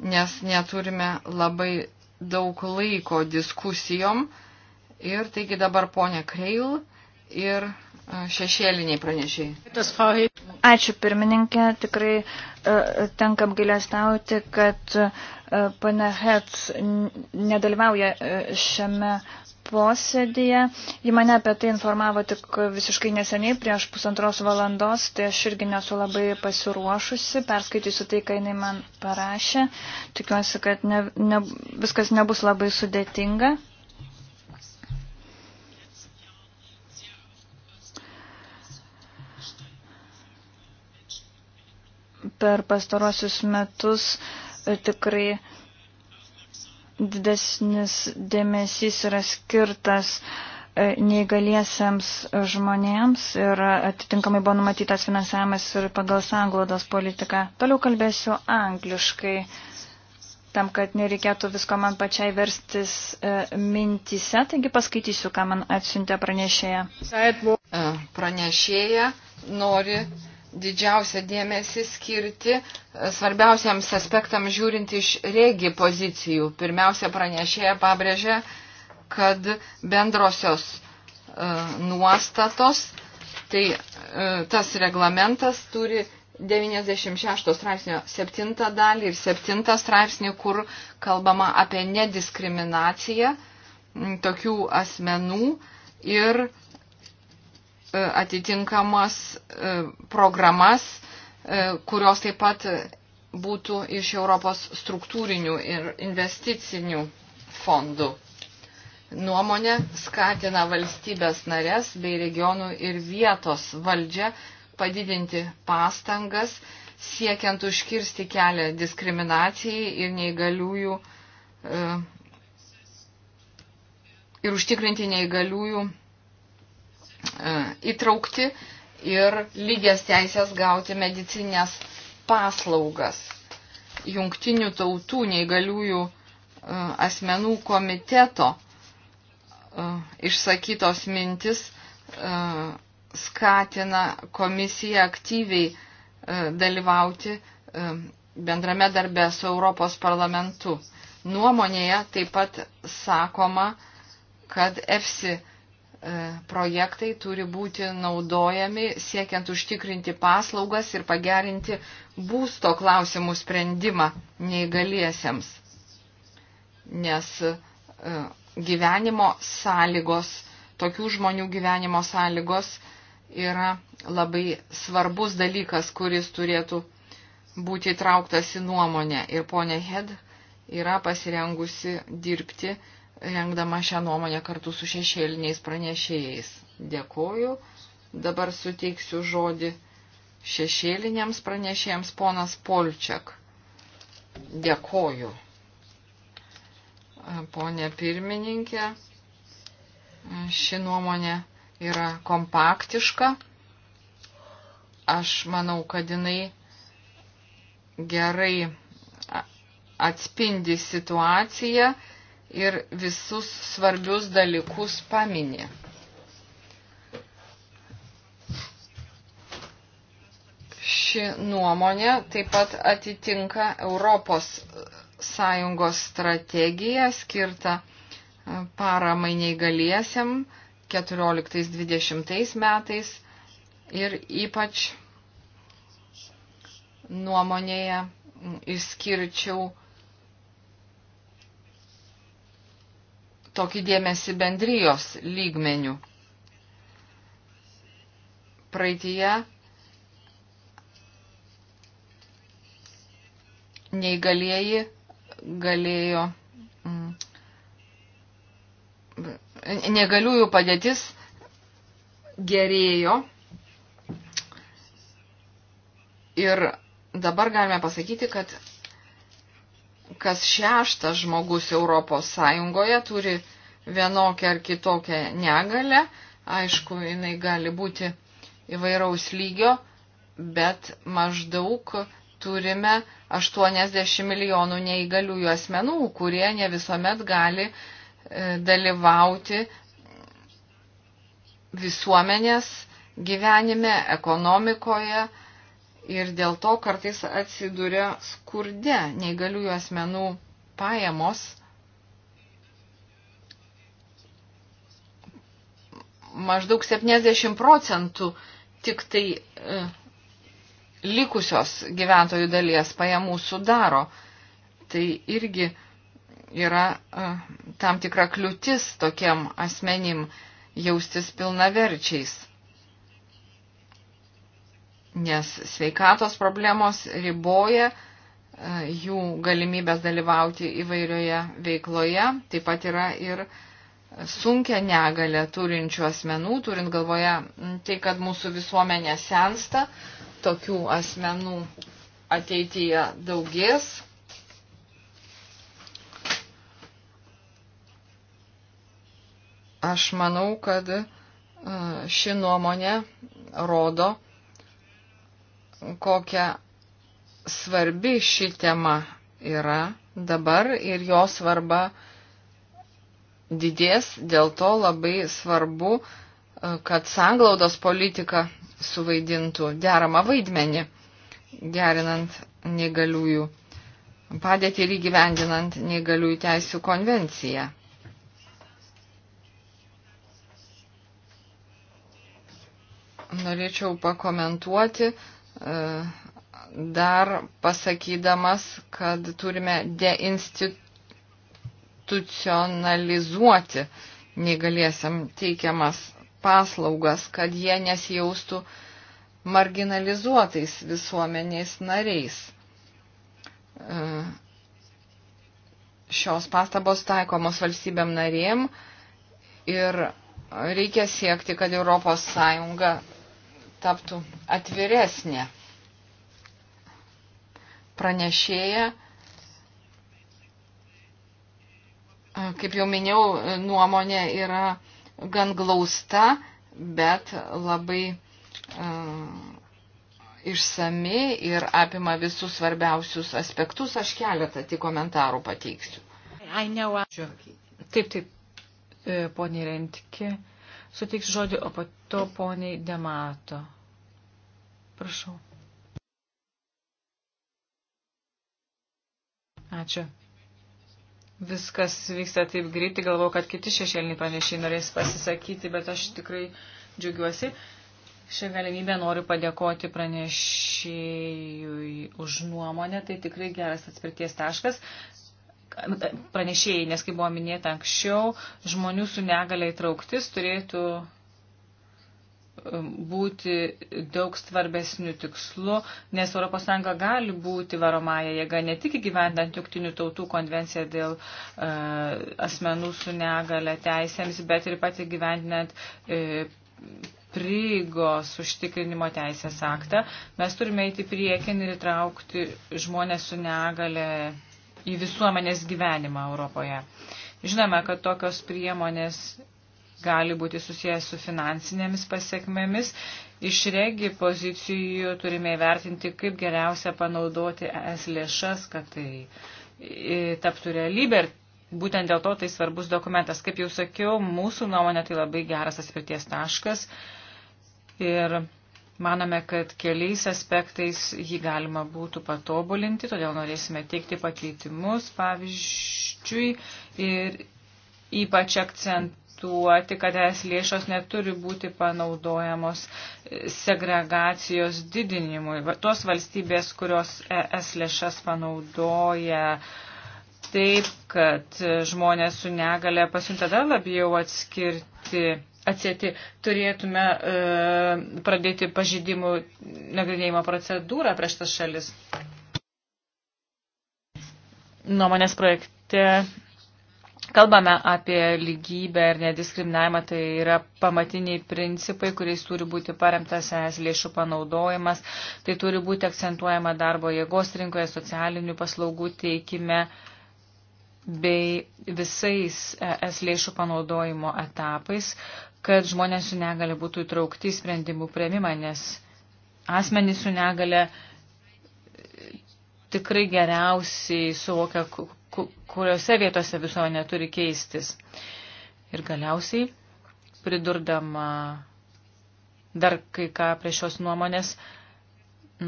nes neturime labai daug laiko diskusijom. Ir taigi dabar ponė Kreil ir e, šešėliniai pranešiai. Ačiū pirmininkė, tikrai e, tenka apgailestauti, kad e, pane Hets nedalyvauja šiame posėdėje. Ji mane apie tai informavo tik visiškai neseniai, prieš pusantros valandos, tai aš irgi nesu labai pasiruošusi, perskaitysiu tai, ką jinai man parašė. Tikiuosi, kad ne, ne, viskas nebus labai sudėtinga. Per pastarosius metus e, tikrai uh, didesnis dėmesys yra skirtas e, neįgaliesiems žmonėms ir atitinkamai buvo numatytas finansavimas ir pagal sanglaudos politiką. Toliau kalbėsiu angliškai, tam, kad nereikėtų visko man pačiai verstis e, mintise, taigi paskaitysiu, ką man atsiuntė pranešėja. E, pranešėja nori didžiausią dėmesį skirti e, svarbiausiams aspektams žiūrint iš regi pozicijų. Pirmiausia, pranešėja pabrėžė, kad bendrosios e, nuostatos, tai e, tas reglamentas turi 96 straipsnio 7 dalį ir 7 straipsnį, kur kalbama apie nediskriminaciją tokių asmenų ir E, atitinkamas e, programas, e, kurios taip pat būtų iš Europos struktūrinių ir investicinių fondų. Nuomonė skatina valstybės narės bei regionų ir vietos valdžią padidinti pastangas, siekiant užkirsti kelią diskriminacijai ir neįgaliųjų ir užtikrinti neįgaliųjų E, įtraukti ir lygias teisės gauti medicinės paslaugas. Jungtinių tautų neįgaliųjų e, asmenų komiteto e, išsakytos mintis skatina komisiją aktyviai dalyvauti bendrame darbe su Europos parlamentu. Nuomonėje taip pat sakoma, kad EFSI E, projektai turi būti naudojami siekiant užtikrinti paslaugas ir pagerinti būsto klausimų sprendimą neįgaliesiems. Nes e, gyvenimo sąlygos, tokių žmonių gyvenimo sąlygos yra labai svarbus dalykas, kuris turėtų būti įtrauktas į nuomonę. Ir ponė Hed yra pasirengusi dirbti rengdama šią nuomonę kartu su šešėliniais pranešėjais. Dėkoju. Dabar suteiksiu žodį šešėliniams pranešėjams ponas Polčiak. Dėkoju. Pone pirmininkė, ši nuomonė yra kompaktiška. Aš manau, kad jinai gerai atspindi situaciją ir visus svarbius dalykus paminė. Ši nuomonė taip pat atitinka Europos Sąjungos strategiją skirtą e, paramai neįgaliesiam 14-20 metais ir ypač nuomonėje išskirčiau tokį dėmesį bendrijos lygmenių. Praeitie neįgalieji galėjo. Mm, negaliųjų padėtis gerėjo ir dabar galime pasakyti, kad kas šeštas žmogus Europos Sąjungoje turi vienokią ar kitokią negalę. Aišku, jinai gali būti įvairaus lygio, bet maždaug turime 80 milijonų neįgaliųjų asmenų, kurie ne visuomet gali e, dalyvauti visuomenės gyvenime, ekonomikoje, ir dėl to kartais atsiduria skurde neįgaliųjų asmenų pajamos. Maždaug 70 procentų tik tai e, likusios gyventojų dalies pajamų sudaro. Tai irgi yra e, tam tikra kliūtis tokiem asmenim jaustis pilnaverčiais nes sveikatos problemos riboja e, jų galimybės dalyvauti įvairioje veikloje. Taip pat yra ir sunkia negalė turinčių asmenų, turint galvoje tai, kad mūsų visuomenė sensta, tokių asmenų ateityje daugės. Aš manau, kad e, ši nuomonė rodo, kokia svarbi ši tema yra dabar ir jo svarba didės, dėl to labai svarbu, e, kad sanglaudos politika suvaidintų deramą vaidmenį, gerinant negaliųjų padėtį ir įgyvendinant negaliųjų teisų konvenciją. Norėčiau pakomentuoti E, dar pasakydamas, kad turime deinstitucionalizuoti neįgaliesiam teikiamas paslaugas, kad jie nesijaustų marginalizuotais visuomenės nariais. E, šios pastabos taikomos valstybėm narėm ir reikia siekti, kad ES taptų atviresnė. Pranešėja, kaip jau minėjau, nuomonė yra gan glausta, bet labai uh, išsami ir apima visus svarbiausius aspektus. Aš keletą tik komentarų pateiksiu. Uh, taip, taip, e, poniai Rentki, suteiks žodį, o po to poniai Demato. Prašau. Ačiū. Viskas vyksta taip greitai, galvau, kad kiti šešėliniai panešiai norės pasisakyti, bet aš tikrai džiugiuosi. Šią galimybę noriu padėkoti pranešėjui už nuomonę, tai tikrai geras atspirties taškas. Pranešėjai, nes kaip buvo minėta anksčiau, žmonių su negaliai trauktis turėtų Um, būti daug svarbesnių tikslų, nes ES gali būti varomąją jėgą ne tik įgyvendant Junktinių tautų konvenciją dėl e, asmenų su negale teisėms, bet ir pat įgyvendinant e, prieigos užtikrinimo teisės aktą. Mes turime eiti priekin ir įtraukti žmonės su negale į visuomenės gyvenimą Europoje. Žinome, kad tokios priemonės gali būti susijęs su finansinėmis pasiekmėmis. Iš regi pozicijų turime įvertinti, kaip geriausia panaudoti ES lėšas, kad tai e, taptų realybė. Ir būtent dėl to tai svarbus dokumentas. Kaip jau sakiau, mūsų nuomonė tai labai geras atspirties taškas. Ir Manome, kad keliais aspektais jį galima būtų patobulinti, todėl norėsime teikti pakeitimus, pavyzdžiui, ir ypač akcent, akcentuoti, kad es lėšos neturi būti panaudojamos segregacijos didinimui. Tos valstybės, kurios es lėšas panaudoja taip, kad žmonės su negale pasimta dar labiau atskirti. Atsėti, turėtume e, pradėti pažydimų nagrinėjimo procedūrą prieš tas šalis nuomonės projekte Kalbame apie lygybę ir nediskriminavimą, tai yra pamatiniai principai, kuriais turi būti paremtas es lėšų panaudojimas, tai turi būti akcentuojama darbo jėgos rinkoje, socialinių paslaugų teikime bei visais es lėšų panaudojimo etapais, kad žmonės su negale būtų įtraukti į sprendimų prieimimą, nes asmenys su negale tikrai geriausiai suvokia, kuriuose vietose visuomenė turi keistis. Ir galiausiai, pridurdama dar kai ką prie šios nuomonės,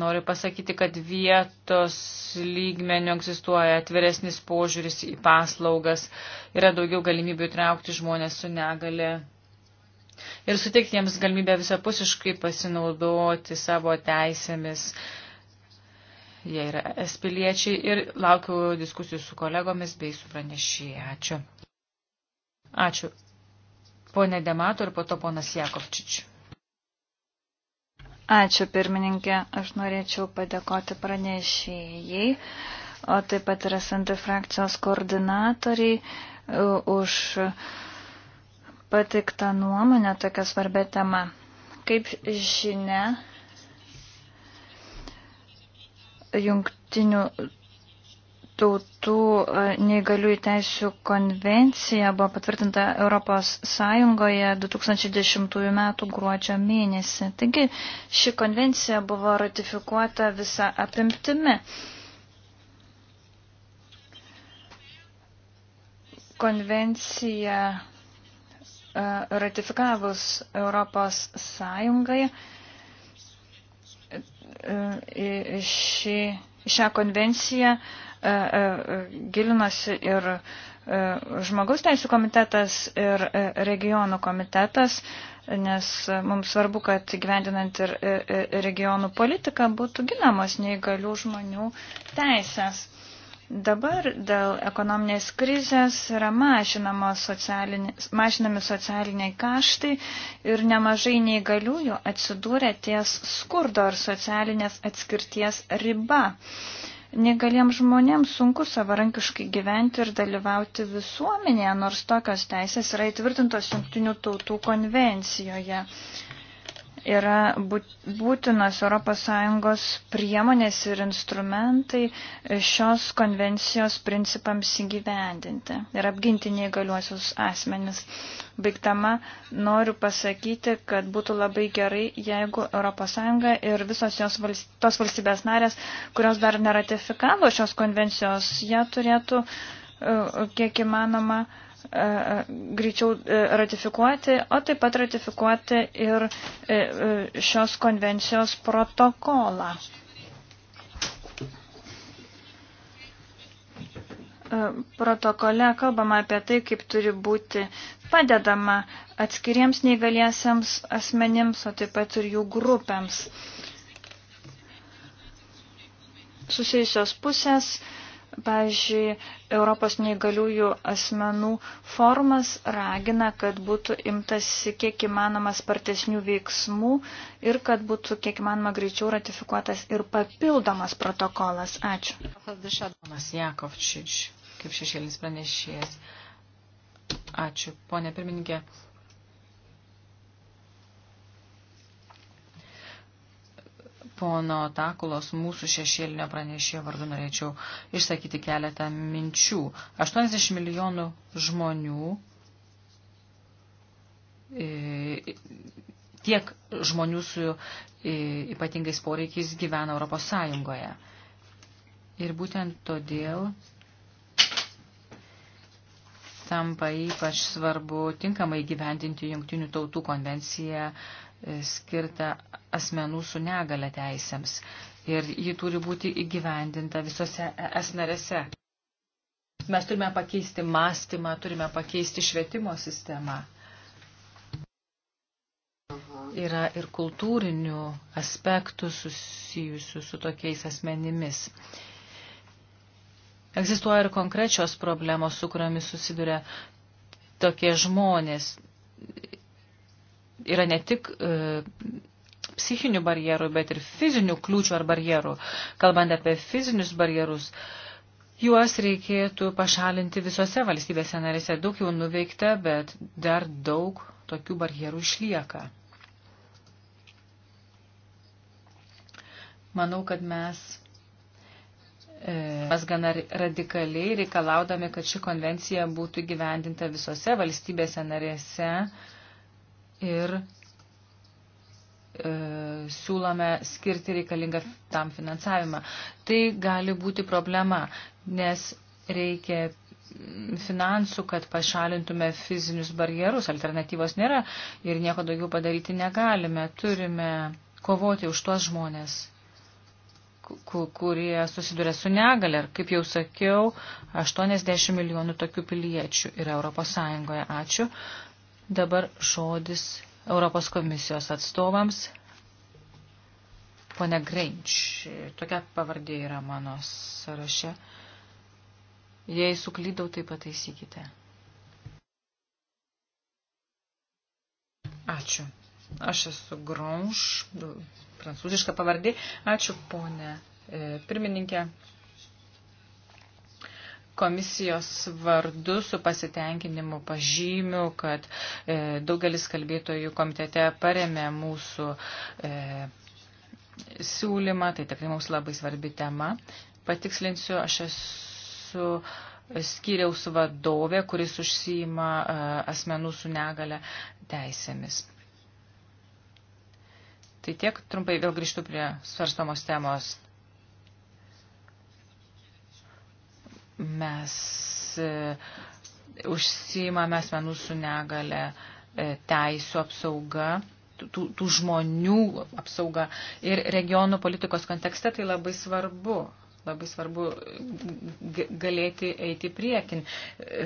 noriu pasakyti, kad vietos lygmenių egzistuoja atviresnis požiūris į paslaugas, yra daugiau galimybių įtraukti žmonės su negale ir suteikti jiems galimybę visapusiškai pasinaudoti savo teisėmis jie yra es piliečiai ir laukiu diskusijų su kolegomis bei su pranešėjai. Ačiū. Ačiū. Pone Demato ir po to ponas Jakovčič. Ačiū pirmininkė, aš norėčiau padėkoti pranešėjai, o taip pat ir esanti frakcijos koordinatoriai e, už patiktą nuomonę tokią svarbę temą. Kaip žinia, jungtinių tautų e, neįgaliųjų teisų konvencija buvo patvirtinta Europos Sąjungoje 2010 m. gruodžio mėnesį. Taigi ši konvencija buvo ratifikuota visa apimtimi. Konvencija e, ratifikavus Europos Sąjungai šį, šią konvenciją e, e, gilinosi ir e, žmogaus teisų komitetas ir regionų komitetas, nes mums svarbu, kad gyvendinant ir regionų politiką būtų ginamos neįgalių žmonių teisės. Dabar dėl ekonominės krizės yra socialinė, mažinami socialiniai kaštai ir nemažai neįgaliųjų atsidūrė ties skurdo ar socialinės atskirties riba. Negaliems žmonėms sunku savarankiškai gyventi ir dalyvauti visuomenėje, nors tokios teisės yra įtvirtintos Junktinių tautų konvencijoje yra būtinos ES priemonės ir instrumentai šios konvencijos principams įgyvendinti ir apginti neįgaliuosius asmenis. Baigtama noriu pasakyti, kad būtų labai gerai, jeigu ES ir visos jos valst, tos valstybės narės, kurios dar neratifikavo šios konvencijos, jie turėtų e, kiek įmanoma uh, E, greičiau e, ratifikuoti, o taip pat ratifikuoti ir e, šios konvencijos protokolą. Protokole kalbama apie tai, kaip turi būti padedama atskiriems neįgaliesiams asmenims, o taip pat ir jų grupėms. Susijusios pusės uh, Pavyzdžiui, Europos neįgaliųjų asmenų formas ragina, kad būtų imtasi kiek įmanoma spartesnių veiksmų ir kad būtų kiek įmanoma greičiau ratifikuotas ir papildomas protokolas. Ačiū. Jakovčič, kaip šešėlis pranešėjas. Ačiū, ponė pirmininkė. pono Takulos mūsų šešėlinio pranešėjo vardu norėčiau išsakyti keletą minčių. 80 milijonų žmonių, e, tiek žmonių su e, ypatingais poreikiais gyvena Europos Sąjungoje. Ir būtent todėl tampa ypač svarbu tinkamai gyventinti Jungtinių tautų konvenciją skirtą asmenų su negale teisėms ir ji turi būti įgyvendinta visose es narėse. Mes turime pakeisti mąstymą, turime pakeisti švietimo sistemą. Yra ir kultūrinių aspektų susijusių su tokiais asmenimis. Egzistuoja ir konkrečios problemos, su kuriomis susiduria tokie žmonės yra ne tik e, psichinių barjerų, bet ir fizinių kliūčių ar barjerų. Kalbant apie fizinius barjerus, juos reikėtų pašalinti visose valstybėse narėse. Daug jau nuveikta, bet dar daug tokių barjerų išlieka. Manau, kad mes e, mes gana radikaliai reikalaudami, kad ši konvencija būtų gyvendinta visose valstybėse narėse, ir e, siūlome skirti reikalingą tam finansavimą. Tai gali būti problema, nes reikia finansų, kad pašalintume fizinius barjerus. Alternatyvos nėra ir nieko daugiau padaryti negalime. Turime kovoti už tuos žmonės, kurie susiduria su negale. Ir kaip jau sakiau, 80 milijonų tokių piliečių yra Europos Sąjungoje. Ačiū. Dabar žodis Europos komisijos atstovams. Pone Grinč, tokia pavardė yra mano sąraše. Jei suklydau, tai pataisykite. Ačiū. Aš esu Granš, prancūziška pavardė. Ačiū, ponė e, pirmininkė komisijos vardu su pasitenkinimu pažymiu, kad e, daugelis kalbėtojų komitete paremė mūsų e, siūlymą, tai tikrai mums labai svarbi tema. Patikslinsiu, aš esu skyriaus vadovė, kuris užsijima e, asmenų su negale teisėmis. Tai tiek trumpai vėl grįžtu prie svarstomos temos. Mes e, užsiimame asmenų su negale e, teisų apsauga, tų, tų žmonių apsauga. Ir regionų politikos kontekste tai labai svarbu. Labai svarbu galėti eiti priekin. E,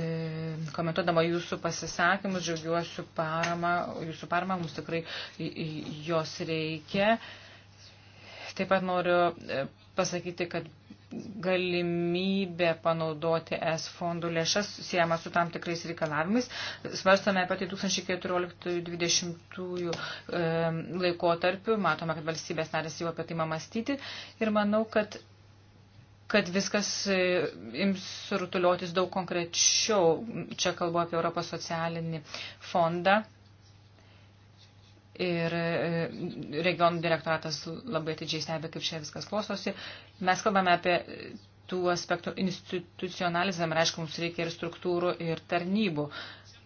komentuodama jūsų pasisakymus, džiaugiuosi parama, jūsų parama, mums tikrai jos reikia. Taip pat noriu pasakyti, kad galimybė panaudoti S fondų lėšas siejama su tam tikrais reikalavimais. Svarstame apie tai 2014-2020 laikotarpiu, matome, kad valstybės narės jau apie tai mąstyti ir manau, kad kad viskas e, ims rutuliotis daug konkrečiau. Čia kalbu apie Europos socialinį fondą ir e, regionų direktoratas labai atidžiai stebi, kaip čia viskas klostosi. Mes kalbame apie tų aspektų institucionalizam, reiškia, mums reikia ir struktūrų, ir tarnybų.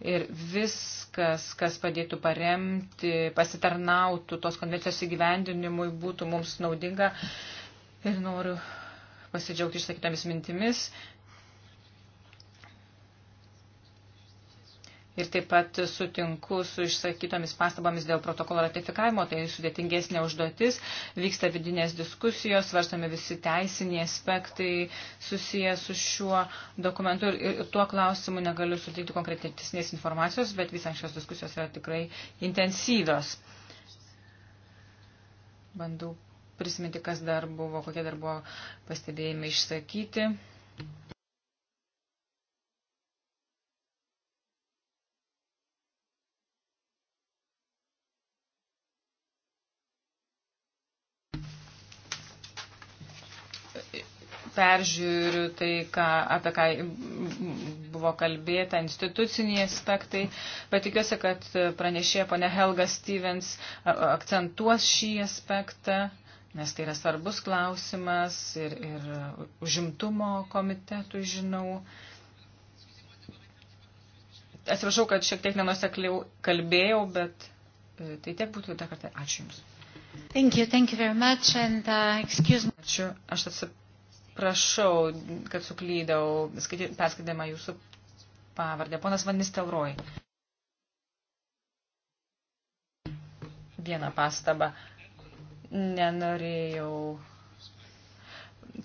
Ir viskas, kas padėtų paremti, pasitarnautų tos konvencijos įgyvendinimui, būtų mums naudinga. Ir noriu pasidžiaugti išsakytomis mintimis. Ir taip pat sutinku su išsakytomis pastabomis dėl protokolo ratifikavimo, tai sudėtingesnė užduotis, vyksta vidinės diskusijos, svarstami visi teisiniai aspektai susiję su šiuo dokumentu ir, ir tuo klausimu negaliu suteikti konkretesnės informacijos, bet visą šios diskusijos yra tikrai intensyvios. Bandau prisiminti, kas dar buvo, kokie dar buvo pastebėjimai išsakyti. peržiūriu tai, ką, apie ką buvo kalbėta, instituciniai aspektai, bet tikiuosi, kad pranešėja ponė Helga Stevens akcentuos šį aspektą, nes tai yra svarbus klausimas ir, ir užimtumo komitetui žinau. Atsiprašau, kad šiek tiek nenusekliau kalbėjau, bet e, tai tiek būtų dar kartą. Ačiū Jums. Thank you, thank you very much and uh, excuse me. Ačiū, aš atsiprašau Prašau, kad suklydau, perskaidama jūsų pavardę. Ponas Vanis Telroj. Vieną pastabą. Nenorėjau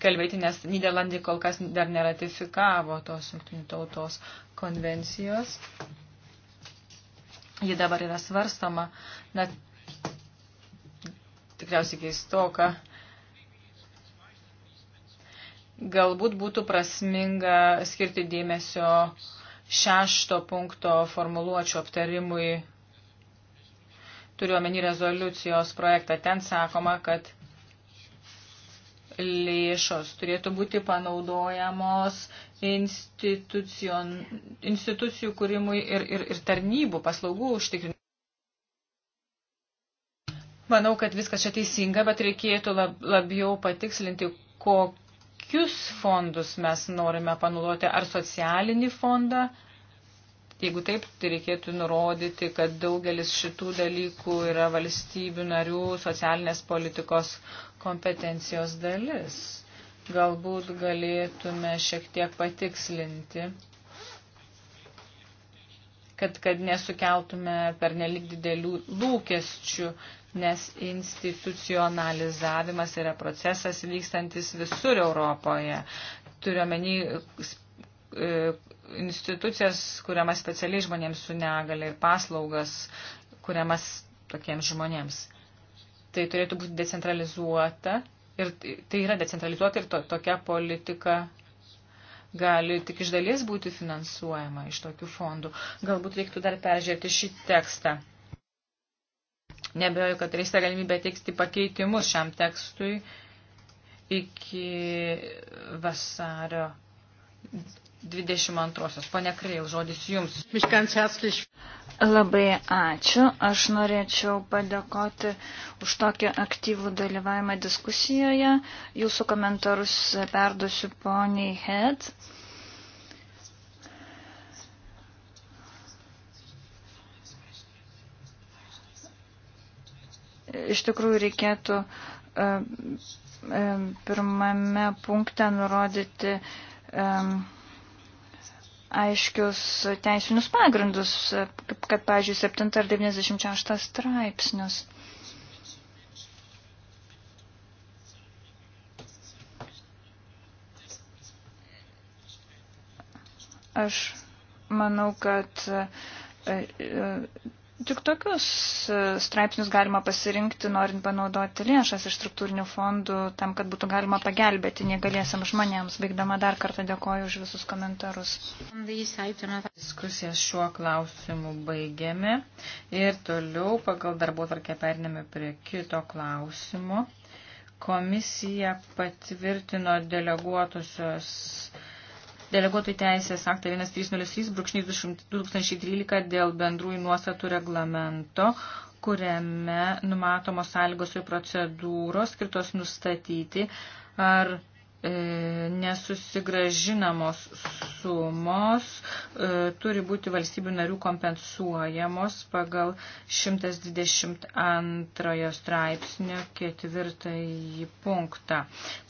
kalbėti, nes Niderlandai kol kas dar neratifikavo tos jungtinių tautos konvencijos. Ji dabar yra svarstama, na, tikriausiai keistoka galbūt būtų prasminga skirti dėmesio šešto punkto formuluočio aptarimui. Turiuomenį rezoliucijos projektą. Ten sakoma, kad lėšos turėtų būti panaudojamos institucijų kūrimui ir, ir, ir tarnybų paslaugų užtikrinimui. Manau, kad viskas čia teisinga, bet reikėtų lab, labiau patikslinti, ko, kokius fondus mes norime panaudoti, ar socialinį fondą. Jeigu taip, tai reikėtų nurodyti, kad daugelis šitų dalykų yra valstybių narių socialinės politikos kompetencijos dalis. Galbūt galėtume šiek tiek patikslinti, kad, kad nesukeltume per nelik didelių lūkesčių nes institucionalizavimas yra procesas vykstantis visur Europoje. Turiuomenį e, institucijas, kuriamas specialiai žmonėms su negale ir paslaugas, kuriamas tokiems žmonėms. Tai turėtų būti decentralizuota ir tai yra decentralizuota ir to, tokia politika gali tik iš dalies būti finansuojama iš tokių fondų. Galbūt reiktų dar peržiūrėti šį tekstą. Nebejoju, kad reista galimybė teikti pakeitimus šiam tekstui iki vasario 22. Pone Kreil, žodis jums. Labai ačiū. Aš norėčiau padėkoti už tokį aktyvų dalyvavimą diskusijoje. Jūsų komentarus perduosiu poniai Head. iš tikrųjų reikėtų e, e, pirmame punkte nurodyti e, aiškius teisinius pagrindus, kad, pavyzdžiui, 7 ar 96 straipsnius. Aš manau, kad Tik tokius e, straipsnius galima pasirinkti, norint panaudoti lėšas iš struktūrinių fondų, tam, kad būtų galima pagelbėti negalėsiam žmonėms. Baigdama dar kartą dėkoju už visus komentarus. Diskusijas šiuo klausimu baigėme ir toliau pagal darbo tvarkę perinėme prie kito klausimo. Komisija patvirtino deleguotusios deleguotų teisės aktą 1303-2013 dėl bendrųjų nuostatų reglamento, kuriame numatomos sąlygos ir procedūros skirtos nustatyti, ar E, nesusigražinamos sumos e, turi būti valstybių narių kompensuojamos pagal 122 straipsnio ketvirtąjį punktą.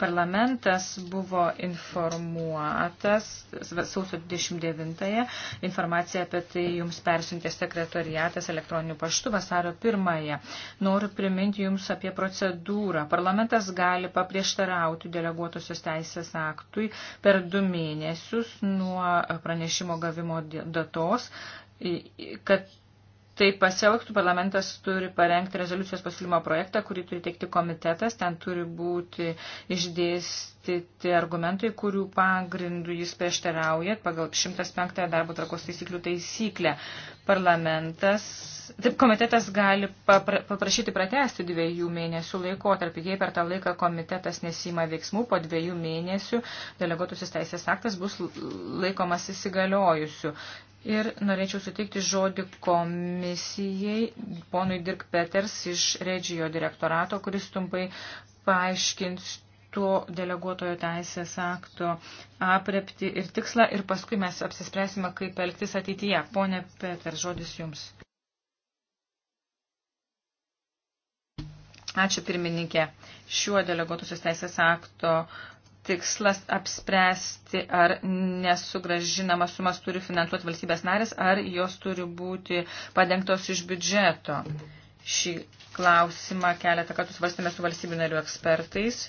Parlamentas buvo informuotas sausio 29-ąją. Informacija apie tai jums persintė sekretoriatas elektroniniu paštu vasario 1-ąją. Noriu priminti jums apie procedūrą. Parlamentas gali paprieštarauti deleguotosios įsigaliojus teisės aktui per du mėnesius nuo pranešimo gavimo datos, kad taip pasielgtų, parlamentas turi parengti rezoliucijos pasiūlymo projektą, kurį turi teikti komitetas, ten turi būti išdėstyti argumentai, kurių pagrindų jis prieštarauja pagal 105 darbo trakos taisyklių taisyklę. Parlamentas, taip komitetas gali paprašyti pratesti dviejų mėnesių laikotarpį, jei per tą laiką komitetas nesima veiksmų, po dviejų mėnesių deleguotusis teisės aktas bus laikomas įsigaliojusiu. Ir norėčiau suteikti žodį komisijai, ponui Dirk Peters iš Regio direktorato, kuris trumpai paaiškins tuo deleguotojo teisės akto aprepti ir tikslą ir paskui mes apsispręsime, kaip elgtis ateityje. Pone Peters, žodis jums. Ačiū pirmininkė. Šiuo deleguotusios teisės akto tikslas apspręsti, ar nesugražinama sumas turi finansuoti valstybės narės, ar jos turi būti padengtos iš biudžeto. Šį klausimą keletą kartų svarstėme su valstybių narių ekspertais.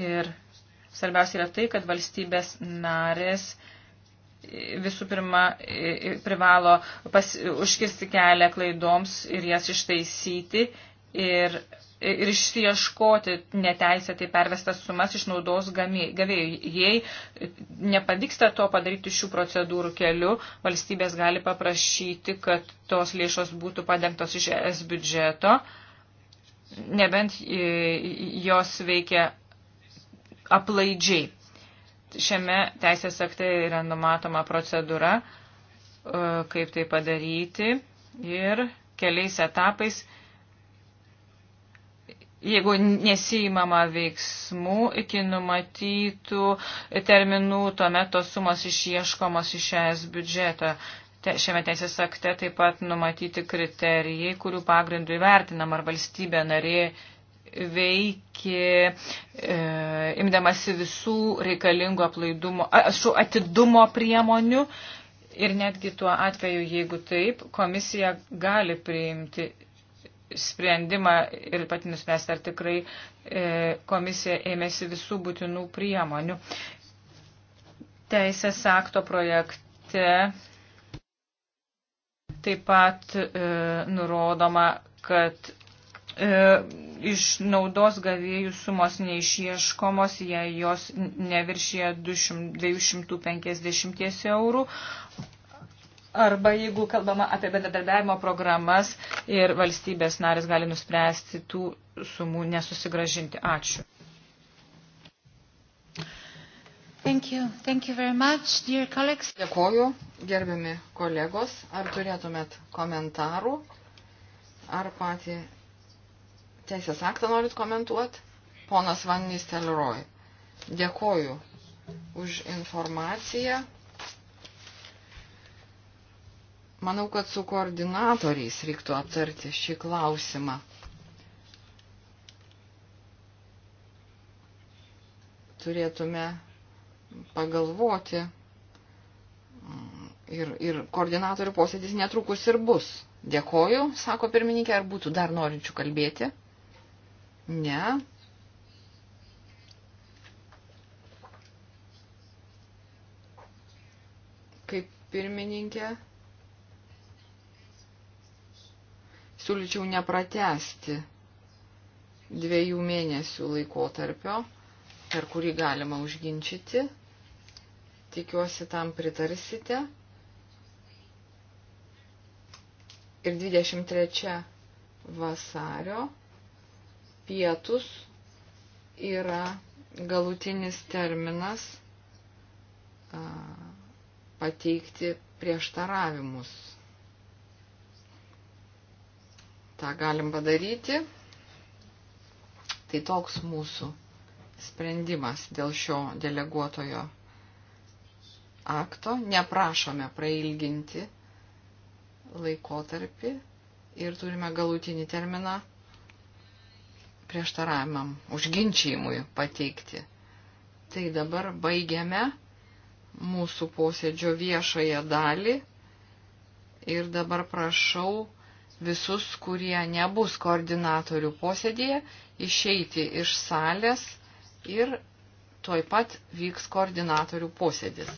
Ir svarbiausia yra tai, kad valstybės narės visų pirma privalo pas, užkirsti kelią klaidoms ir jas ištaisyti ir ir išieškoti neteisėtai pervestas sumas išnaudos gavėjų. Jei nepavyksta to padaryti šių procedūrų keliu, valstybės gali paprašyti, kad tos lėšos būtų padengtos iš ES biudžeto, nebent e, jos veikia aplaidžiai. Šiame teisės akte yra numatoma procedūra, e, kaip tai padaryti ir keliais etapais jeigu nesijimama veiksmų iki numatytų terminų, tuomet tos sumos išieškomos iš ES biudžeto. Te, šiame teisės akte taip pat numatyti kriterijai, kurių pagrindų įvertinam, ar valstybė narė veikė e, imdamasi visų reikalingų aplaidumo, ašu, atidumo priemonių ir netgi tuo atveju, jeigu taip, komisija gali priimti sprendimą ir pati nuspręsti, ar tikrai e, komisija ėmėsi visų būtinų priemonių. Teisės akto projekte taip pat e, nurodoma, kad e, iš naudos gavėjų sumos neišieškomos, jei jos neviršė 250 eurų, Arba jeigu kalbama apie bendradarbiavimo programas ir valstybės narės gali nuspręsti tų sumų nesusigražinti. Ačiū. Thank you. Thank you very much, dear colleagues. Dėkoju, gerbiami kolegos. Ar turėtumėt komentarų? Ar patį teisės aktą norit komentuoti? Ponas Van Nistelrooy. Dėkoju už informaciją. Manau, kad su koordinatoriais reiktų aptarti šį klausimą. Turėtume pagalvoti mm, ir, ir koordinatorių posėdis netrukus ir bus. Dėkoju, sako pirmininkė, ar būtų dar norinčių kalbėti? Ne. Kaip pirmininkė. siūlyčiau nepratesti dviejų mėnesių laikotarpio, per kurį galima užginčyti. Tikiuosi, tam pritarsite. Ir 23 vasario pietus yra galutinis terminas pateikti prieštaravimus tą galim padaryti. Tai toks mūsų sprendimas dėl šio deleguotojo akto. Neprašome prailginti laikotarpį ir turime galutinį terminą prieštaravimam, užginčiajimui pateikti. Tai dabar baigiame mūsų posėdžio viešąją dalį ir dabar prašau visus, kurie nebus koordinatorių posėdėje, išeiti iš salės ir tuoj pat vyks koordinatorių posėdis.